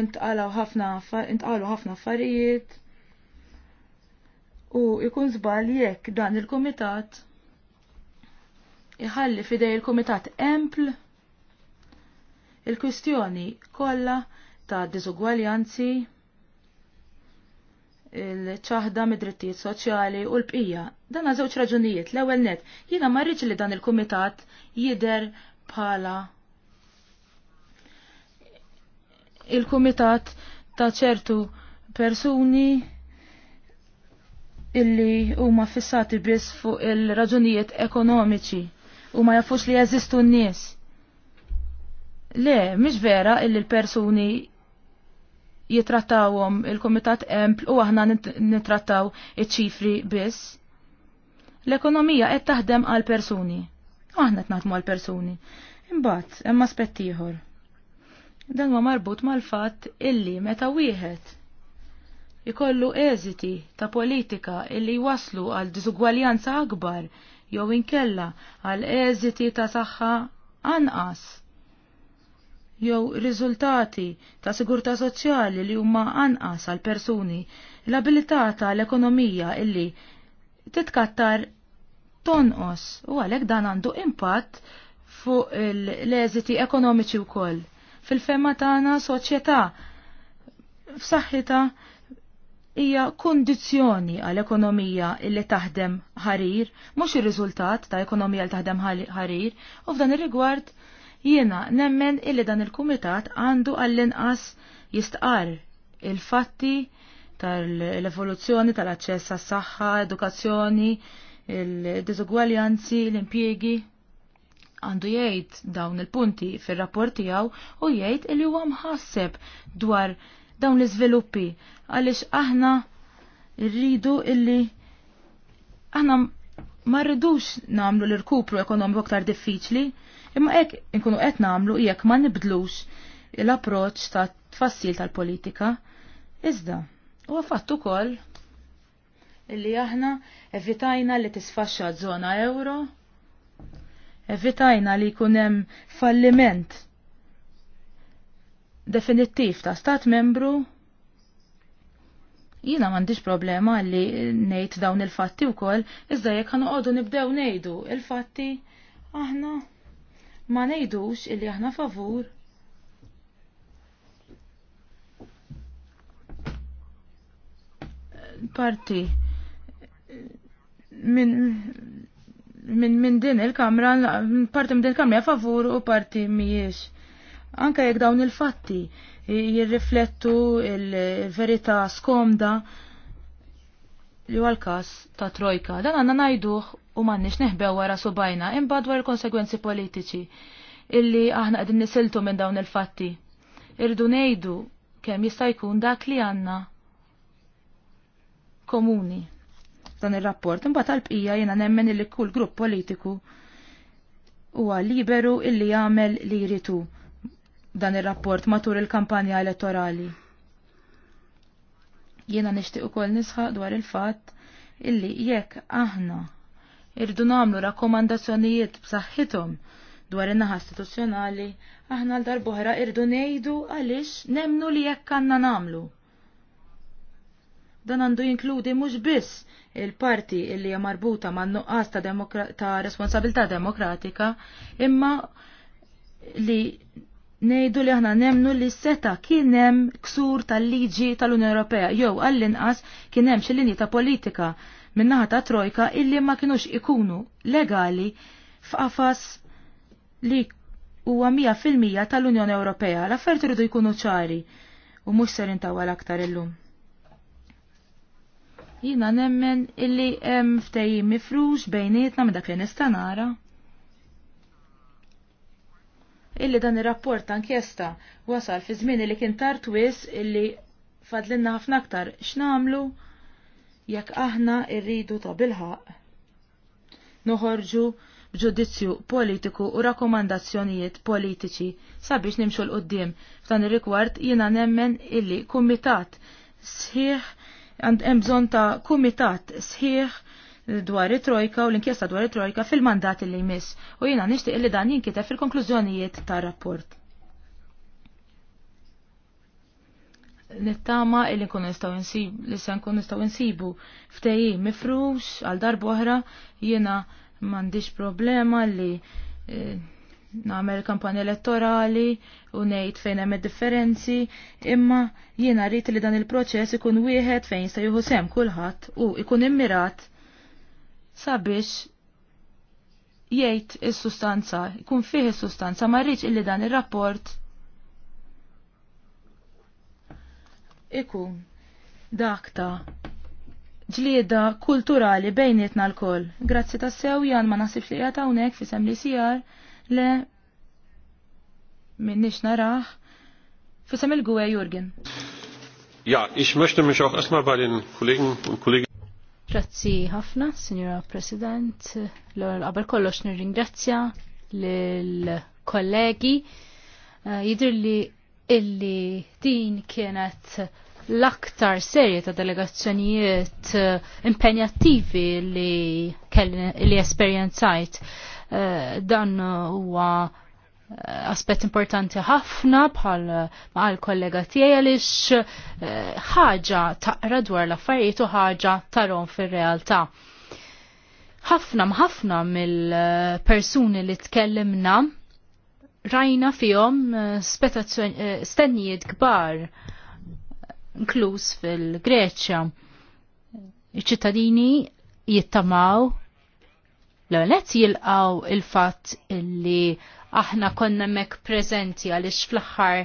Intqalu ħafna affarijiet u jkun żball jekk dan il-kumitat iħalli fidej il-Kumitat Empl il-kwistjoni kollha ta' diżugwaljanzi il-ċaħda mid-drittijiet soċjali u l-bqija. Dan żewġ raġunijiet. L-ewwel net, jiena ma li dan il-kumitat jider bħala il-kumitat ta' ċertu persuni illi huma fissati biss fuq il-raġunijiet ekonomiċi u ma jafux li jeżistu n-nies. Le, mhix vera illi l-persuni jitrattawhom il-Kumitat Empl u aħna nittrattaw iċ-ċifri biss. L-ekonomija qed taħdem għal persuni. U aħna qed naħdmu għal persuni. Imbagħad hemm aspett ieħor. Dan huwa marbut mal-fatt illi meta wieħed ikollu eżiti ta' politika illi waslu għal diżugwaljanza akbar jew inkella għal eżiti ta' saħħa anqas jew riżultati ta' sigurtà soċjali li huma anqas għal persuni l-abilità tal-ekonomija illi titkattar tonqos u għalhekk dan għandu impatt fuq l-eżiti ekonomiċi wkoll. Fil-fema tagħna soċjetà f'saħħitha hija kondizjoni għal ekonomija illi taħdem ħarir, mhux ir-riżultat ta' ekonomija li taħdem ħarir, u f'dan ir-rigward jiena nemmen illi dan il-kumitat għandu għall-inqas jistqar il-fatti tal-evoluzzjoni tal-aċċess għas saħħa edukazzjoni, il-diżugwaljanzi, l-impjiegi. Għandu jgħid dawn il-punti fir-rapport tiegħu u jgħid illi huwa mħasseb dwar dawn l-iżviluppi għaliex aħna rridu illi aħna ma rridux namlu l-irkupru ekonomiku aktar diffiċli, imma hekk inkunu qed namlu jekk ma nibdlux l-approċċ ta' tfassil tal-politika. Iżda, huwa fatt ukoll illi aħna evitajna li tisfaxxa żona euro, evitajna li jkun hemm falliment definittiv ta' stat membru jina mandiġ problema li nejt dawn il-fatti u koll, iżda jek għan uqodu nibdew nejdu il-fatti, aħna ma nejdux illi aħna favur. Parti minn min, min din il-kamra, parti minn din il-kamra favur u parti miex Anka jekk dawn il-fatti jirriflettu il-verità skomda li għal kas ta' trojka. Dan għanna najduħ u mannix neħbew wara subajna imbagħad wara l-konsegwenzi politiċi illi aħna qegħdin nisiltu minn dawn il-fatti. Irdu ngħidu kemm jista' jkun dak li għandna komuni dan ir-rapport. Imbagħad tal bqija jiena nemmen illi kull grupp politiku huwa liberu illi jagħmel li jritu dan ir-rapport matul il-kampanja elettorali. Jiena nixtieq ukoll nisħaq dwar il-fatt illi jekk aħna irdu nagħmlu rakkomandazzjonijiet b'saħħithom dwar in-naħa istituzzjonali, aħna l darbohra irdu ngħidu għaliex nemnu li jekk għandna nagħmlu. Dan għandu jinkludi mhux biss il-parti illi hija marbuta man nuqqas ta', ta responsabilità demokratika, imma li nejdu li aħna nemnu li seta kienem ksur tal-liġi tal-Unjoni Ewropea jew għall-inqas kienem xi linji ta' politika minnaħa ta' trojka illi ma kienux ikunu legali f'qafas li huwa mija fil-mija tal-Unjoni Ewropea. L-affert irridu jkunu ċari u mhux ser intawal aktar illum. Jina nemmen illi hemm ftehim mifrux bejnietna minn dak li nista' nara illi dan ir-rapport ta' inkjesta wasal fi żmien li kien tard twis illi fadlinna ħafna aktar x'namlu jekk aħna rridu ta' bilħaq. Noħorġu b'ġudizzju politiku u rakkomandazzjonijiet politiċi sabiex nimxu l-qoddim. F'dan ir-rigward jiena nemmen illi kumitat sħiħ għand hemm bżonn ta' kumitat sħiħ dwar it-trojka u l-inkjesta dwar it-trojka fil-mandat li jmiss u jiena nixtieq li dan jinkiteb fil-konklużjonijiet tar-rapport. Nittama illi nkunu nistaw nsibu, li se nkunu nistgħu insibu ftehim mifrux għal darb oħra jiena m'għandix problema li e, namel kampanja elettorali u nejt fejn hemm differenzi, imma jiena rrit li dan il-proċess ikun wieħed fejn se jieħu sem kulħadd u ikun immirat sabiex jgħid is-sustanza, jkun fih is-sustanza, ma rridx illi dan ir-rapport ikun dak ta' ġlieda kulturali bejnietna l-koll. Grazzi ta' sew jan ma nasibx li jgħata hawnhekk fi sem li sijar le minnix narax fi sem il-gwe Jurgen. Ja, ich möchte mich auch erstmal bei den Kollegen und Kolleginnen Grazzi ħafna, Signora President. L-għabel kollox nirringrazzja l-kollegi. Eh, Jidr li illi din kienet l-aktar serje ta' delegazzjonijiet eh, impenjattivi li, li esperienzajt eh, dan huwa uh, Eh, aspet importanti ħafna bħal maqal kollega tiegħi għaliex eh, ħaġa taqra dwar l-affarijiet u ħaġa tarom fir-realtà. Ħafna ħafna mill-persuni li tkellimna rajna fihom eh, stennijiet kbar inkluż fil-Greċja. Iċ-ċittadini jittamaw l-għalet jilqaw il-fat li aħna konna mek prezenti għalix fl-axħar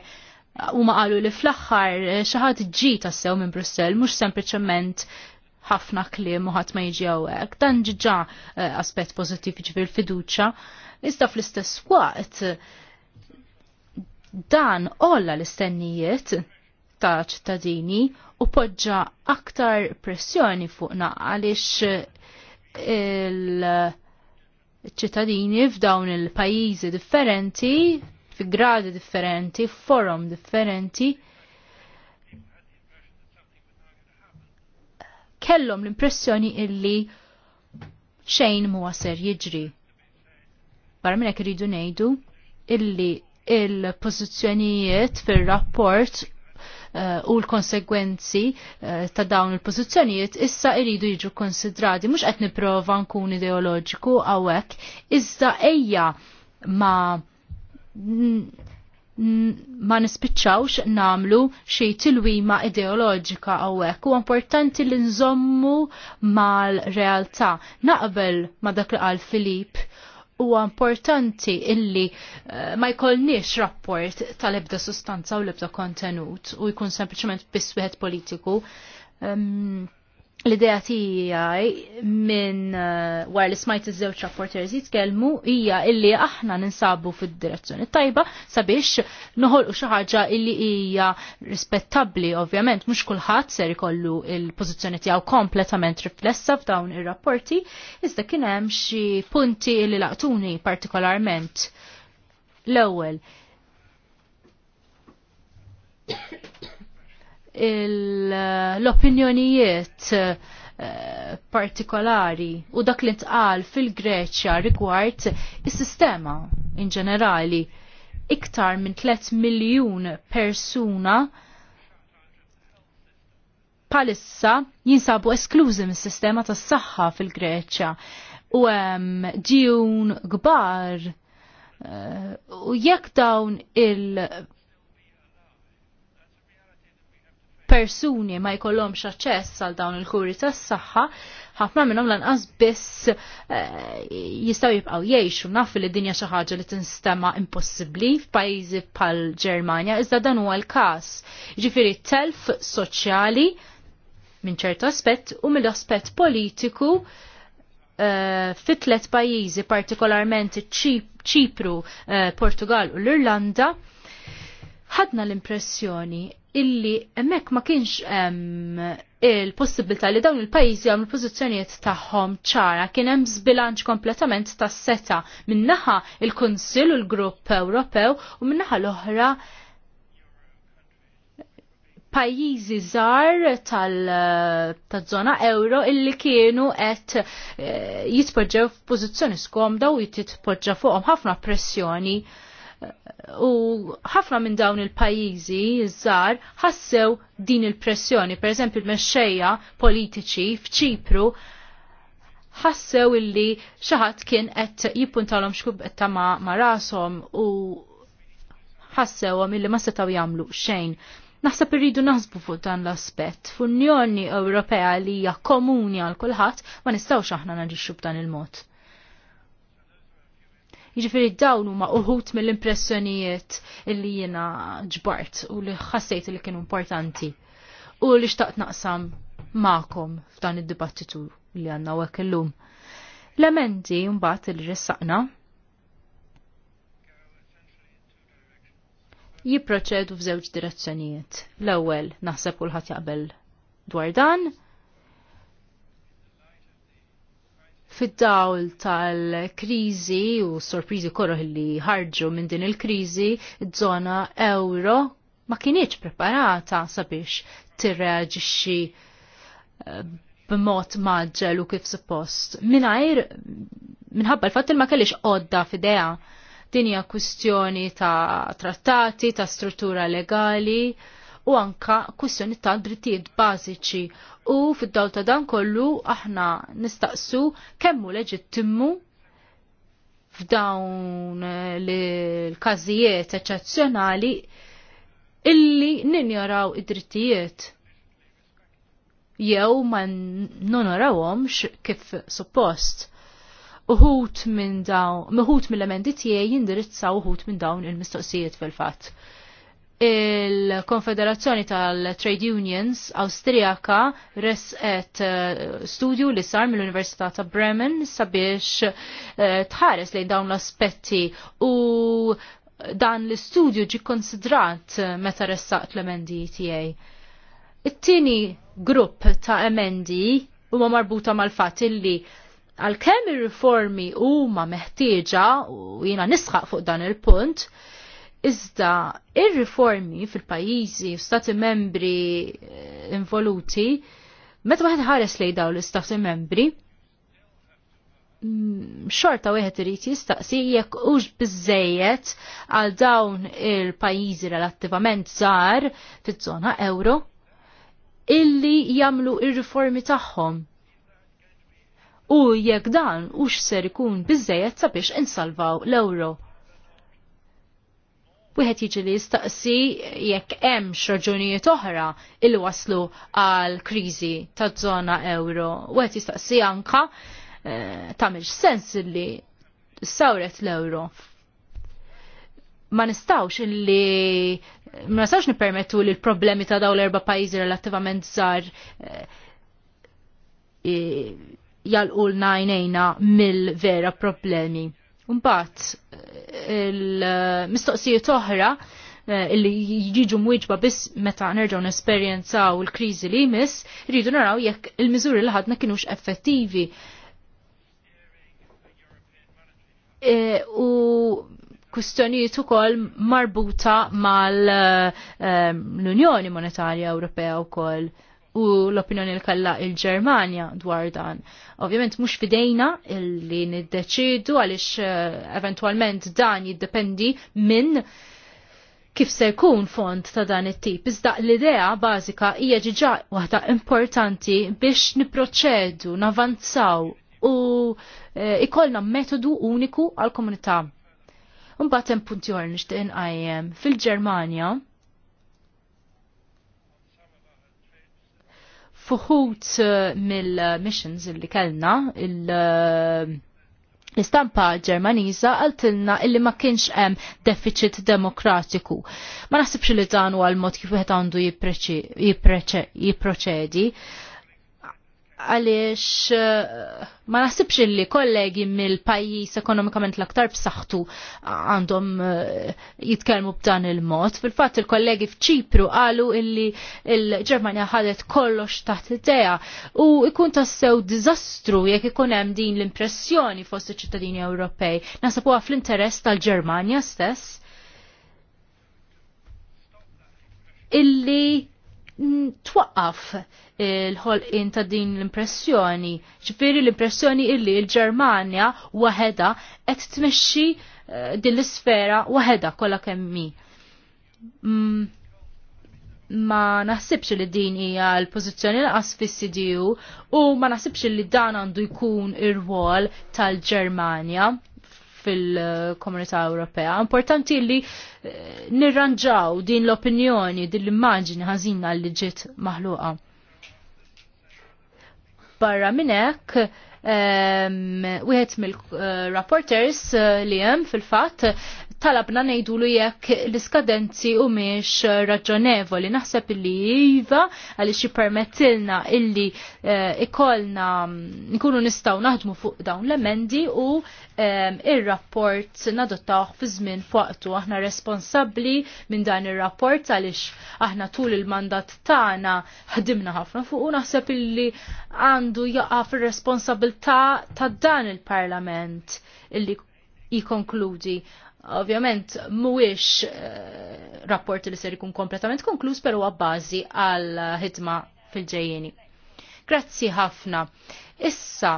u ma qalu li fl-axħar eh, xaħat ġi tassew minn Brussel, mux sempliciment ħafna klim u ħadd ma jiġi hawnhekk. Dan ġiġa eh, aspett pożittiv ġifir fiduċja. Iżda fl-istess waqt dan olla l-istennijiet ta' ċittadini u poġġa aktar pressjoni fuqna għaliex il- ċittadini f'dawn il-pajjiżi differenti, fi gradi differenti, forum differenti, kellhom l-impressjoni illi xejn mu ser jiġri. Barra minnek rridu ngħidu illi il-pożizzjonijiet fir-rapport Eh, u l-konsegwenzi eh, ta' dawn il-pożizzjonijiet issa iridu jiġu konsidrati. Mhux qed nipprova nkun ideoloġiku hawnhekk, iżda ejja ma ma nispiċċawx namlu xej tilwima ideoloġika għawek u importanti li nżommu mal-realtà. Naqbel ma dak li qal Filip huwa importanti illi eh, ma jkollniex rapport tal-ebda sustanza u l-ebda kontenut u jkun sempliċement biss wieħed politiku. Um, l-idea tiegħi minn uh, war li smajt iż-żewġ rapporters jitkellmu hija illi aħna ninsabu fid-direzzjoni tajba sabiex noħolqu xi ħaġa illi hija rispettabbli ovvjament mhux kulħadd ser ikollu il-pożizzjoni tiegħu kompletament riflessa f'dawn ir-rapporti iżda kien hemm xi punti li laqtuni partikolarment. L-ewwel l-opinjonijiet eh, partikolari u dak li tqal fil-Greċja rigward is-sistema in ġenerali iktar minn 3 miljun persuna palissa jinsabu esklużi mis sistema tas saħħa fil-Greċja u hemm djun kbar eh, u jekk dawn il- persuni ma jkollhomx aċċess għal dawn il-kuri tas-saħħa, ħafna minnhom lanqas biss eh, jistgħu jibqgħu jgħixu naf li dinja xi ħaġa li tinstema impossibbli f'pajjiżi bħal Ġermanja, iżda dan huwa l-każ. Jiġifieri telf soċjali minn ċertu aspett u mill-aspett politiku Uh, eh, fitlet pajjiżi partikolarment ċipru, uh, Portugal u l-Irlanda, ħadna l-impressjoni illi emmek ma kienx il-possibilità li dawn il-pajjiżi għamlu pożizzjonijiet tagħhom ċara kien hemm żbilanċ kompletament tas-seta minnaħa il-Kunsill u l-Grupp Ewropew u minnaħa l-oħra pajjiżi żgħar tal-żona euro illi kienu qed eh, jitpoġġew f'pożizzjoni skomda u jitpoġġa fuqhom ħafna pressjoni u ħafna minn dawn il-pajjiżi iż-żar ħassew din il-pressjoni. Per eżempju, il-mexxejja politiċi f'Ċipru ħassew illi xaħat kien qed jippuntalhom x'kubetta ma' ma' rashom u ħassew illi ma setgħu jagħmlu xejn. Naħseb irridu naħsbu fuq dan l-aspett. F'Unjoni Ewropea li hija komuni għal kulħadd ma nistgħux aħna narixxu b'dan il-mod. Jiġifieri dawn huma uħut mill-impressjonijiet li jiena ġbart u li ħassejt li kienu importanti u li xtaqt naqsam ma'kom f'dan id-dibattitu li għandna hekk illum. L-emendi mbagħad li ressaqna jipproċedu f'żewġ direzzjonijiet. L-ewwel naħseb kulħadd jaqbel dwar dan, fid-dawl tal-krizi u sorprizi korroħ li ħarġu minn din il-krizi, id-żona euro ma kienieċ preparata sabiex tirreagixxi eh, b'mod maġġel u kif suppost. Minajr, minħabba l-fatt ma kellix odda f'idea dinja kwistjoni ta' trattati, ta' struttura legali, u anka kwissjoni ta' drittijiet bażiċi u fid-dawl ta' dan kollu aħna nistaqsu kemmu leġittimu f'dawn eh, l-każijiet eċezzjonali illi ninjaraw id-drittijiet jew ma nonorawhomx kif suppost. Uħut minn daw, uħut mill-emendi tiegħi jindirizzaw uħut minn dawn il-mistoqsijiet fil-fatt il-Konfederazzjoni tal-Trade Unions Awstrijaka resqet eh, studju li sar mill-Università ta' Bremen sabiex eh, tħares lejn dawn l-aspetti u dan l-istudju ġi konsidrat meta ressaqt l-emendi tiegħi. It-tieni grupp ta' emendi huma marbuta mal-fatt illi għal-kemm ir-riformi huma meħtieġa u jiena nisħaq fuq dan il-punt, Iżda ir-riformi fil-pajjiżi u stati membri eh, involuti, meta waħed ħares lejn dawn l-istati membri, mm, xorta wieħed irid jistaqsi jekk hux biżejjed għal dawn il-pajjiżi relattivament żgħar fiż-żona euro illi jagħmlu ir-riformi tagħhom. U jekk dan hux ser ikun biżejjed sabiex insalvaw l-euro wieħed jiġi li jistaqsi jekk hemm raġunijiet oħra il waslu għal kriżi taż-żona euro. Wieħed jistaqsi anka e, tagħmel sens li sawret l-euro. Ma nistawx illi ma nistawx nippermettu li l-problemi ta' dawn l-erba' pajjiżi relattivament żgħar e, eh, jalqu l-najnejna mill-vera problemi Mbagħad il-mistoqsijiet oħra eh, illi jiġu mwieġba biss meta nerġgħu nesperjenzaw il-kriżi li jmiss, rridu naraw jekk il-miżuri li ħadna kienux effettivi. Eh, u kustjonijiet ukoll marbuta mal-Unjoni eh, Monetarja Ewropea wkoll. koll u l-opinjoni li kalla il-Germania dwar dan. Ovvjament mhux fidejna li niddeċidu għaliex eh, eventualment dan jiddependi minn kif se jkun font ta' dan it-tip. Iżda l-idea bażika hija ġiġa waħda importanti biex niproċedu, navanzaw u uh, ikollna metodu uniku għal komunità. Mbagħad hemm punti oħra nixtieq inqajjem fil-Ġermanja fuħut uh, mill-missions illi kellna uh, l-istampa ġermaniza għaltilna illi ma kienx hemm deficit demokratiku. Ma naħsibx li dan huwa l-mod kif wieħed għandu jipproċedi għaliex eh, ma nasibx li kollegi mill-pajjiż ekonomikament l-aktar b'saħħtu għandhom eh, jitkellmu b'dan il-mod. Fil-fatt il-kollegi f'Ċipru qalu illi l-Ġermanja ħadet kollox taħt idea u ikun tassew diżastru jekk ikun hemm din l-impressjoni fost iċ-ċittadini Ewropej. Naħseb huwa fl-interess tal-Ġermanja stess illi twaqqaf il-ħolqin ta' din l-impressjoni. Ġifiri l-impressjoni illi l-Ġermanja waħeda qed tmexxi eh, din l-isfera waħeda kollha kemmi. Mm, ma naħsibx li din hija l-pożizzjoni laqas fis-CDU u ma naħsibx li dan għandu jkun ir wol tal-Ġermanja fil-Komunità Ewropea. Importanti li eh, nirranġaw din l-opinjoni, din l immagini ħażina li ġiet maħluqa. Barra minn hekk, ehm, wieħed mill-rapporters eh, eh, li hemm fil-fatt talabna nejdu li jekk l-iskadenzi u miex raġonevoli. Naħseb li jiva xie permettilna illi iva, eh, ikolna mm, nkunu nistaw naħdmu fuq dawn l-emendi u ehm, il-rapport nadottaħ fi żmien fuqtu. Aħna responsabli minn dan il-rapport għalix aħna tul il-mandat tagħna ħdimna ħafna fuq u naħseb illi għandu jaqa' fir-responsabilta ta' dan il-parlament illi jikonkludi. Ovvjament, mhuwiex eh, rapport li ser ikun kompletament konkluż, pero bażi għal ħidma fil-ġejjeni. Grazzi ħafna. Issa,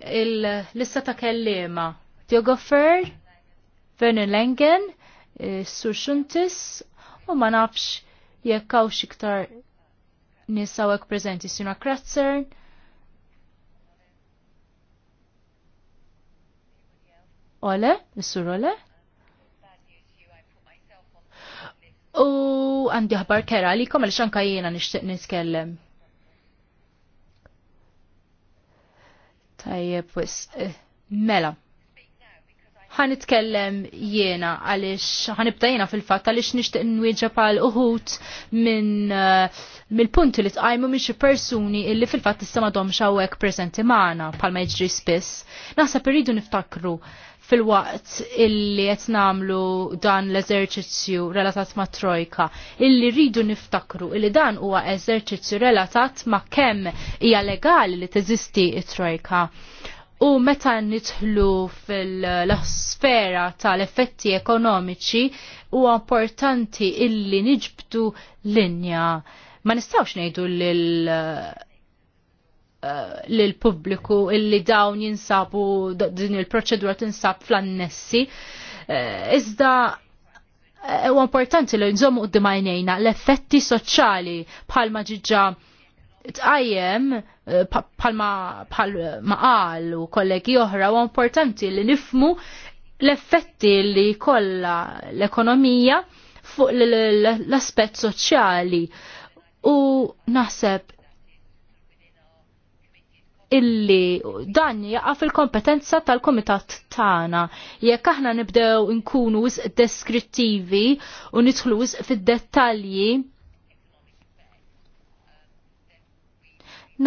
il-lista ta' kellima. Tiogofer, Vernon Lengen, eh, Sur Xuntis, u ma nafx jekk hawn iktar nisawek preżenti Sina Kratzer. Ole, Sur Ole? U għandi ħbar kera li komel xanka jiena nishtiq niskellem. Tajjeb, wis, eh, mela. Ħan itkellem jiena għalix, ħan jena fil-fat għalix nishtiq nwieġa pal uħut minn eh, mill punti li tqajmu minn xi persuni illi fil-fat t madhom xawek prezenti maħna pal ma spiss. Naħseb irridu niftakru fil-waqt illi qed namlu dan l-eżerċizzju relatat ma' trojka, illi rridu niftakru illi dan huwa eżerċizzju relatat ma' kemm hija legali li teżisti trojka. U meta nidħlu fil-sfera tal-effetti ekonomiċi huwa importanti illi niġbdu linja. Ma nistawx ngħidu lil Eh, lill pubbliku illi dawn jinsabu din il-proċedura tinsab fl-annessi. Eh, iżda eh, u importanti li nżommu qudiem għajnejna l-effetti soċjali bħalma ġiġa tqajjem bħalma bħalma qal u kollegi oħra u importanti li nifmu l-effetti li kolla l-ekonomija fuq l-aspett soċjali u naħseb illi dan jaqa' fil-kompetenza tal-komitat tagħna. Jekk aħna nibdew nkunu deskrittivi u nidħlu fid-dettalji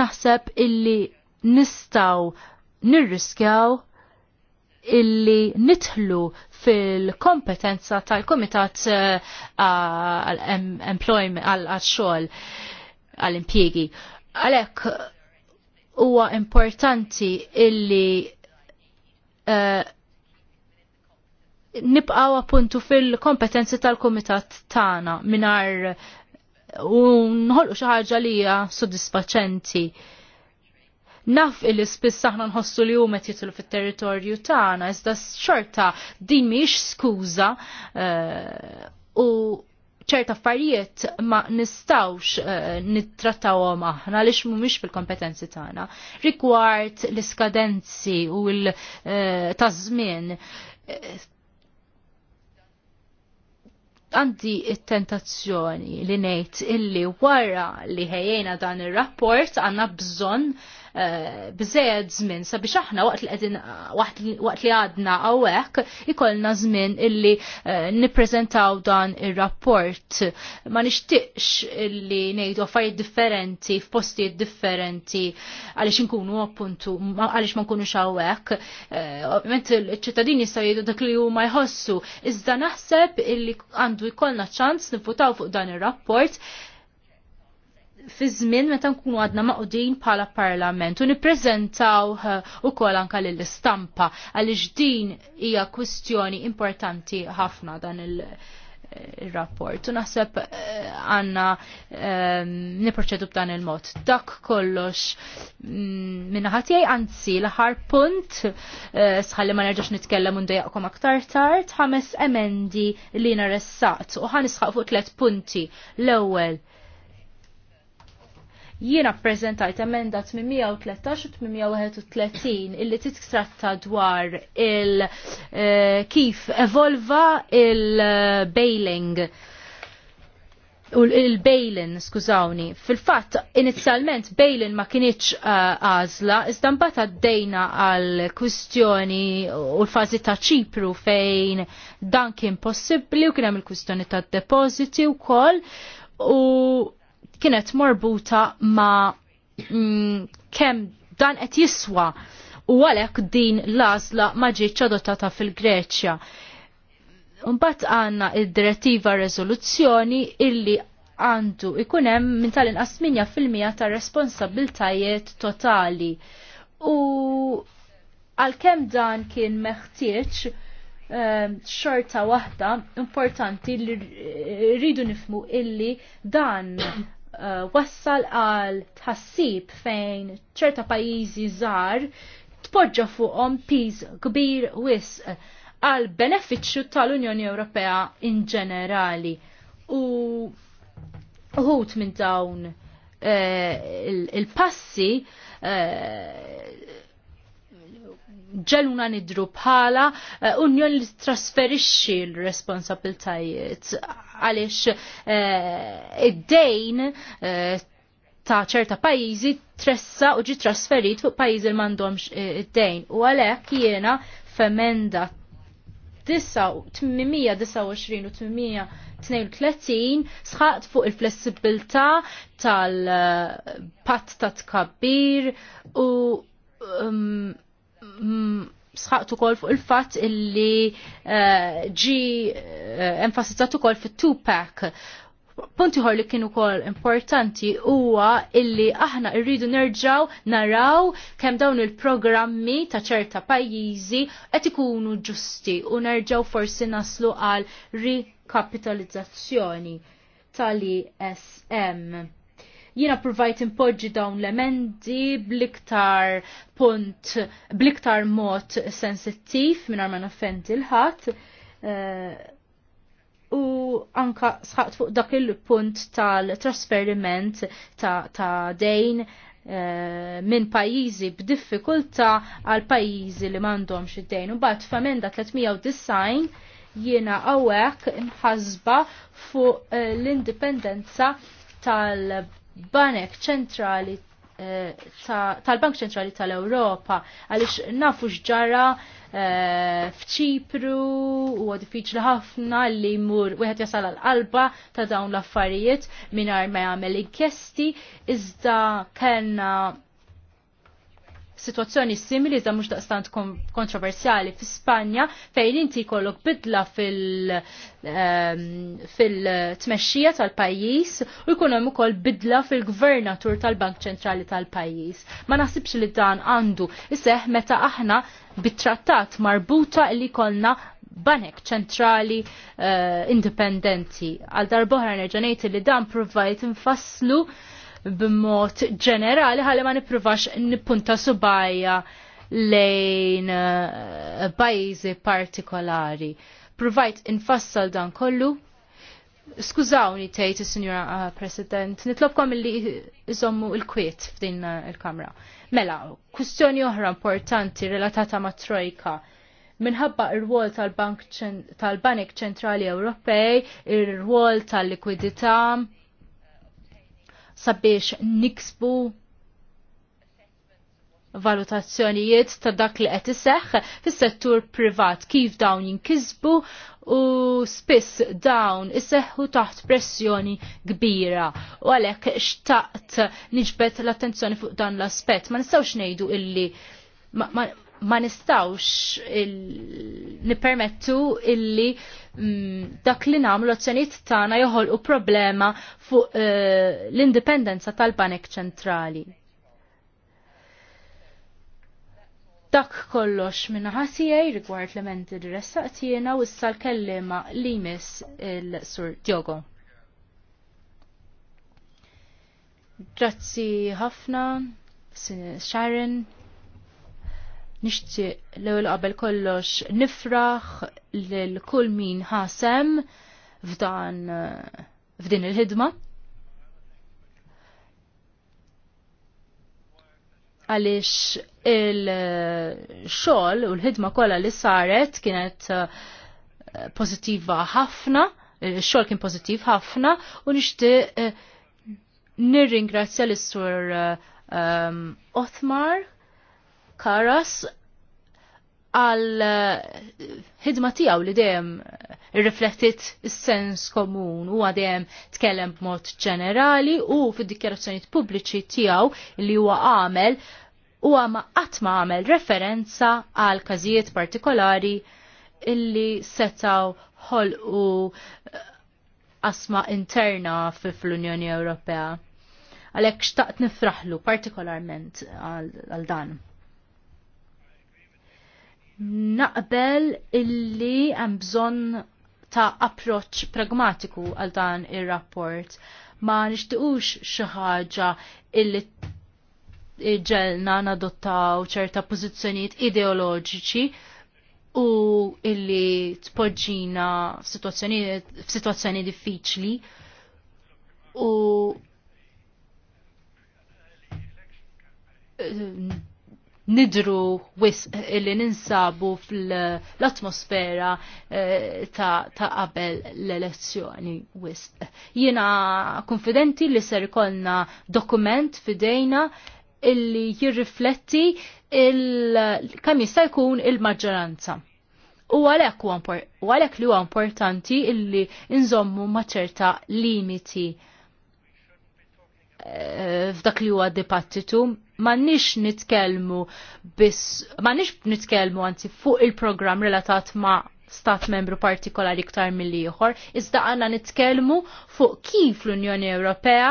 naħseb illi nistaw nirriskjaw illi nitħlu fil-kompetenza tal-Komitat eh, għal-Employment għal-Xol għal impiegi Għalek, huwa importanti illi uh, nibqaw appuntu fil-kompetenzi tal-komitat tagħna minar u nħolqu xi ħaġa li hija sodisfaċenti. Naf illi spiss aħna nħossu li huma jitlu fit-territorju tagħna, iżda xorta din mhix skuża uh, u ċerta affarijiet ma nistawx uh, nittrattawhom aħna għaliex mhumiex fil-kompetenzi tagħna. Rigward l-iskadenzi u l uh, eh, taż eh, għandi it-tentazzjoni li ngħid illi wara li ħejjena dan ir-rapport għandna bżonn Eh, bżejjed żmien sabiex aħna waqt li qegħdin waqt li għadna għawek ikollna żmien illi eh, nippreżentaw dan ir-rapport. Ma nixtieqx illi ngħidu affarijiet differenti f'postijiet differenti għaliex inkunu appuntu għaliex ma nkunux hawnhekk. Eh, ovvjament iċ-ċittadini jistgħu jgħidu dak li huma jħossu, iżda naħseb illi għandu jkollna ċans nivvutaw fuq dan ir-rapport fi żmien meta nkunu għadna maqdin bħala parlament u nippreżentaw eh, ukoll anke lill-istampa għaliex din hija kwistjoni importanti ħafna dan il-rapport. Eh, u naħseb eh, għanna niproċedu b'dan il-mod. Dak kollox mm, minna ħatijaj anzi l-ħar punt sħalli ma nerġax nitkellem un dejaqkom aktar tard ħames emendi li naressaqt u ħanisħaq fuq tlet punti l-ewwel Jiena ppreżentajt emenda 813 u 831 illi titkratta dwar il eh, kif evolva il-bailing u il-bailin, skużawni. Fil-fatt, inizjalment bailin ma kienieċ eh, għazla, uh, iżda d għaddejna għal kwistjoni u l fazi ta' ċipru fejn dan kien possibbli u kien hemm il-kwistjoni ta' u wkoll u kienet morbuta ma mm, kem dan qed jiswa u għalek din lazla maġiċ adottata fil-Greċja. Unbat għanna id-direttiva rezoluzzjoni illi għandu ikunem minn tal-inqas fil-mija ta' responsabiltajiet totali. U għal-kem dan kien meħtieċ ehm, xorta waħda importanti li rridu nifmu illi dan Eh, wassal għal tħassib fejn ċerta pajjiżi żgħar tpoġġa fuqhom piż kbir wis għal benefiċċju tal-Unjoni Ewropea in ġenerali. U uħut minn dawn eh, il-passi eh, ġeluna nidru bħala eh, unjon li trasferixxi l-responsabiltajiet għaliex eh, id-dejn eh, ta' ċerta pajjiżi tressa u ġi trasferit fuq pajjiżi li m'għandhomx id-dejn. U għalhekk jiena f'emenda 829 u 832 sħaqt fuq il-flessibilità tal pat ta' tkabbir u um, sħaqtu kol fuq il-fat illi eh, ġi eh, enfasizzatu kol fit-two-pack punti ħor li kienu kol importanti huwa illi aħna irridu nerġaw naraw kemm dawn il-programmi ta' ċerta pajjiżi qed ikunu ġusti u nerġaw forsi naslu għal rikapitalizzazzjoni tal-ISM. Jiena provajt impoġġi dawn l-emendi bliktar punt, bliktar mod sensittiv minn ma noffendi l ħat eh, U anka sħat fuq dak il-punt tal-trasferiment ta', ta dejn eh, minn pajjiżi b'diffikultà għal pajjiżi li m'għandhomx id-dejn. U bat famenda 390 jiena għawek imħazba fuq eh, l-indipendenza tal banek ċentrali eh, tal-Bank ċentrali tal-Ewropa għaliex nafu x'ġara eh, f'ċipru u diffiċli ħafna li jmur wieħed jasal għal alba ta' dawn l-affarijiet mingħajr ma jagħmel inkjesti iżda kellna situazzjoni simili da mux daqstant kontroversjali fi Spanja fejn inti kollok bidla fil ehm, tmexxija tal-pajjiż u jkun hemm ukoll bidla fil-gvernatur tal-Bank Ċentrali tal-pajjiż. Ma naħsibx li dan għandu iseħ meta aħna bit-trattat marbuta li kollna banek ċentrali uh, indipendenti. Għal darboħra nerġanejt li dan provajt infasslu uh, b'mod ġenerali ħalli ma nippruvax nippunta subajja lejn eh, pajjiżi partikolari. Provajt infassal dan kollu. Skużawni tgħid is-Sinjura eh, President, nitlobkom illi iżommu l-kwiet f'din eh, il-Kamra. Mela, kwistjoni oħra importanti relatata ma' Trojka minħabba ir-rwol tal bank tal Ċentrali Ewropej, ir-rwol tal-likwidità, sabiex niksbu valutazzjonijiet ta' dak li qed iseħħ fis-settur privat kif dawn jinkisbu u spiss dawn iseħħu taħt pressjoni kbira u għalhekk xtaqt niġbet l-attenzjoni fuq dan l-aspett ma nistgħux ngħidu illi ma, ma, ma nistawx nipermettu illi mm, dak li namlu azzjoniet tagħna joħolqu problema fuq uh, l-indipendenza tal-Banek Ċentrali. Dak kollox minna ħasijaj rigward l-elementi li ressaqtina u issa l-kellima li jmiss il-Sur Diogo. Grazzi ħafna, Sharon. Nixtieq l ewel qabel kollox nifraħ lil kull min ħasem f'dan eh, f'din il-ħidma. għalix il-xol u l-ħidma kolla li saret kienet eh, pozittiva ħafna, il-xol kien pozittiv ħafna u nishti eh, nirringrazzja l-sur um, Othmar Karas għal eh, ħidma tiegħu li dejjem riflettit is-sens komun u għadem tkellem b'mod ġenerali u fid-dikjarazzjonijiet pubbliċi tiegħu li huwa għamel u għama qatt ma għamel referenza għal każijiet partikolari illi setaw ħolqu eh, asma interna fl-Unjoni Ewropea. Għalhekk xtaqt nifraħlu partikolarment għal dan naqbel illi hemm bżonn ta' approċċ pragmatiku għal dan ir-rapport. Ma nixtiqux xi ħaġa illi ġelna nadottaw ċerta pożizzjonijiet ideoloġiċi u illi tpoġġina f'sitwazzjoni diffiċli u eh, nidru wis eh, li ninsabu fl-atmosfera eh, ta' qabel l-elezzjoni wis. Jiena konfidenti li ser ikolna dokument fidejna illi jirrifletti il kemm jista' jkun il-maġġoranza. U għalek u għalek li huwa importanti illi nżommu ma' ċerta limiti f'dak li huwa dibattitu m'għandniex nitkellmu biss m'għandniex nitkellmu anzi fuq il-programm relatat ma' stat membru partikolari iktar mill-ieħor, iżda għandna nitkellmu fuq kif l-Unjoni Ewropea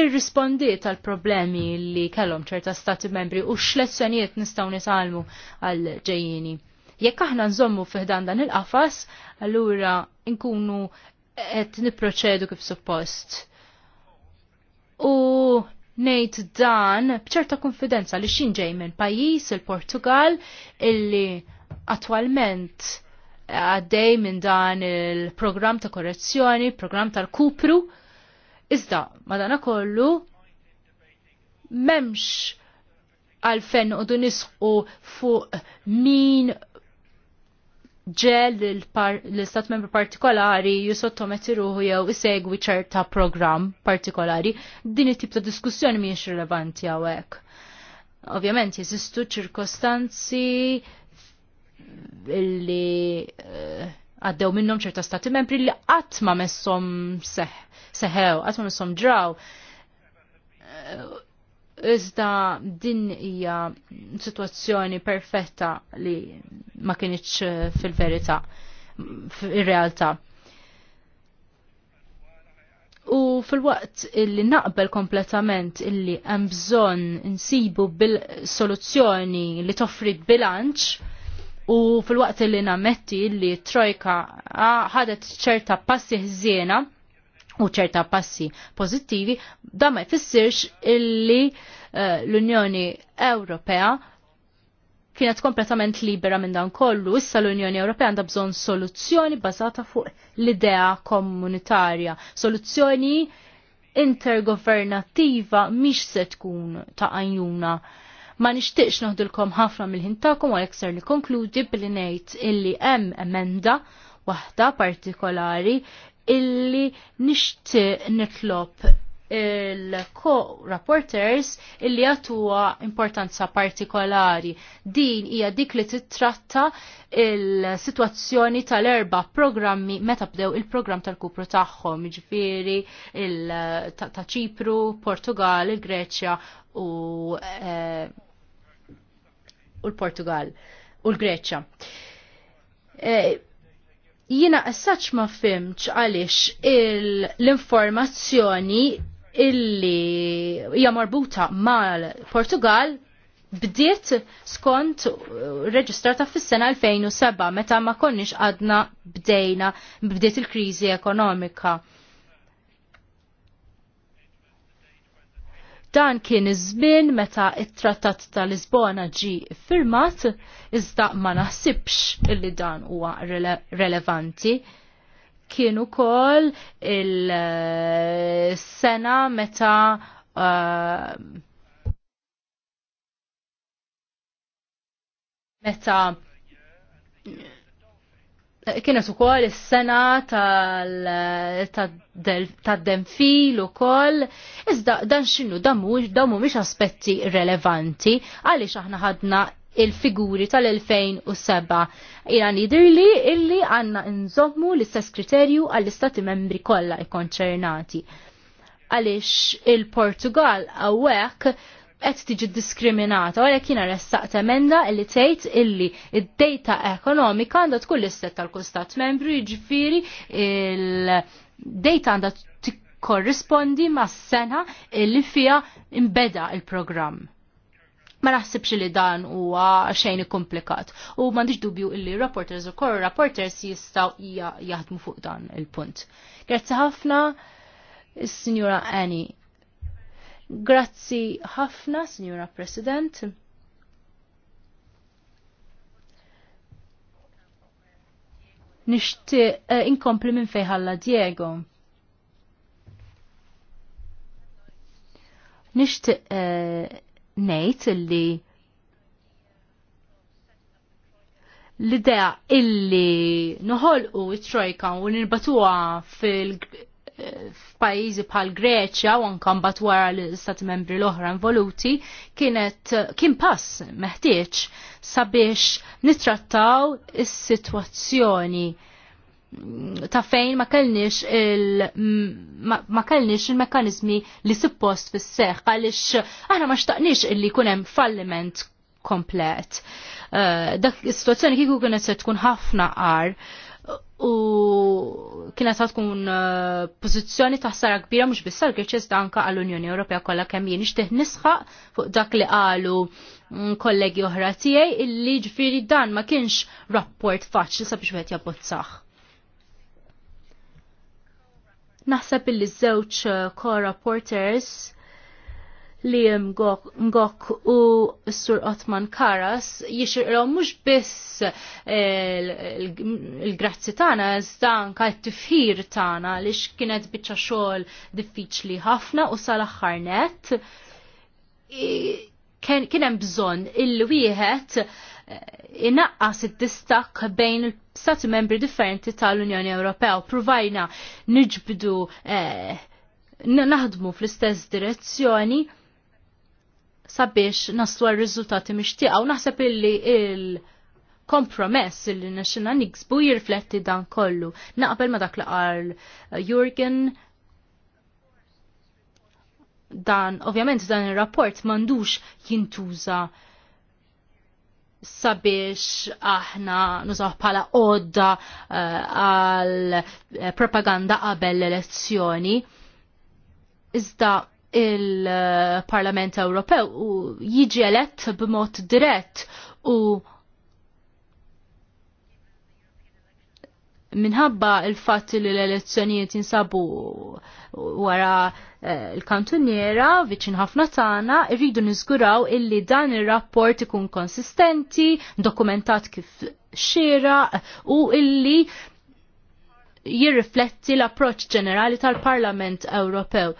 irrispondiet għal problemi li kellhom ċerta stati membri u x'lezzjonijiet nistgħu nisalmu għal ġejjini. Jekk aħna nżommu fiħdan dan il-qafas, allura nkunu qed nipproċedu kif suppost U nejt dan bċerta konfidenza li ġej minn pajis il-Portugal illi attualment għaddej minn dan il-program ta' korrezzjoni, program tal-kupru, iżda madana kollu memx għalfen u nisqu fuq min ġel l-istat membru partikolari jisottometi ruħu jew isegwi ċerta program partikolari, din it-tip ta' diskussjoni miex rilevanti għawek. Ovvjament jesistu ċirkostanzi illi eh, għaddew minnom ċerta stati membri li għatma messom seħew, għatma messom ġraw eh, Iżda din hija situazzjoni perfetta li ma kienx eh, fil-verità, fil-realtà. U fil-waqt illi naqbel kompletament illi hemm bżonn insibu bil-soluzzjoni li toffri bilanċ u fil-waqt illi nammetti illi trojka ah, ħadet ċerta passi ħżiena u ċerta passi pozittivi, da ma jfissirx illi eh, l-Unjoni Ewropea kienet kompletament libera minn dan kollu. Issa l-Unjoni Ewropea għandha bżonn soluzzjoni bażata fuq l-idea komunitarja, soluzzjoni intergovernativa mhix se tkun ta' għajjuna. ma nixtieqx noħdilkom ħafna mill-ħin tagħkom għalhekk ser nikkonkludi billi ngħid illi hemm emenda waħda partikolari illi nixtieq nitlob il-co-rapporters illi għatuwa importanza partikolari. Din hija dik li titratta il-situazzjoni tal-erba programmi meta bdew il-programm tal-kupru tagħhom, ġifieri ta' Ċipru, Portugal, il-Greċja u eh, l-Portugal u l-Greċja. Eh, jina assaċ ma fimċ għalix l-informazzjoni illi hija marbuta mal-Portugal bdiet skont uh, reġistrata fis-sena 2007 meta ma konniex għadna bdejna bdiet il-kriżi ekonomika. Dan kien iż-żmien meta it-Trattat tal Lisbona ġi firmat, iżda ma naħsibx illi dan huwa relevanti. Kienu kol il-sena meta uh, meta kienet ukoll is-sena tad-denfil ukoll, iżda dan x'inhu dan mhumiex aspetti relevanti għaliex aħna ħadna il-figuri tal-2007. Ina nidirli illi għanna nżommu l-istess kriterju għall-istati membri kollha ikkonċernati. Għaliex il-Portugal għawek qed tiġi diskriminata, għalhekk jiena ressaqt emenda illi tgħid illi id-data ekonomika għandha tkun l-istess tal-Kustat Membru, jiġifieri il-data għandha tikkorrispondi mas-sena illi fiha imbeda il-programm. Ma naħsibx li dan huwa xejn komplikat. U m'għandix dubju illi reporters u kor reporters jistgħu jaħdmu fuq dan il-punt. Grazzi ħafna, s sinjura Annie. Grazzi ħafna, Signora President. Nishti uh, eh, inkompli minn fejħalla Diego. Nishti uh, eh, nejt illi l-idea illi noħolqu it-trojka u nirbatuha fil f'pajjiżi bħal Greċja u anke mbagħad wara l-istati membri l-oħra involuti kienet kien pass meħtieġ sabiex nittrattaw is-sitwazzjoni ta' fejn ma kellniex il ma kellniex il mekkaniżmi li suppost fis-seħħ għaliex aħna ma xtaqniex illi jkun hemm falliment komplet. Uh, dak is-sitwazzjoni kieku kienet se tkun ħafna qar u kienet tkun eh, pożizzjoni ta' ħsara kbira mhux biss għall danka anke għall-Unjoni Ewropea kollha kemm jien nixtieq nisħaq fuq dak li qalu mm, kollegi oħra tiegħi illi ġifiri dan ma kienx rapport faċli sabiex wieħed jabbozzah. Naħseb illi żewġ eh, co-rapporters li Ngok u Sur Otman Karas jixirqilhom mhux biss il-grazzi eh, tagħna iżda anka t tifir tagħna li kienet biċċa xogħol diffiċli ħafna u sal-aħħar net bżon bżonn il-wieħed eh, inaqqas id-distak bejn il-stati membri differenti tal-Unjoni Ewropea u provajna niġbdu eh, naħdmu fl-istess direzzjoni sabiex naslu r-riżultati mixtieqa u naħseb illi il-kompromess illi nexxina niksbu jirfletti dan kollu. Naqbel ma dak li qal Jurgen dan ovvjament dan ir-rapport m'għandux jintuża sabiex aħna nużaw bħala odda eh, għal uh, propaganda qabel l-elezzjoni. Iżda il-Parlament Ewropew u jiġi elett b'mod dirett u minħabba il-fatt li l-elezzjonijiet jinsabu wara eh, l-kantuniera viċin ħafna tagħna irridu niżguraw illi dan ir-rapport ikun konsistenti, dokumentat kif xiera u illi jirrifletti l-approċ ġenerali tal-Parlament Ewropew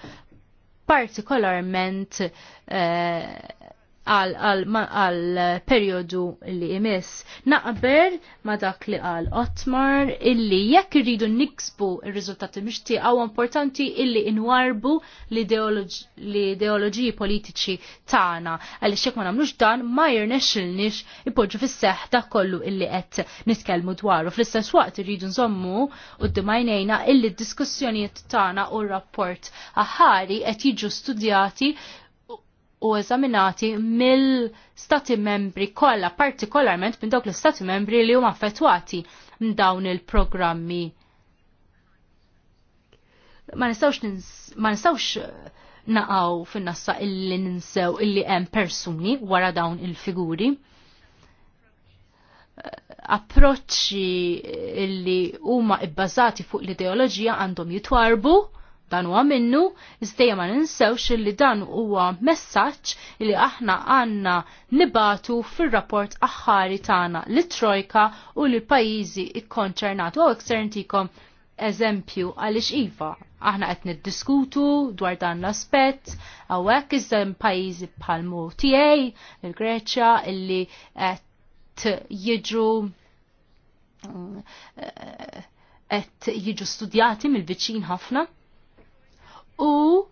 partikolarment eh, għal periodu li jmiss. Naqber ma dak li għal Otmar illi jekk irridu niksbu il-rizultati mixti għaw importanti illi inwarbu l-ideologiji politiċi tagħna Għalli xek ma namlux dan ma jirnexilnix ipoġu fis-seħ da kollu illi qed niskelmu dwaru. Fl-istess waqt irridu nżommu u d-dimajnejna illi d-diskussjonijiet tagħna u r-rapport aħari qed jiġu studjati u eżaminati mill-stati membri kollha, partikolarment minn dawk l-stati membri li huma affettwati minn dawn il-programmi. Ma nistawx eh, naqgħu naqaw fin-nassa illi ninsew illi hemm persuni wara dawn il-figuri eh, approċċi li huma ibbażati fuq l-ideoloġija għandhom jitwarbu dan huwa minnu, iżdejja ma ninsewx li dan huwa messaġġ li aħna għandna nibatu fir-rapport aħħari tagħna li trojka u li pajjiżi ikkonċernatu u eksterntikom eżempju għaliex iva. Aħna qed niddiskutu dwar dan l-aspett, hawnhekk iżda pajjiżi bħal tiegħi, il-Greċja illi qed jiġu eh, qed jiġu studjati mill-viċin ħafna u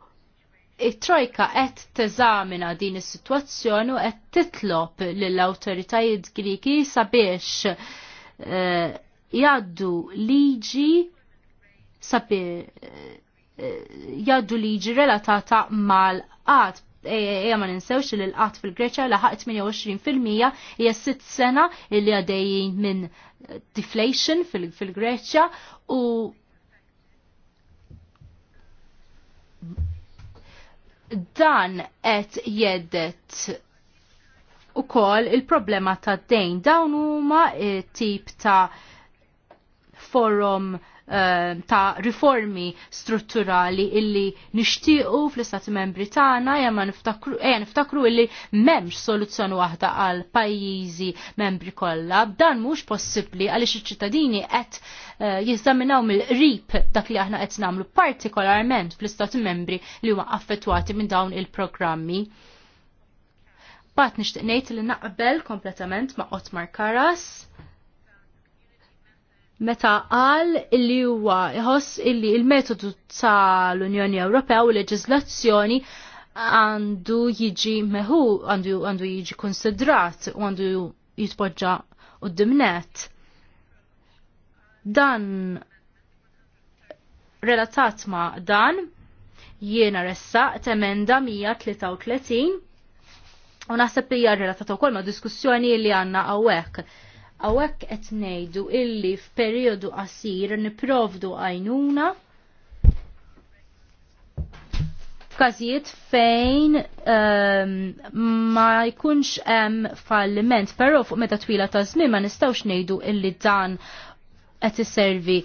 it-trojka qed teżamina din is-sitwazzjoni u qed titlob lill-awtoritajiet Griki sabiex uh, eh, jaddu liġi sabiex uh, jaddu liġi relatata mal qat ejja e, e, ma ninsewx li l qat fil-Greċja laħaq 28% hija sitt sena li għaddejjin minn deflation fil-Greċja u Dan qed jeddet ukoll il-problema ta' dejn dawn huma tip ta' forum Eh, ta' riformi strutturali illi nixtiequ fl-Istati Membri tagħna jemma niftakru illi m'hemmx soluzzjoni waħda għal pajjiżi membri kollha. Dan mhux possibbli għaliex iċ-ċittadini qed eh, jiżaminaw mill-qrib dak li aħna qed nagħmlu partikolarment fl-Istati Membri li huma affettwati minn dawn il-programmi. Bat nishtiq ngħid li naqbel kompletament ma' Otmar Karas meta qal illi huwa iħoss illi il-metodu tal-Unjoni Ewropea u l-leġiżlazzjoni għandu jiġi meħu, għandu, għandu jiġi konsidrat u għandu jitpoġġa u dimnet. Dan relatat ma dan jiena ressa t'emenda 133 u naħseb li hija relatat ukoll ma' diskussjoni li għandna għawek. Għawek qed ngħidu illi f'perjodu qasir niprovdu għajnuna f'każijiet fejn um, ma jkunx hemm falliment, però fuq meta twila ta' żmien ma nistgħux ngħidu illi dan qed iservi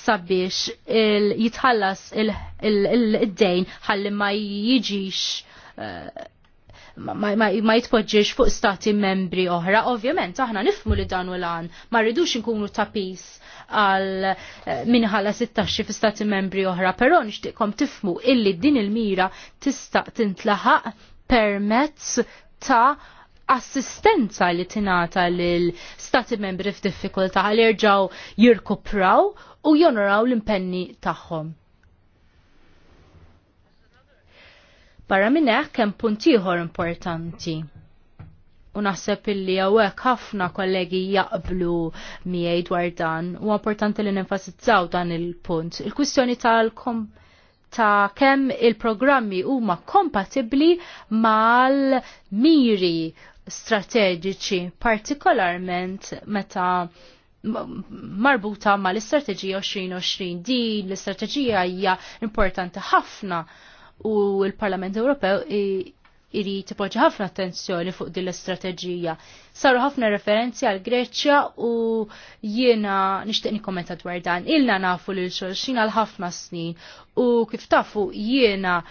sabiex il jitħallas il-dejn il il ħalli ma jiġix uh, ma jitpoġġiex fuq stati membri oħra. Ovvjament, aħna nifmu li dan u lan, ma rridux nkunu tapis għal eh, minħala 16 fi stati membri oħra, pero nixtiqkom tifmu illi din il-mira tista' tintlaħaq permezz ta' assistenza li tinata l stati membri f'diffikultà li jirġaw jirkupraw u jonoraw l-impenni tagħhom. Barra minn hekk hemm punt ieħor importanti. U naħseb illi hawnhekk ħafna kollegi jaqblu miegħi dwar dan. U importanti li nenfasizzaw dan il-punt. Il-kwistjoni tal-kom ta' kemm il-programmi huma kompatibbli mal-miri strateġiċi, partikolarment meta marbuta mal l-istrateġija 2020. Din l-istrateġija hija importanti ħafna u l-Parlament Ewropew iri tipoġi ħafna attenzjoni fuq din l-istrateġija. Saru ħafna referenzi għal Greċja u jiena nixtieq nikkommenta dwar dan. Ilna nafu l xulxin għal ħafna snin u kif tafu jiena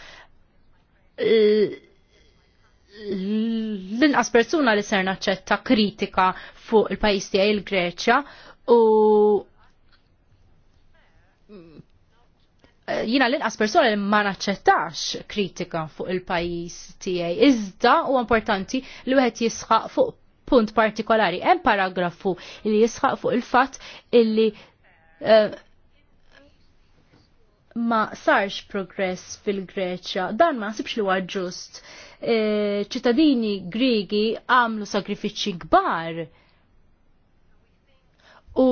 l-inqas persuna li ser naċċetta kritika fuq il-pajis tiegħi il-Greċja u jina l-inqas persona li ma naċċettax kritika fuq il-pajis tiegħi. Iżda u importanti li wieħed jisħaq fuq punt partikolari. Hemm paragrafu li jisħaq fuq il-fatt illi eh, ma sarx progress fil-Greċja. Dan ma sibx li huwa ġust. Eh, ċittadini Grigi Griegi għamlu sagrifiċċji kbar. U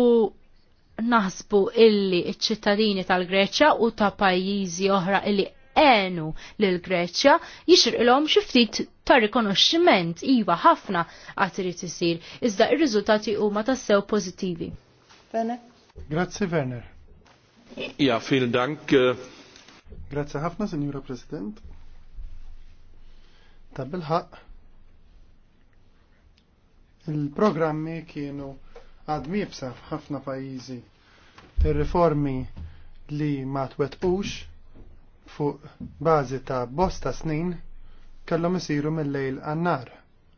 naħsbu illi ċittadini tal-Greċja u ta' pajjiżi oħra illi għenu lil greċja jixir ilhom xi ftit ta' rikonoxximent iva ħafna għad irid isir, iżda u riżultati huma tassew pożittivi. Werner. Grazzi Werner. Ja, fil Dank. Äh, Grazzi ħafna, Signora President. Ta' bil-ħaq. Il-programmi kienu għad mibsa f'ħafna pajjiżi. Ir-riformi li ma twettqux fuq bażi ta' bosta snin kellhom isiru mill-lejl għannar nar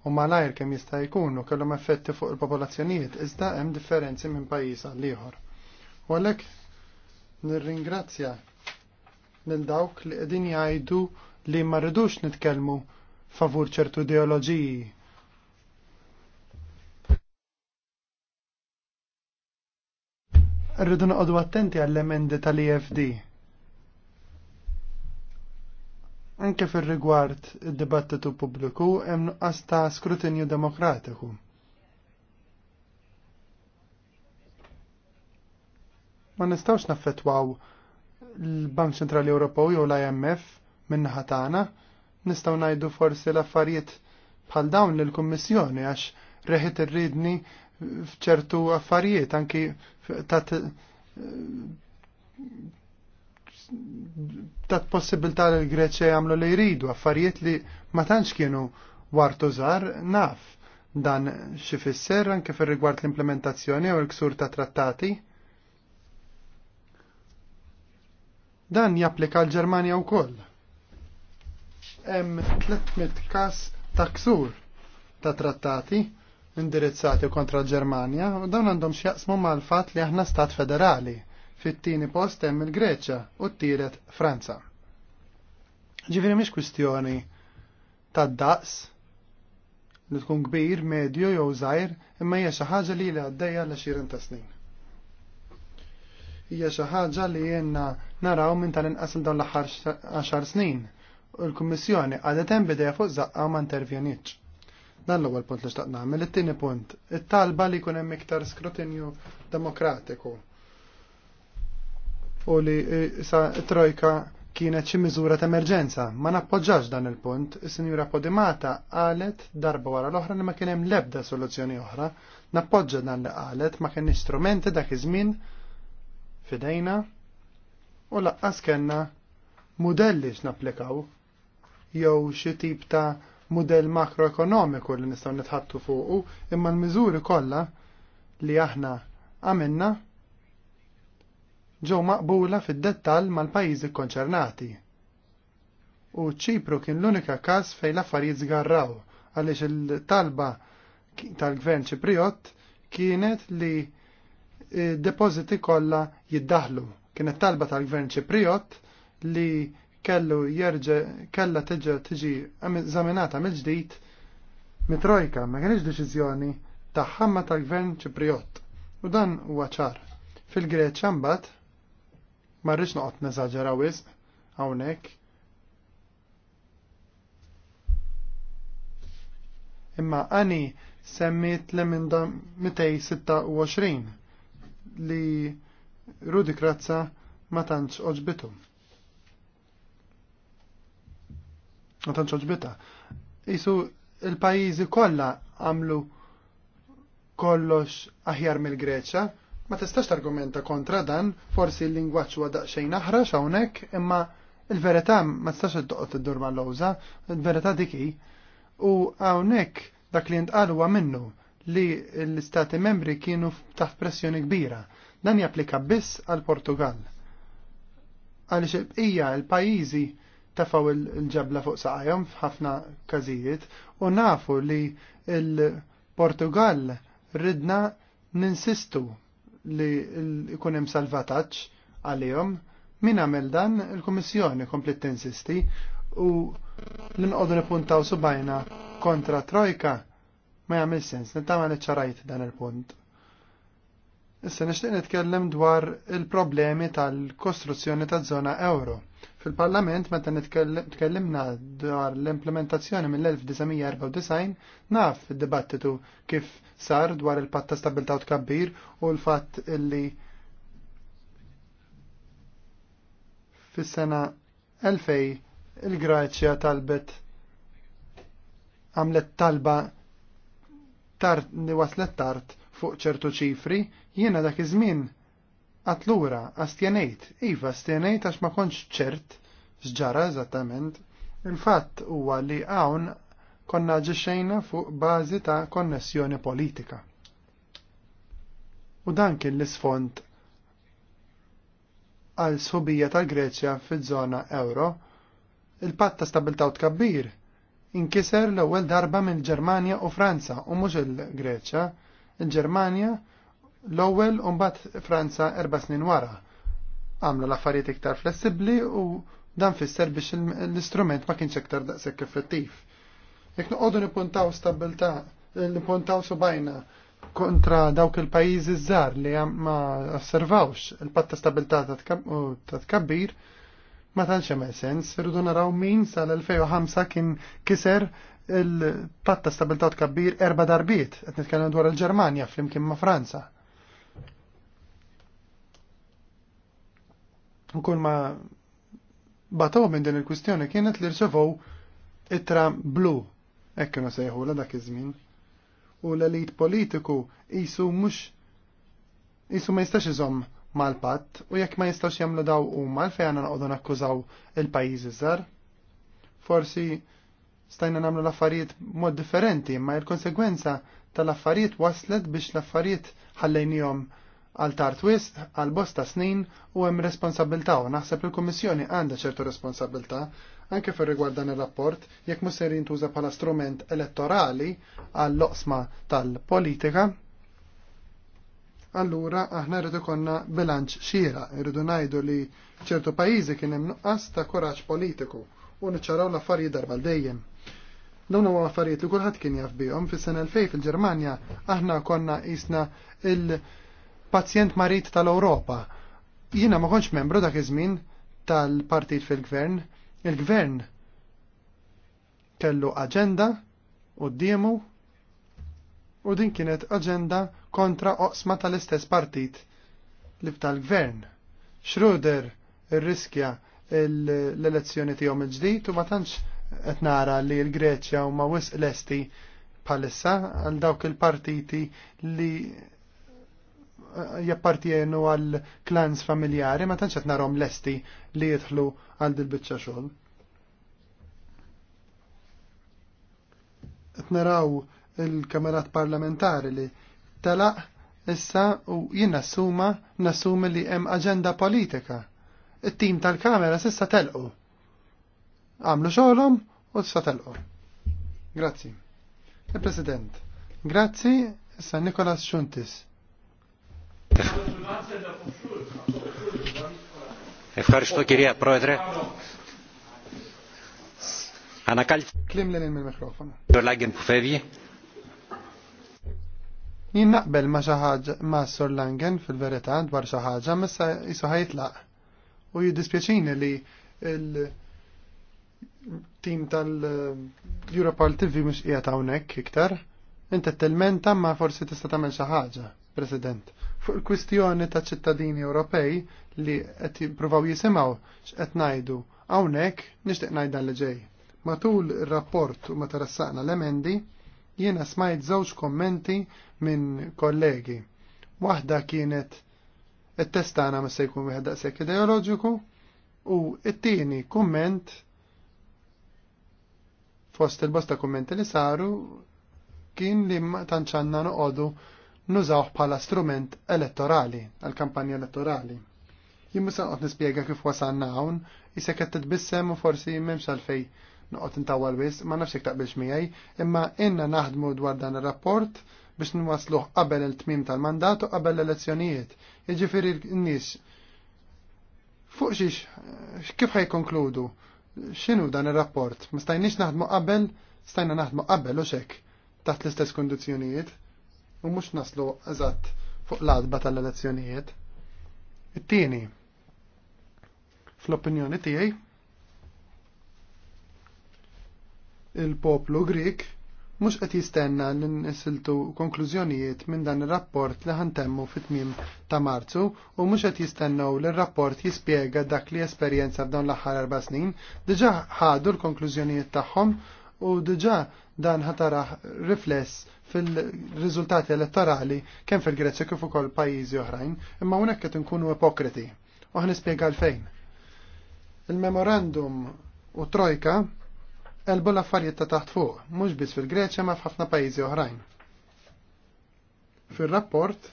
u malajr kemm jista' jkunu kellhom effetti fuq il-popolazzjonijiet iżda hemm differenzi minn pajjiż għal ieħor. U għalhekk nirringrazzja lil dawk li qegħdin jgħidu li ma rridux nitkellmu favur ċertu ideoloġiji rridu noqogħdu attenti għall-emendi tal-EFD. Anke fir-rigward id-dibattitu pubbliku hemm nuqqas ta' skrutinju demokratiku. Ma nistgħux naffettwaw l-Bank Ċentrali Ewropew jew l-IMF naħa tagħna, nistgħu ngħidu forsi l-affarijiet bħal dawn lill kummissjoni għax reħit irridni fċertu affarijiet, anki tat possibilità li l-Greċe jagħmlu li jridu, affarijiet li ma tantx kienu wartu żgħar naf dan xi fisser anke fir-rigward l-implementazzjoni u l-ksur ta' trattati. Dan japplika l-Ġermanja wkoll. Hemm 300 każ ta' ksur ta' trattati indirizzati kontra l-Ġermanja u dawn għandhom x'jaqsmu mal-fatt li aħna stat federali fit-tieni post hemm il-Greċja u t-tielet Franza. Ġifieri mhix kwistjoni tad-daqs li tkun kbir, medju jew żgħir, imma hija xi ħaġa li għaddejja l xirin ta' snin. Hija xi ħaġa li jenna naraw minn tal-inqas dawn l-aħħar 10 snin u l-Kummissjoni għadet hemm bidejja fuq żaqqa ma intervjenitx. Dan l-ewwel punt li xtaqt nagħmel. It-tieni punt, it-talba li jkun hemm iktar skrutinju demokratiku. U li e, sa trojka kienet xi miżura ta' emerġenza. Ma nappoġġax dan il-punt, is-Sinjura Podimata qalet darba wara l-oħra li ma kien hemm l-ebda soluzzjoni oħra. Nappoġġa dan li qalet ma kien strumenti dak iż-żmien fidejna u laqqas kellna mudelli x'napplikaw jew xi tip ta' mudell makroekonomiku li nistgħu nitħattu fuqu, imma l-miżuri kollha li aħna għamilna ġew maqbula fid-dettall mal-pajjiżi konċernati. U ċipru kien l-unika każ fejn l-affarijiet żgarraw għaliex il-talba tal-gvern ċipriot kienet li depositi kollha jiddaħlu. Kienet talba tal-gvern ċipriot li kellu jerġe, kella tiġa tiġi eżaminata mill-ġdid mitrojka ma kienx deċiżjoni ta' ħamma tal-gvern Ċipriot. U dan huwa ċar. Fil-Greċja mbagħad ma rridx noqgħod neżaġeraw wisq hawnhekk. Imma għani semmiet l-emenda 226 li Rudi Krazza ma tantx oġbitu. ma tantx Isu il pajizi kolla għamlu kollox aħjar mill-Greċja, ma tistax argumenta kontra dan, forsi l-lingwaġġ huwa daqsxejn aħrax hawnhekk, imma il-verità ma tistax iddoqgħod iddur mal-lowża, il-verità diki. U hawnhekk dak li jintqalu minnu li l-istati membri kienu taħt pressjoni kbira. Dan japplika biss għal Portugal. Għaliex il pajizi l pajjiżi tafaw il-ġabla fuq saqajhom f'ħafna każijiet u nafu li il-Portugal ridna ninsistu li ikun hemm salvataġġ għalihom min għamel dan il-Kummissjoni komplet tinsisti u l-inqodu nipuntaw subajna kontra trojka ma jagħmel sens, nittama li ċarajt dan il-punt. Issa nixtieq nitkellem dwar il-problemi tal-kostruzzjoni ta' żona euro. Fil-Parlament meta tkellimna dwar l-implementazzjoni mill-1994 naf id-dibattitu kif sar dwar il-patt ta' stabilta' u tkabbir u l-fatt illi fis-sena 2000 il-Graċja talbet għamlet talba tard li waslet tard fuq ċertu ċifri Jiena dak iż-żmien għatlura astjanejt, iva astjanejt għax ma konċ ċert x'ġara eżattament. Il-fatt huwa li hawn konna ġexxejna fuq bażi ta' konnessjoni politika. U dan kien l-isfond għal sħubija tal-Greċja fiż-żona euro, il-patt ta' stabilta' u tkabbir inkiser l-ewwel darba mill-Ġermanja u Franza u mhux il-Greċja, il-Ġermanja il greċja il il greċja il ġermanja L-ewwel u mbagħad Franza erba' snin wara għamlu l-affarijiet iktar flessibbli u dan fisser biex l-istrument ma kienx iktar daqshekk effettiv. Jekk noqogħdu nippuntaw stabilità, nippuntaw subajna kontra dawk il-pajjiżi żgħar li ma osservawx il-patt ta' stabilità ta' tkabbir, ma tantx hemm sens, irridu naraw min sal-2005 kien kiser il-patt ta' stabilità tkabbir erba' darbiet, qed nitkellem dwar il-Ġermanja flimkien ma' Franza. u kull ma bataw minn din il-kwistjoni kienet li rċevow itra blu, ekkenu sejħu la dak iż-żmien. U l-elit politiku jisu mux jisu ma jistax iżomm mal-patt u jekk ma jistax jagħmlu daw huma għalfejn għandna noqogħdu nakkużaw il-pajjiż iżgħar. Forsi stajna namlu l-affarijiet mod differenti, ma il-konsegwenza tal-affarijiet waslet biex l-affarijiet ħallejnijom għal tard wisq għal bosta snin u hemm responsabilità u naħseb il-Kummissjoni għandha ċertu responsabilità anke fir rigward dan ir-rapport jekk mhux ser jintuża bħala strument elettorali għall loqsma tal-politika. Allura aħna rridu konna bilanċ xira, rridu ngħidu li ċertu pajjiżi kien hemm nuqqas ta' kuraġġ politiku u niċċaraw l-affarijiet darba dejjem. Dawn huwa affarijiet li kulħadd kien jaf bihom fis-sena 2000 fil-Ġermanja aħna konna isna il- pazjent marit tal-Ewropa. Jiena ma konċ membru dak iż-żmien tal-partit fil-gvern. Il-gvern kellu aġenda u d-diemu u din kienet aġenda kontra oqsma tal-istess partit li tal-gvern. Schröder irriskja l-elezzjoni tiegħu mill-ġdid u ma tantx qed nara li l-Greċja huma wisq lesti palissa għal dawk il-partiti li jappartienu għal klans familjari ma tantx qed lesti li jidħlu għal dil-biċċa xogħol. Qed naraw il-kamerat parlamentari li talaq issa u jien nassuma nassumi li hemm aġenda politika. It-tim tal-kamera s'issa telqu. Għamlu xogħolhom u s'issa telqu. Grazzi. Il-President. Grazzi, issa Nikolas Xuntis. Ευχαριστώ κυρία Πρόεδρε. Ανακάλυψε. Jien naqbel ma xaħġa ma Sor Langen fil-verità dwar xi ħaġa missa U jiddispjaċini li il-tim tal-Europol TV qiegħed hawnhekk iktar. Inti telmenta ma forsi tista' tagħmel xi ħaġa. President, fuq il-kwistjoni ta' ċittadini Ewropej li qed jippruvaw jisimgħu x'qed ngħidu hawnhekk nixtieq ngħidha li ġej. Matul ir-rapport u meta rassaqna l-emendi, jiena smajt żewġ kommenti minn kollegi. Waħda kienet it-testana ma se jkun wieħed daqshekk ideoloġiku u it-tieni kumment fost il-bosta kummenti li saru kien li ma tantxanna noqogħdu nużawh bħala strument elettorali, għal kampanja elettorali. Jimmu għot nispiega kif wasan hawn, jisek qed titbissem u forsi memx għalfej noqgħod intawal wis, ma nafx taqbilx miegħi, imma inna naħdmu dwar dan ir-rapport biex nwasluħ qabel il-tmim tal-mandat u qabel l-elezzjonijiet. Jiġifieri n nis fuq xiex kif ħajkonkludu? X'inhu dan ir-rapport? Ma stajniex naħdmu qabel, stajna naħdmu qabel u xek taħt l-istess kondizjonijiet u mhux naslu eżatt fuq l-adba tal-elezzjonijiet. It-tieni, fl-opinjoni tiegħi, il-poplu Grik mhux qed jistenna li nisiltu konklużjonijiet minn dan ir-rapport li ħantemmu fit-tmiem ta' Marzu u mhux qed jistennew li r-rapport jispjega dak li esperjenza f'dawn l-aħħar erba' snin, diġà ħadu l-konklużjonijiet tagħhom u diġa' dan ħataraħ rifless fil-riżultati elettorali kemm fil-Greċja kif ukoll pajjiżi oħrajn, imma hawnhekk qed inkunu ipokriti. U ħnispjega għalfejn. Il-memorandum u trojka elbu l-affarijiet ta' taħt fuq, mhux biss fil-Greċja ma f'ħafna pajjiżi oħrajn. Fir-rapport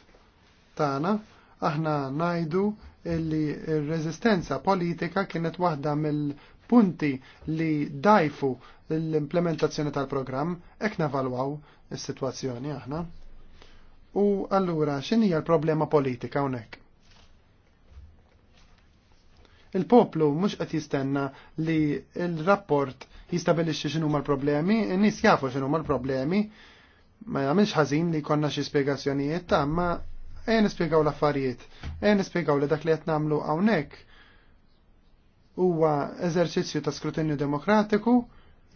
tagħna aħna najdu illi r-reżistenza politika kienet waħda mill- punti li dajfu l-implementazzjoni tal-programm ek navalwaw is-sitwazzjoni aħna. U allura xin hija l-problema politika hawnhekk? Il-poplu mhux qed jistenna li il rapport jistabilixxi x'inhuma l-problemi, in-nies jafu ma l-problemi, ma jagħmilx ħażin li jkollna xi spjegazzjonijiet ta' ma ejn nispjegaw l-affarijiet, ejn nispjegaw li dak li qed nagħmlu hawnhekk huwa eżerċizzju ta' skrutinju demokratiku,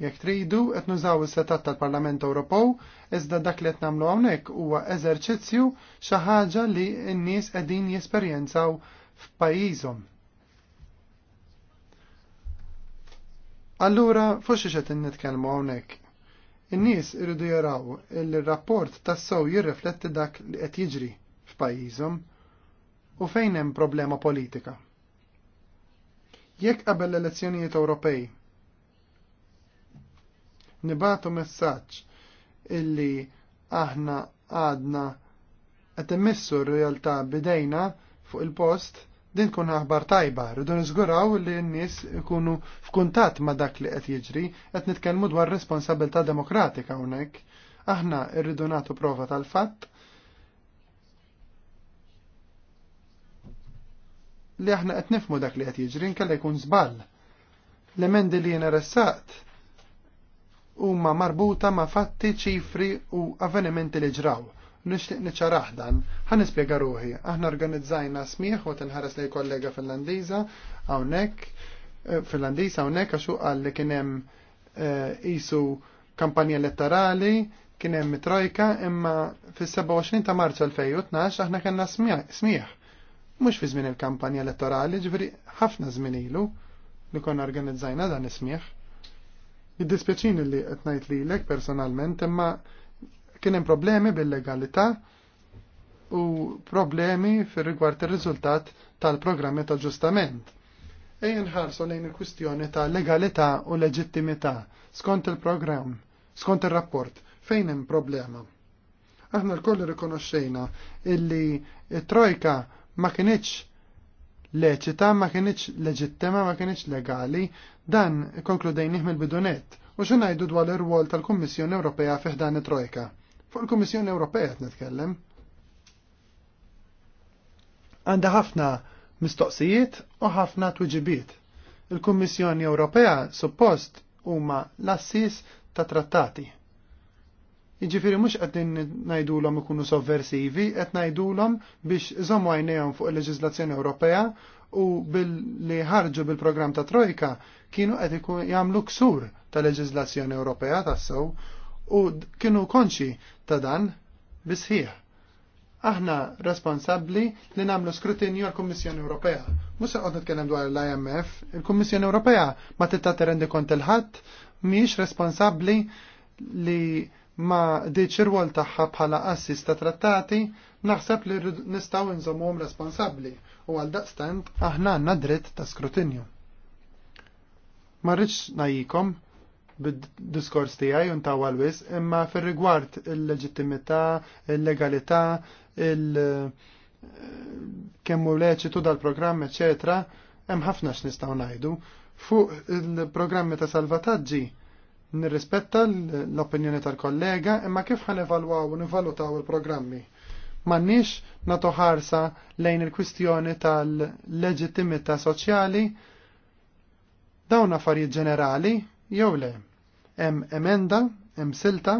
jekk tridu qed nużaw is-setat tal-Parlament Ewropew, iżda dak li qed nagħmlu hawnhekk huwa eżerċizzju xi ħaġa li n-nies qegħdin jesperjenzaw f'pajjiżhom. Allura fuq xi qed nitkellmu hawnhekk. In-nies iridu jaraw li r-rapport tas-sew jirrifletti dak li qed jiġri f'pajjiżhom u fejn hemm problema politika. Jekk qabel l-elezzjonijiet Ewropej nibatu messaġġ illi aħna għadna qed immissu r-realtà bidejna fuq il-post din tkun aħbar tajba, rridu niżguraw li n-nies ikunu f'kuntatt ma' dak li qed jiġri, qed nitkellmu dwar responsabilità demokratika hawnhekk. Aħna rridu nagħtu prova tal-fatt li aħna qed nifmu dak li qed jiġri nkella jkun żball. L-emendi li jiena ressaqt huma marbuta ma' fatti, ċifri u avvenimenti li ġraw. Nixtieq niċċaraħ dan, ħan nispjega ruħi. Aħna organizzajna smieħ u tinħares lej kollega Finlandiża hawnhekk, eh, Finlandiża hawnhekk għax qal li kien hemm qisu eh, kampanja elettorali kien hemm trojka imma fis-27 ta' Marzu 2012 aħna kellna smieħ mhux fi żmien il-kampanja elettorali, ġveri ħafna żmien ilu li konna organizzajna dan ismieħ. dispieċin li qed ngħid lilek personalment, imma kien hemm problemi bil-legalità u problemi fir rigward ir-riżultat tal-programmi ta' ġustament. Ejjen ħarsu lejn il-kwistjoni ta' legalità u leġittimità skont il-programm, skont ir-rapport, fejn hemm problema. Aħna l-koll rikonoxxejna illi trojka ma kienieċ leċita, ma kienieċ leġittima, ma kienieċ legali, dan konkludejn mill bidunet u ngħidu dwar ir-rwol tal-Kummissjoni Ewropea fiħdan it-Trojka. Fuq il-Kummissjoni Ewropea qed nitkellem. Għandha ħafna mistoqsijiet u ħafna twiġibiet. Il-Kummissjoni Ewropea suppost huma l-assis ta' trattati Iġifiri mux għaddin najdulom ikunu sovversivi, għed najdulom biex zomu għajnejom fuq il-leġizlazzjoni Ewropea u billi ħarġu bil-program ta' Trojka kienu għed jamlu ksur ta' leġizlazzjoni Ewropea tas-sew u kienu konxi ta' dan bisħiħ. Aħna responsabli li namlu skrutinju għal-Kommissjoni Ewropea. Musa għod nitkellem dwar l-IMF, il-Kommissjoni Ewropea ma titta rendi kont il-ħadd, miex responsabli li ma diċ irwol taħħa tagħha bħala assist ta' trattati, naħseb li nistgħu nżommuhom responsabbli u għal daqstant aħna għandna dritt ta' skrutinju. Ma rridx najikom bid-diskors tiegħi u ta' għalwis, imma fir-rigward il-leġittimità, il-legalità, il- kemmu leċitu dal-programm, eċetera, hemm ħafna x'nistgħu ngħidu. Fuq il-programmi ta' salvataġġi nirrispetta l-opinjoni tal-kollega imma kif ħan evalwaw u nivalutaw il-programmi. Mannix natu ħarsa lejn il-kwistjoni tal-leġittimità soċjali dawn affarijiet ġenerali jew le. Hemm emenda, hemm silta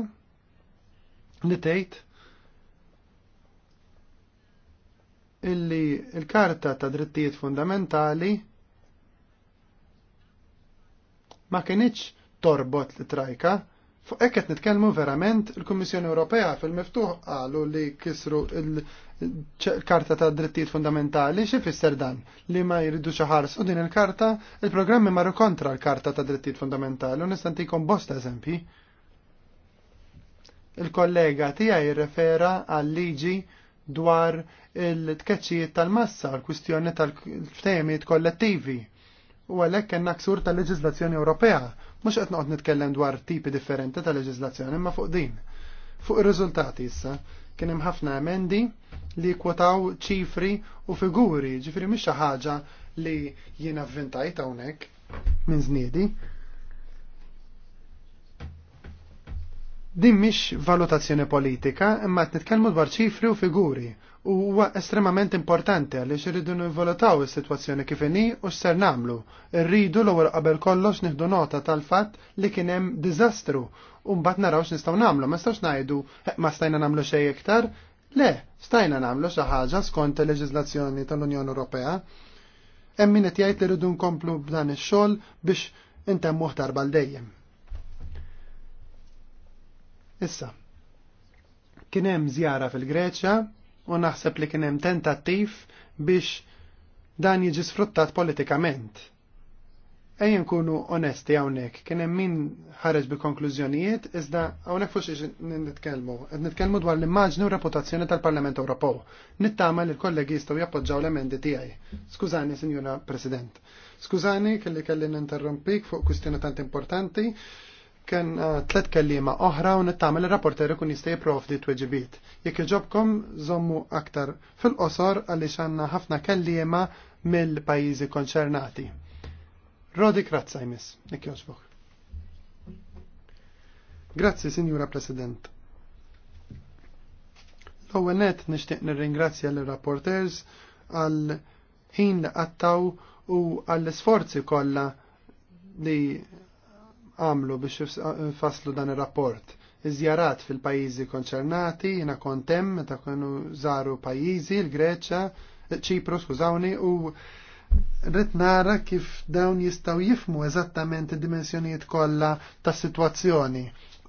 li tgħid illi il-Karta ta' Drittijiet Fundamentali ma kienitx torbot li trajka. Fuq ekket nitkellmu verament il-Kummissjoni Ewropea fil-miftuħ qalu li kisru il-Karta ta' Drittijiet Fundamentali xi fisser dan li ma jridu xi u din il-karta il-programmi marru kontra l-Karta ta' Drittijiet Fundamentali u nistantikom bosta eżempji. Il-kollega tiegħi jirrefera għal liġi dwar il-tkeċċijiet tal-massa, l-kwistjoni tal-ftehimiet kollettivi u għalhekk hemm ksur tal-leġiżlazzjoni Ewropea Mhux qed noqgħod nitkellem dwar tipi differenti ta' leġiżlazzjoni imma fuq din. Fuq ir-riżultati issa kien hemm ħafna emendi li kwotaw ċifri u figuri, ġifri mhix ħaġa li jien avventajt hawnhekk minn żniedi. Din mhix valutazzjoni politika, imma qed nitkellmu dwar ċifri u figuri huwa estremament importanti għaliex irridu nivvalutaw is-sitwazzjoni kif inhi u x'ser nagħmlu. Irridu l-ewwel qabel kollox nieħdu nota tal-fatt li kien hemm diżastru u mbagħad naraw x'nistgħu nagħmlu. Ma stax ngħidu eh, ma stajna nagħmlu xejn iktar. Le, stajna nagħmlu xi ħaġa skont il-leġiżlazzjoni tal-Unjoni Ewropea. Hemm min qed jgħid li rridu nkomplu b'dan ix-xogħol biex intemmuh muħtar dejjem. Issa, kien hemm żjara fil-Greċja u naħseb li kien hemm tentattiv biex dan jiġi sfruttat politikament. Ejjen nkunu onesti hawnhekk, kien hemm min ħareġ bi konklużjonijiet iżda hawnhekk fuq xi nitkellmu. Qed nitkellmu dwar l-immaġni u reputazzjoni tal-Parlament Ewropew. Nittama li l-kollegi jistgħu jappoġġaw l-emendi tiegħi. Skużani, Sinjura President. Skużani kelli kelli ninterrompik fuq kwistjoni tant importanti kien eh, tlet kellima oħra u nittamel il-rapporter ikun jista' jipprovdi tweġibit. Jekk iġobkom żommu aktar fil-qosor għaliex għandna ħafna kellima mill-pajjiżi konċernati. Rodi Krazza jmiss, jekk Grazzi, Sinjura President. L-ewwel nishtiq nixtieq nirringrazzja l-rapporters għal ħin li qattaw u għall-isforzi kollha li għamlu biex faslu dan ir-rapport. Iżjarat fil-pajjiżi konċernati, jiena kontem meta konu żaru pajjiżi, l-Greċja, ċipru, skużawni, u rrit nara kif dawn jistaw jifmu eżattament id-dimensjonijiet kollha tas-sitwazzjoni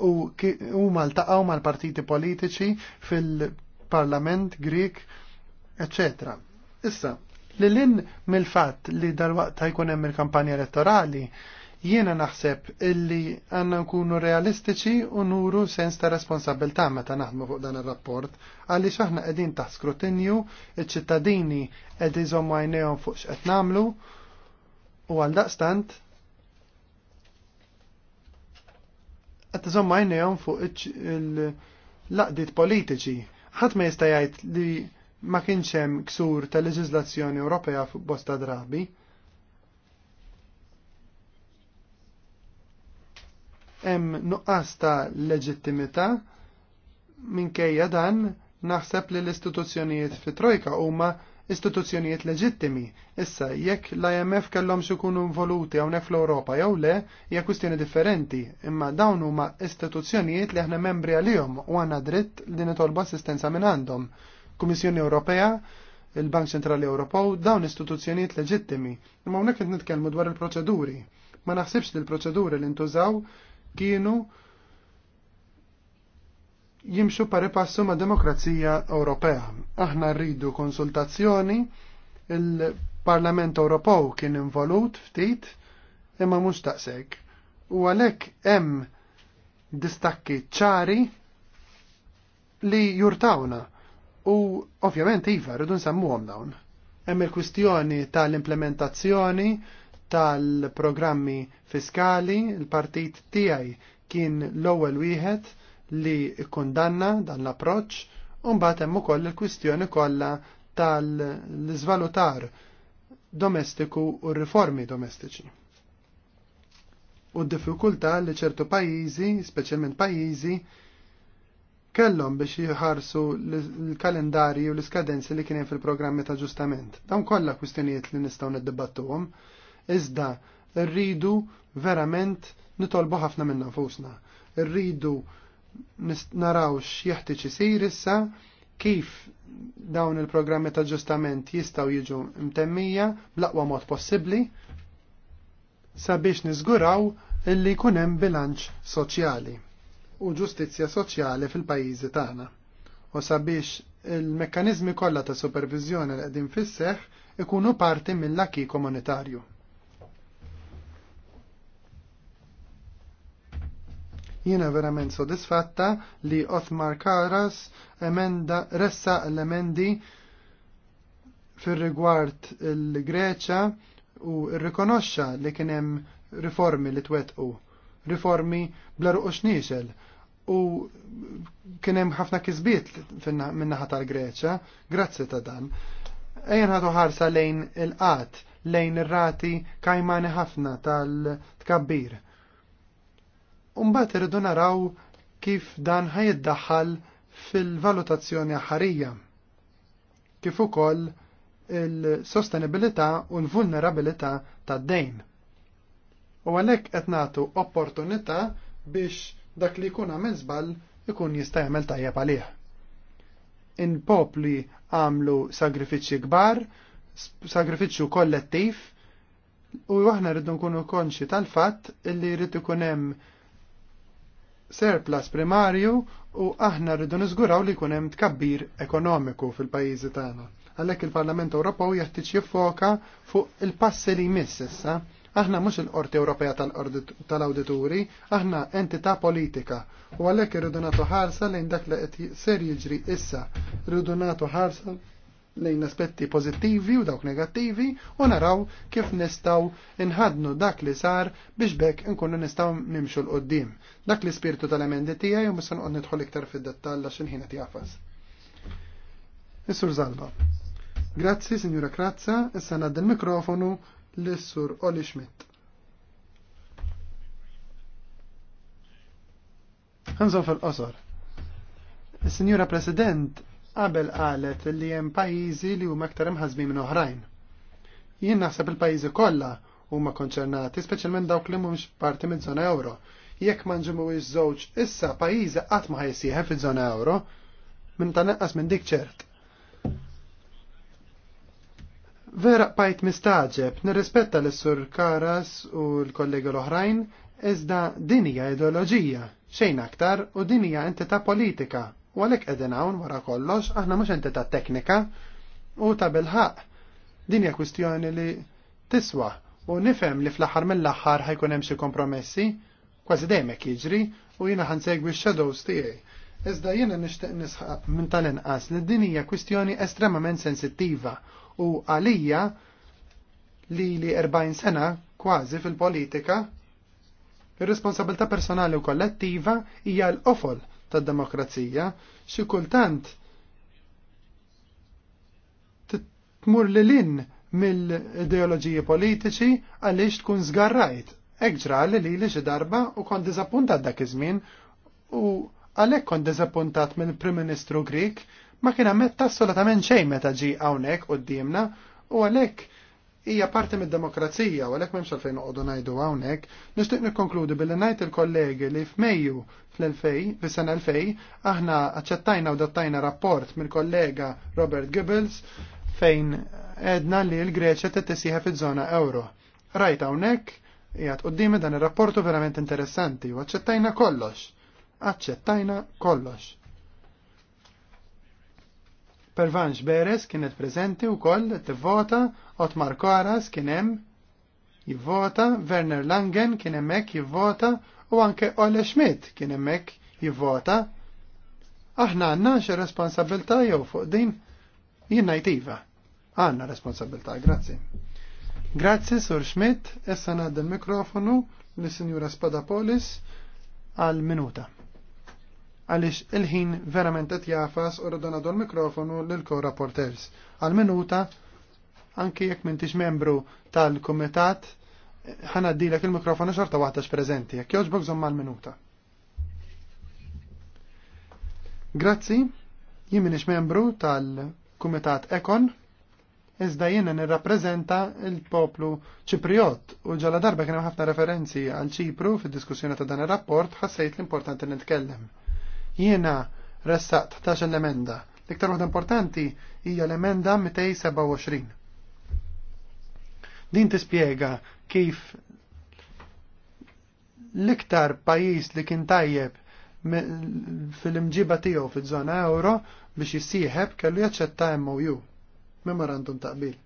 u huma ltaqgħu mal-partiti politiċi fil-Parlament Grik, ecc. Issa, li lin mill-fatt li dal-waqt jkun hemm il-kampanja elettorali, Jiena naħseb illi għanna nkunu realistiċi u nuru sens ta' responsabilta meta naħdmu fuq dan ir-rapport, għalli aħna qegħdin ta' skrutinju, iċ-ċittadini qed iżommu għajnejhom fuq x'qed nagħmlu u għal daqstant qed iżommu għajnejhom fuq il-laqdiet politiċi. Ħadd ma jista' jgħid li ma kienx hemm ksur tal-leġiżlazzjoni Ewropea fuq bosta drabi. hemm nuqqas ta' leġittimità minkejja dan naħseb li l-istituzzjonijiet fi trojka huma istituzzjonijiet leġittimi. Issa, jekk l-IMF kellhom ikunu involuti hawnhekk fl-Ewropa jew le, hija kwistjoni differenti, imma dawn huma istituzzjonijiet li aħna membri għalihom u għandna dritt li nitolbu assistenza minn għandhom. Kummissjoni Ewropea, il-Bank Ċentrali Ewropew, dawn istituzzjonijiet leġittimi. Imma hawnhekk qed nitkellmu dwar il-proċeduri. Ma naħsibx li l-proċeduri li ntużaw kienu jimxu pari passu ma' demokrazija Ewropea. Aħna rridu konsultazzjoni, il-Parlament Ewropew kien involut ftit imma mhux taqseg. U għalhekk hemm distakki ċari li jurtawna u ovvjament iva rridu nsemmuhom dawn. Hemm il-kwistjoni tal-implementazzjoni tal-programmi fiskali, il-partit tiegħi kien l-ewwel wieħed li kundanna dan l-approċċ u mbagħad hemm ukoll il-kwistjoni kollha tal-iżvalutar domestiku u riformi domestiċi. U d-diffikultà li ċertu pajjiżi, speċjalment pajjiżi, kellhom biex jħarsu l kalendarju u l-iskadenzi li kien fil-programmi ta' ġustament. Dawn kollha kwistjonijiet li nistgħu niddibattuhom, iżda rridu verament nitolbu ħafna minn fusna. Rridu naraw x'jeħtieġ isir issa kif dawn il-programmi ta' ġustament jistgħu jiġu mtemmija bl-aqwa mod possibbli sabiex niżguraw illi jkun hemm bilanċ soċjali u ġustizzja soċjali fil-pajjiżi tagħna. U sabiex il-mekkaniżmi kollha ta' supervizjoni li qegħdin fis-seħħ ikunu parti mill-laki komunitarju. Jiena verament sodisfatta li Othmar Karas emenda ressa l-emendi fir-rigward il-Greċa u rrikonoxxa li kien hemm riformi li twettqu, riformi bla ruqux nixel u kien hemm ħafna kisbiet min-naħa tal-Greċa, grazzi ta' dan. Ejjen ħadu ħarsa lejn il-qat, lejn ir-rati kajmani ħafna tal-tkabbir Umbat irridu naraw kif dan ħajiddaħħal fil-valutazzjoni ħarija, kif ukoll il-sostenibilità u l-vulnerabilità tad-dejn. U għalhekk qed nagħtu opportunità biex dak li jkun għamil żball ikun jista' jagħmel tajjeb għalih. In-popli għamlu sagrifiċċji kbar, sagrifiċċju kollettiv, u aħna rridu nkunu konxi tal-fatt li rrid ikun hemm plas primarju u aħna rridu niżguraw li jkun hemm tkabbir ekonomiku fil-pajjiżi tagħna. Għalhekk il-Parlament Ewropew jeħtieġ jiffoka fuq il-passi li jmiss issa. Aħna mhux il-Qorti Ewropea tal-Awdituri, aħna entità politika. U għalhekk irridu nagħtu ħarsa lejn dak li qed ser jiġri issa. rridu nagħtu ħarsa lejn aspetti pozittivi u dawk negattivi u naraw kif nistaw inħadnu dak li sar biex bekk nkunu nistaw nimxu l-qoddim. Dak li spiritu tal-emendi tijaj u musan qod nidħol iktar fid-dettall għax il-ħina tijafas. Is-sur Zalba. Grazzi, Signora Krazza, issa nad il-mikrofonu l-sur Oli Schmidt. Għanżon fil-qosor. Signora President, qabel qalet li hemm pajjiżi li huma aktar imħazmi minn oħrajn. Jien naħseb il-pajjiżi kollha huma konċernati, speċjalment dawk li mhumiex parti miż-żona euro. Jekk ma nġimgħux żewġ issa pajjiżi qatt ma ħajsieħ fiż-żona euro, minn neqqas minn dik ċert. Vera pajt mistaġeb, nirrispetta l-sur Karas u l-kollega l-oħrajn, iżda dinija ideoloġija, xejn aktar u dinija entità politika U għalhekk qegħdin hawn wara kollox, aħna mhux ta' teknika u ta' bilħaq. Din hija kwistjoni li tiswa u nifhem li fl-aħħar mill-aħħar ħajkun hemm xi kompromessi, kważi dejjem hekk jiġri u jiena ħansegwi x-shadows tiegħi. Iżda jiena nixtieq nisħaq minn tal-inqas li din hija kwistjoni estremament sensittiva u għalija li li 40 sena kważi fil-politika, ir-responsabilità personali u kollettiva hija l-qofol tad-demokrazija, xi kultant tmur li lin mill-ideoloġiji politiċi għaliex tkun zgarrajt. ġra li li li darba u kon dizappuntat dak iż-żmien u għalhekk kon dizappuntat mill-Prim Ministru Grik ma kien għamet assolutament xejn meta ġi hawnhekk qudiemna u għalhekk hija parti mid-demokrazija u għalhekk m'hemmx għalfejn noqogħdu ngħidu hawnhekk, nixtieq nikkonkludi billi ngħid il-kollegi li f'Mejju fl-2000, fis-sena 2000, aħna aċċettajna u dattajna rapport mill-kollega Robert Goebbels fejn edna li l-Greċja tittisiħa fiż-żona euro. Rajt hawnhekk jgħat qoddimi dan ir-rapportu verament interessanti u aċċettajna kollox. Aċċettajna kollox. Pervanx Beres kienet prezenti u koll t-vota, Otmar Koras kienem jivvota, Werner Langen kien hemmhekk jivvota u anke Ole Schmidt kien hemmhekk jivvota. Aħna għandna xe responsabilta jew fuq din jien ngħid iva. Għandna responsabilità, grazzi. Grazzi Sur Schmidt, issa ngħaddi l-mikrofonu l sinjura Spadapolis għal minuta għaliex il-ħin verament qed jafas u rridu nagħdu l-mikrofonu lil co-rapporters. Għal minuta anki jekk m'intix membru tal-kumitat ħanaddilek il-mikrofonu xorta waħda preżenti. jekk jogħġbok żomm mal-minuta. Grazzi, jien minix membru tal-Kumitat Ekon, iżda jiena nirrappreżenta il-poplu Ċipriot u ġala darba kien hemm ħafna referenzi għal Ċipru fid-diskussjoni ta' dan ir-rapport ħassejt l-importanti nitkellem. Jiena ressaqt 11 l-emenda. L-iktar waħda importanti hija l-emenda 227. Din tispjega kif l-iktar pajis li kien tajjeb fil-imġiba tiegħu fiż-żona euro biex jissieħeb kellu jaċċetta MOU, memorandum taqbil.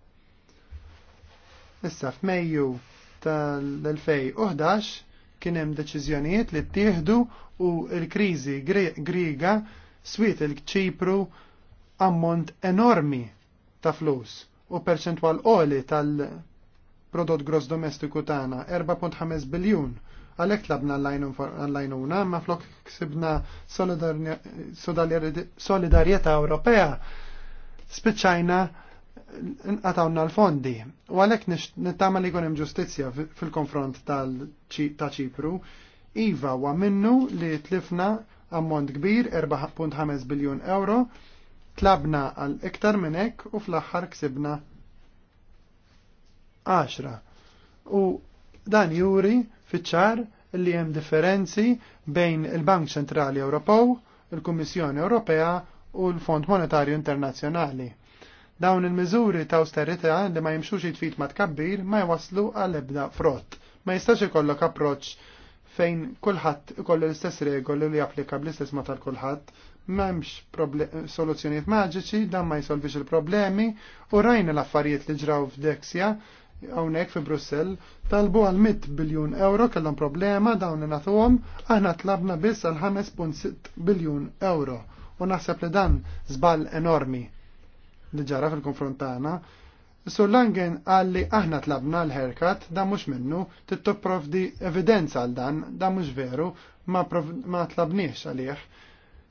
Issa f'Mejju tal-2011 kien hemm deċiżjonijiet li ttieħdu u l-kriżi Griega swiet il-Ċipru ammont enormi ta' flus u perċentwal qoli tal-prodott gross domestiku tagħna 4.5 biljun. Għalhekk tlabna l-lajnuna, ma flok ksibna solidarjetà Ewropea. Spiċċajna inqatawna l-fondi. U għalek nittama li għonim ġustizja fil-konfront ta' ċipru, Iva wa minnu li tlifna ammont kbir 4.5 biljun euro, tlabna għal iktar minn hekk u fl-aħħar ksibna 10. U dan juri fiċar li hemm differenzi bejn il-Bank Ċentrali Ewropew, il-Kummissjoni Ewropea u l-Fond Monetarju Internazzjonali Dawn il-miżuri ta' austerita li ma jimxux jitfit ma tkabbir ma jwaslu għal-ebda frott. Ma jistax ikollok approċ fejn kulħadd ikollu l-istess regoli li japplika bl-istess ma tal-kulħadd, m'hemmx soluzzjonijiet maġiċi, dan ma jsolvix il-problemi u rajna l-affarijiet li ġraw f'Dexja hawnhekk fi Brussell talbu għal 100 biljun euro kellhom problema dawn li nagħtuhom aħna tlabna biss għal 5.6 biljun euro u naħseb li dan żball enormi li ġara fil-konfrontana. Sur Langen għalli aħna tlabna l herkat da mux minnu, tittob provdi evidenza għal dan, da mux veru, ma, prov, ma tlabniex għalih.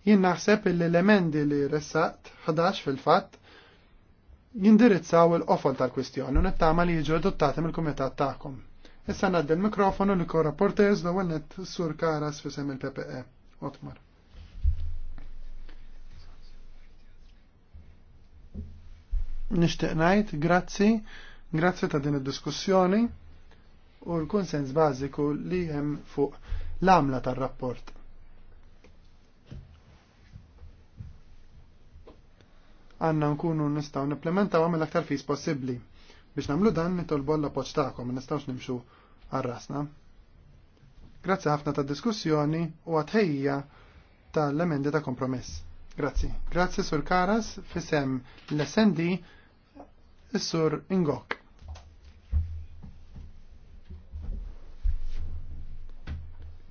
Jien naħseb l-elementi li ressaqt, ħadax fil-fat, jindirizzaw il-qofol tal-kwistjoni u nittama li jiġu adottati mill-kumitat tagħkom. Issa naddi l-mikrofonu li korra Portez l-ewwel sur Karas fisem il-PPE. Otmar. Nixtieq ngħid grazzi, grazzi ta' din id-diskussjoni u l-kunsens bażiku li hemm fuq l-għamla tar-rapport. Għanna nkunu nistgħu nipplementaw għamil aktar fis possibbli. Biex nagħmlu dan nitolbu l poċ tagħkom ma nistgħux nimxu għarrasna. rasna Grazzi ħafna tad diskussjoni u għatħejja tal-emendi ta' kompromess. Grazzi. Grazzi Sur Karas fisem l-SND is-sur Ingok.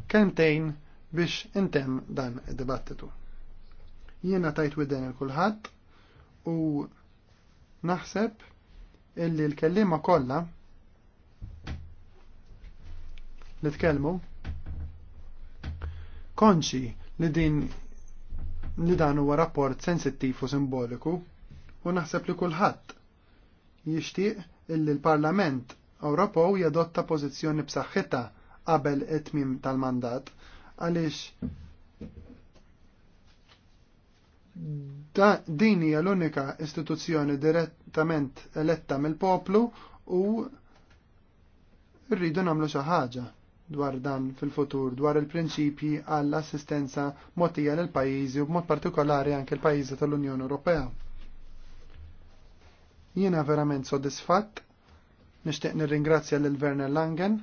Kemtejn biex intem dan id-dibattitu. Jiena tajt widen il-kulħadd u naħseb illi l-kellima kollha li tkellmu konċi li din li dan huwa rapport sensittiv u simboliku u naħseb li kulħadd jixtieq illi l-Parlament Ewropew jadotta pożizzjoni b'saħħitha qabel it-tmim tal-mandat għaliex din hija l-unika istituzzjoni direttament eletta mill-poplu u rridu nagħmlu xi ħaġa dwar dan fil-futur, dwar il-prinċipji għall-assistenza motija l pajjiżi u b'mod partikolari anke l pajjiżi tal-Unjoni Ewropea. Jiena verament soddisfatt, nixtieq nirringrazzja lil Werner Langen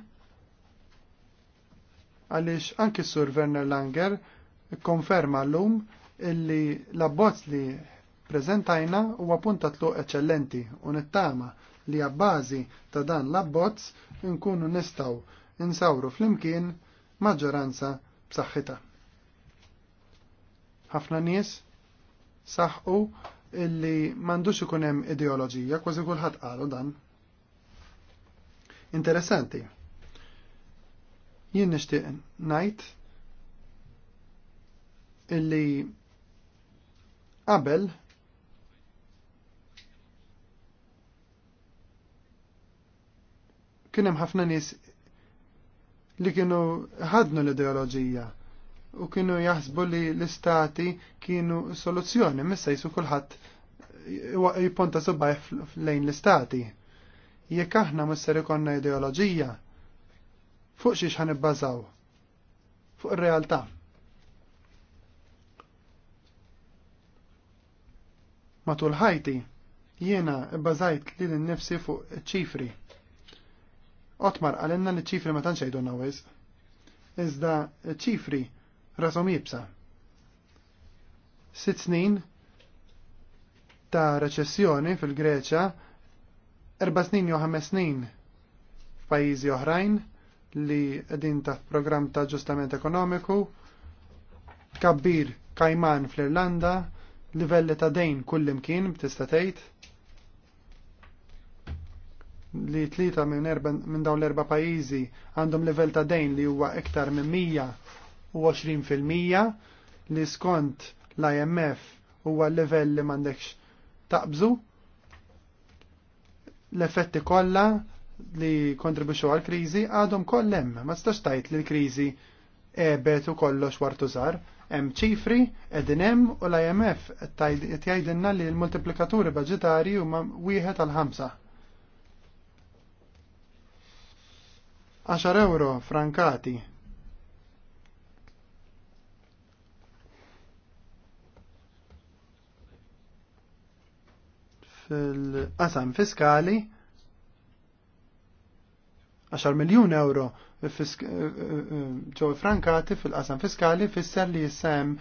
għaliex anki sur Werner Langer konferma l-lum illi l-abbozz li prezentajna huwa punta tluq eċċellenti u nittama li għabbażi ta' dan l-abbozz nkunu nistaw insawru fl-imkien maġġoranza b'saħħitha. Ħafna nies saħqu illi mandux ikun hemm ideoloġija, kważi kulħadd qalu dan. Interessanti. Jien nixtieq ngħid illi qabel kien hemm ħafna nies li kienu ħadnu l-ideoloġija u kienu jaħsbu li l-istati kienu soluzzjoni, missa jisu kullħat jiponta subaj lejn l-istati. Jekk aħna misser ikonna ideoloġija, fuq xiex ħan ibbażaw? Fuq ir-realtà. Matul ħajti, jiena ibbazajt li l-nifsi fuq ċifri. Otmar għalenna li ċifri ma tanċajdu nawiz. Iżda ċifri rasom jibsa. Sitt snin ta' reċessjoni fil-Greċa, erba snin jew ħames snin f'pajjiżi oħrajn li qegħdin ta' programm ta' ġustament ekonomiku, kabbir kajman fl-Irlanda, livelli ta' dejn kullimkien b'tista' tgħid li tlieta minn min dawn l-erba' pajjiżi għandhom livell ta' dejn li huwa iktar minn mija u 20% li skont l-IMF huwa l-level li m'għandekx taqbżu l-effetti kollha li kontribuxxu għal kriżi għadhom kollem, ma stax tajt li l-kriżi ebet u kollox wartu żar. Hemm ċifri qegħdin hemm u l-IMF qed jgħidilna li l-multiplikaturi budġetarji huma wieħed għal ħamsa. 10 euro frankati fil-qasam fiskali 10 miljun euro eh, eh, eh, ġew frankati fil-qasam fiskali fisser li jissem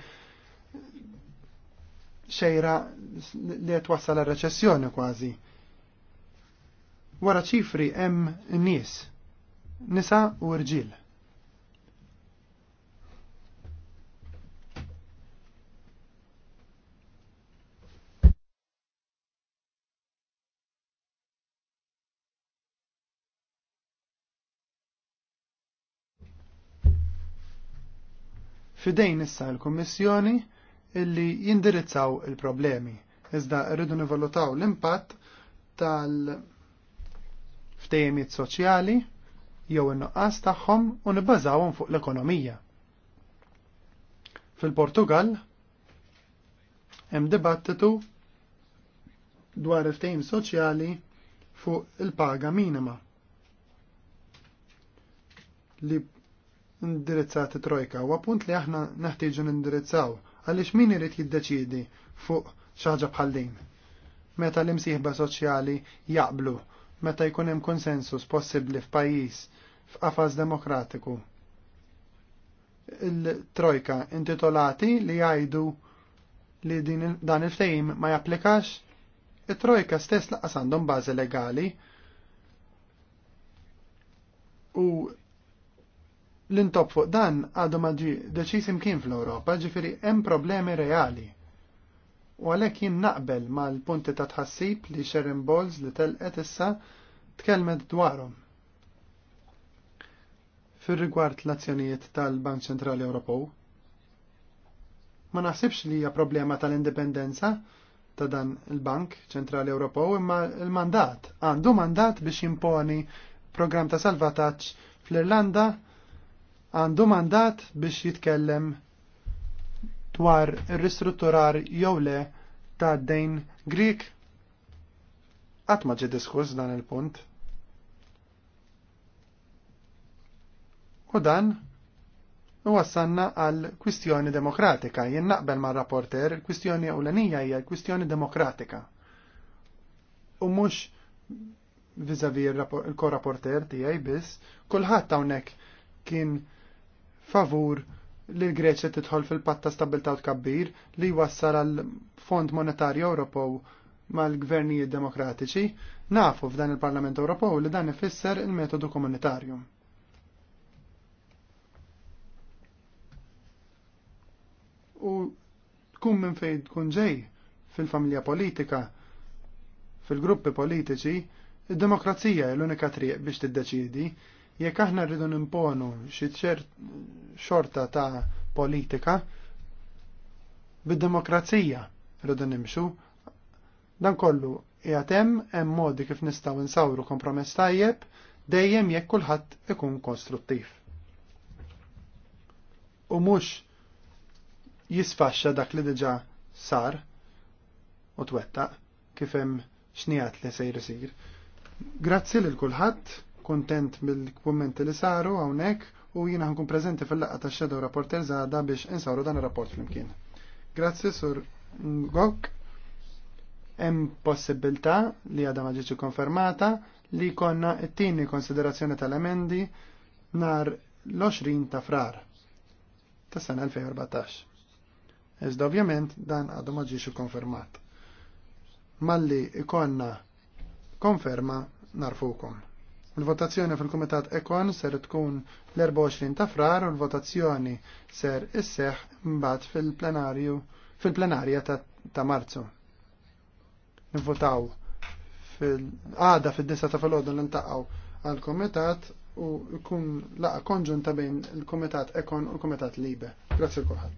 xejra li qed wassal għar-reċessjoni kważi. Wara ċifri hemm nies, nisa u rġiel. Fidejn issa l-Kommissjoni illi jindirizzaw il-problemi. Iżda rridu nivalutaw l-impatt tal-ftejemiet soċjali jew in-nuqqas tagħhom u nibbażawhom fuq l-ekonomija. Fil-Portugal hemm dibattitu dwar il-ftehim soċjali fuq il-paga minima li indirizzati trojka u appunt li aħna neħtieġu nindirizzaw għaliex min irid jiddeċiedi fuq xaġa bħal din. Meta l-imsieħba soċjali jaqblu, meta jkun hemm konsensus possibbli f'pajjiż f'qafas demokratiku. Il-trojka intitolati li jgħidu li din, dan il-fejm ma japplikax, it-trojka stess laqas għandhom bażi legali u l-intop fuq dan għadu maġi deċis imkien fl-Europa, ġifiri hemm problemi reali. U għalek jien naqbel mal-punti ta' tħassib li Sharon Bowles li telqet issa tkellmet dwarhom. Fir-rigward l-azzjonijiet tal-Bank Ċentrali Ewropew. Ma naħsibx li hija problema tal-indipendenza ta' dan il-Bank Ċentrali Ewropew imma l-mandat għandu mandat biex jimponi program ta' salvataġġ fl-Irlanda għandu mandat biex jitkellem dwar ristrutturar jew le ta' dejn Grik? Qatt ma ġie diskuss dan il-punt. U dan u wassanna għal kwistjoni demokratika. Jien naqbel ma' rapporter, il-kwistjoni ewlenija hija l-kwistjoni demokratika. U mhux vizavi il-korrapporter tiegħi biss, kulħadd hawnhekk kien favur li l-Greċja tidħol fil-patta stabilta u tkabbir li jwassal għal Fond Monetarju Ewropew mal-gvernijiet demokratiċi, nafu f'dan il-Parlament Ewropew li dan ifisser il-metodu komunitarju. U tkun minn fejn tkun ġej fil-familja politika, fil-gruppi politiċi, id-demokrazija l-unika triq biex tiddeċiedi Jekk aħna rridu nimponu xi xorta ta' politika, bid-demokrazija rridu nimxu, dan kollu qiegħed hemm hemm modi kif nistgħu nsawru kompromess tajjeb dejjem jekk kulħadd ikun konstruttiv. U mhux jisfaxxa dak li diġà sar u twettaq kif hemm xnijat li sejr isir. Grazzi lil kulħadd kontent mill-kummenti li saru hawnhekk u jiena ħankun preżenti fil-laqgħa ta' shadow Rapporter żgħada biex insawru dan ir-rapport flimkien. Grazzi sur Gok. Hemm possibilità li għadha ma ġietx konfermata li konna t-tieni konsiderazzjoni tal-emendi nar l-20 ta' frar ta' sena 2014. Iżda ovvjament dan għadu ma ġietx konfermat. Malli ikonna konferma narfukom. Il-votazzjoni fil-Kumitat Ekon ser tkun l-24 ta' frar u l-votazzjoni ser isseħ mbagħad fil-plenarju fil-plenarja ta', ta Marzu. Nivvotaw fil-għada fil-disa ta' fil-ħodu l-intaqaw għal-Kumitat u jkun laqa konġunta bejn il-Kumitat Ekon u l-Kumitat Libe. Grazie l-kulħadd.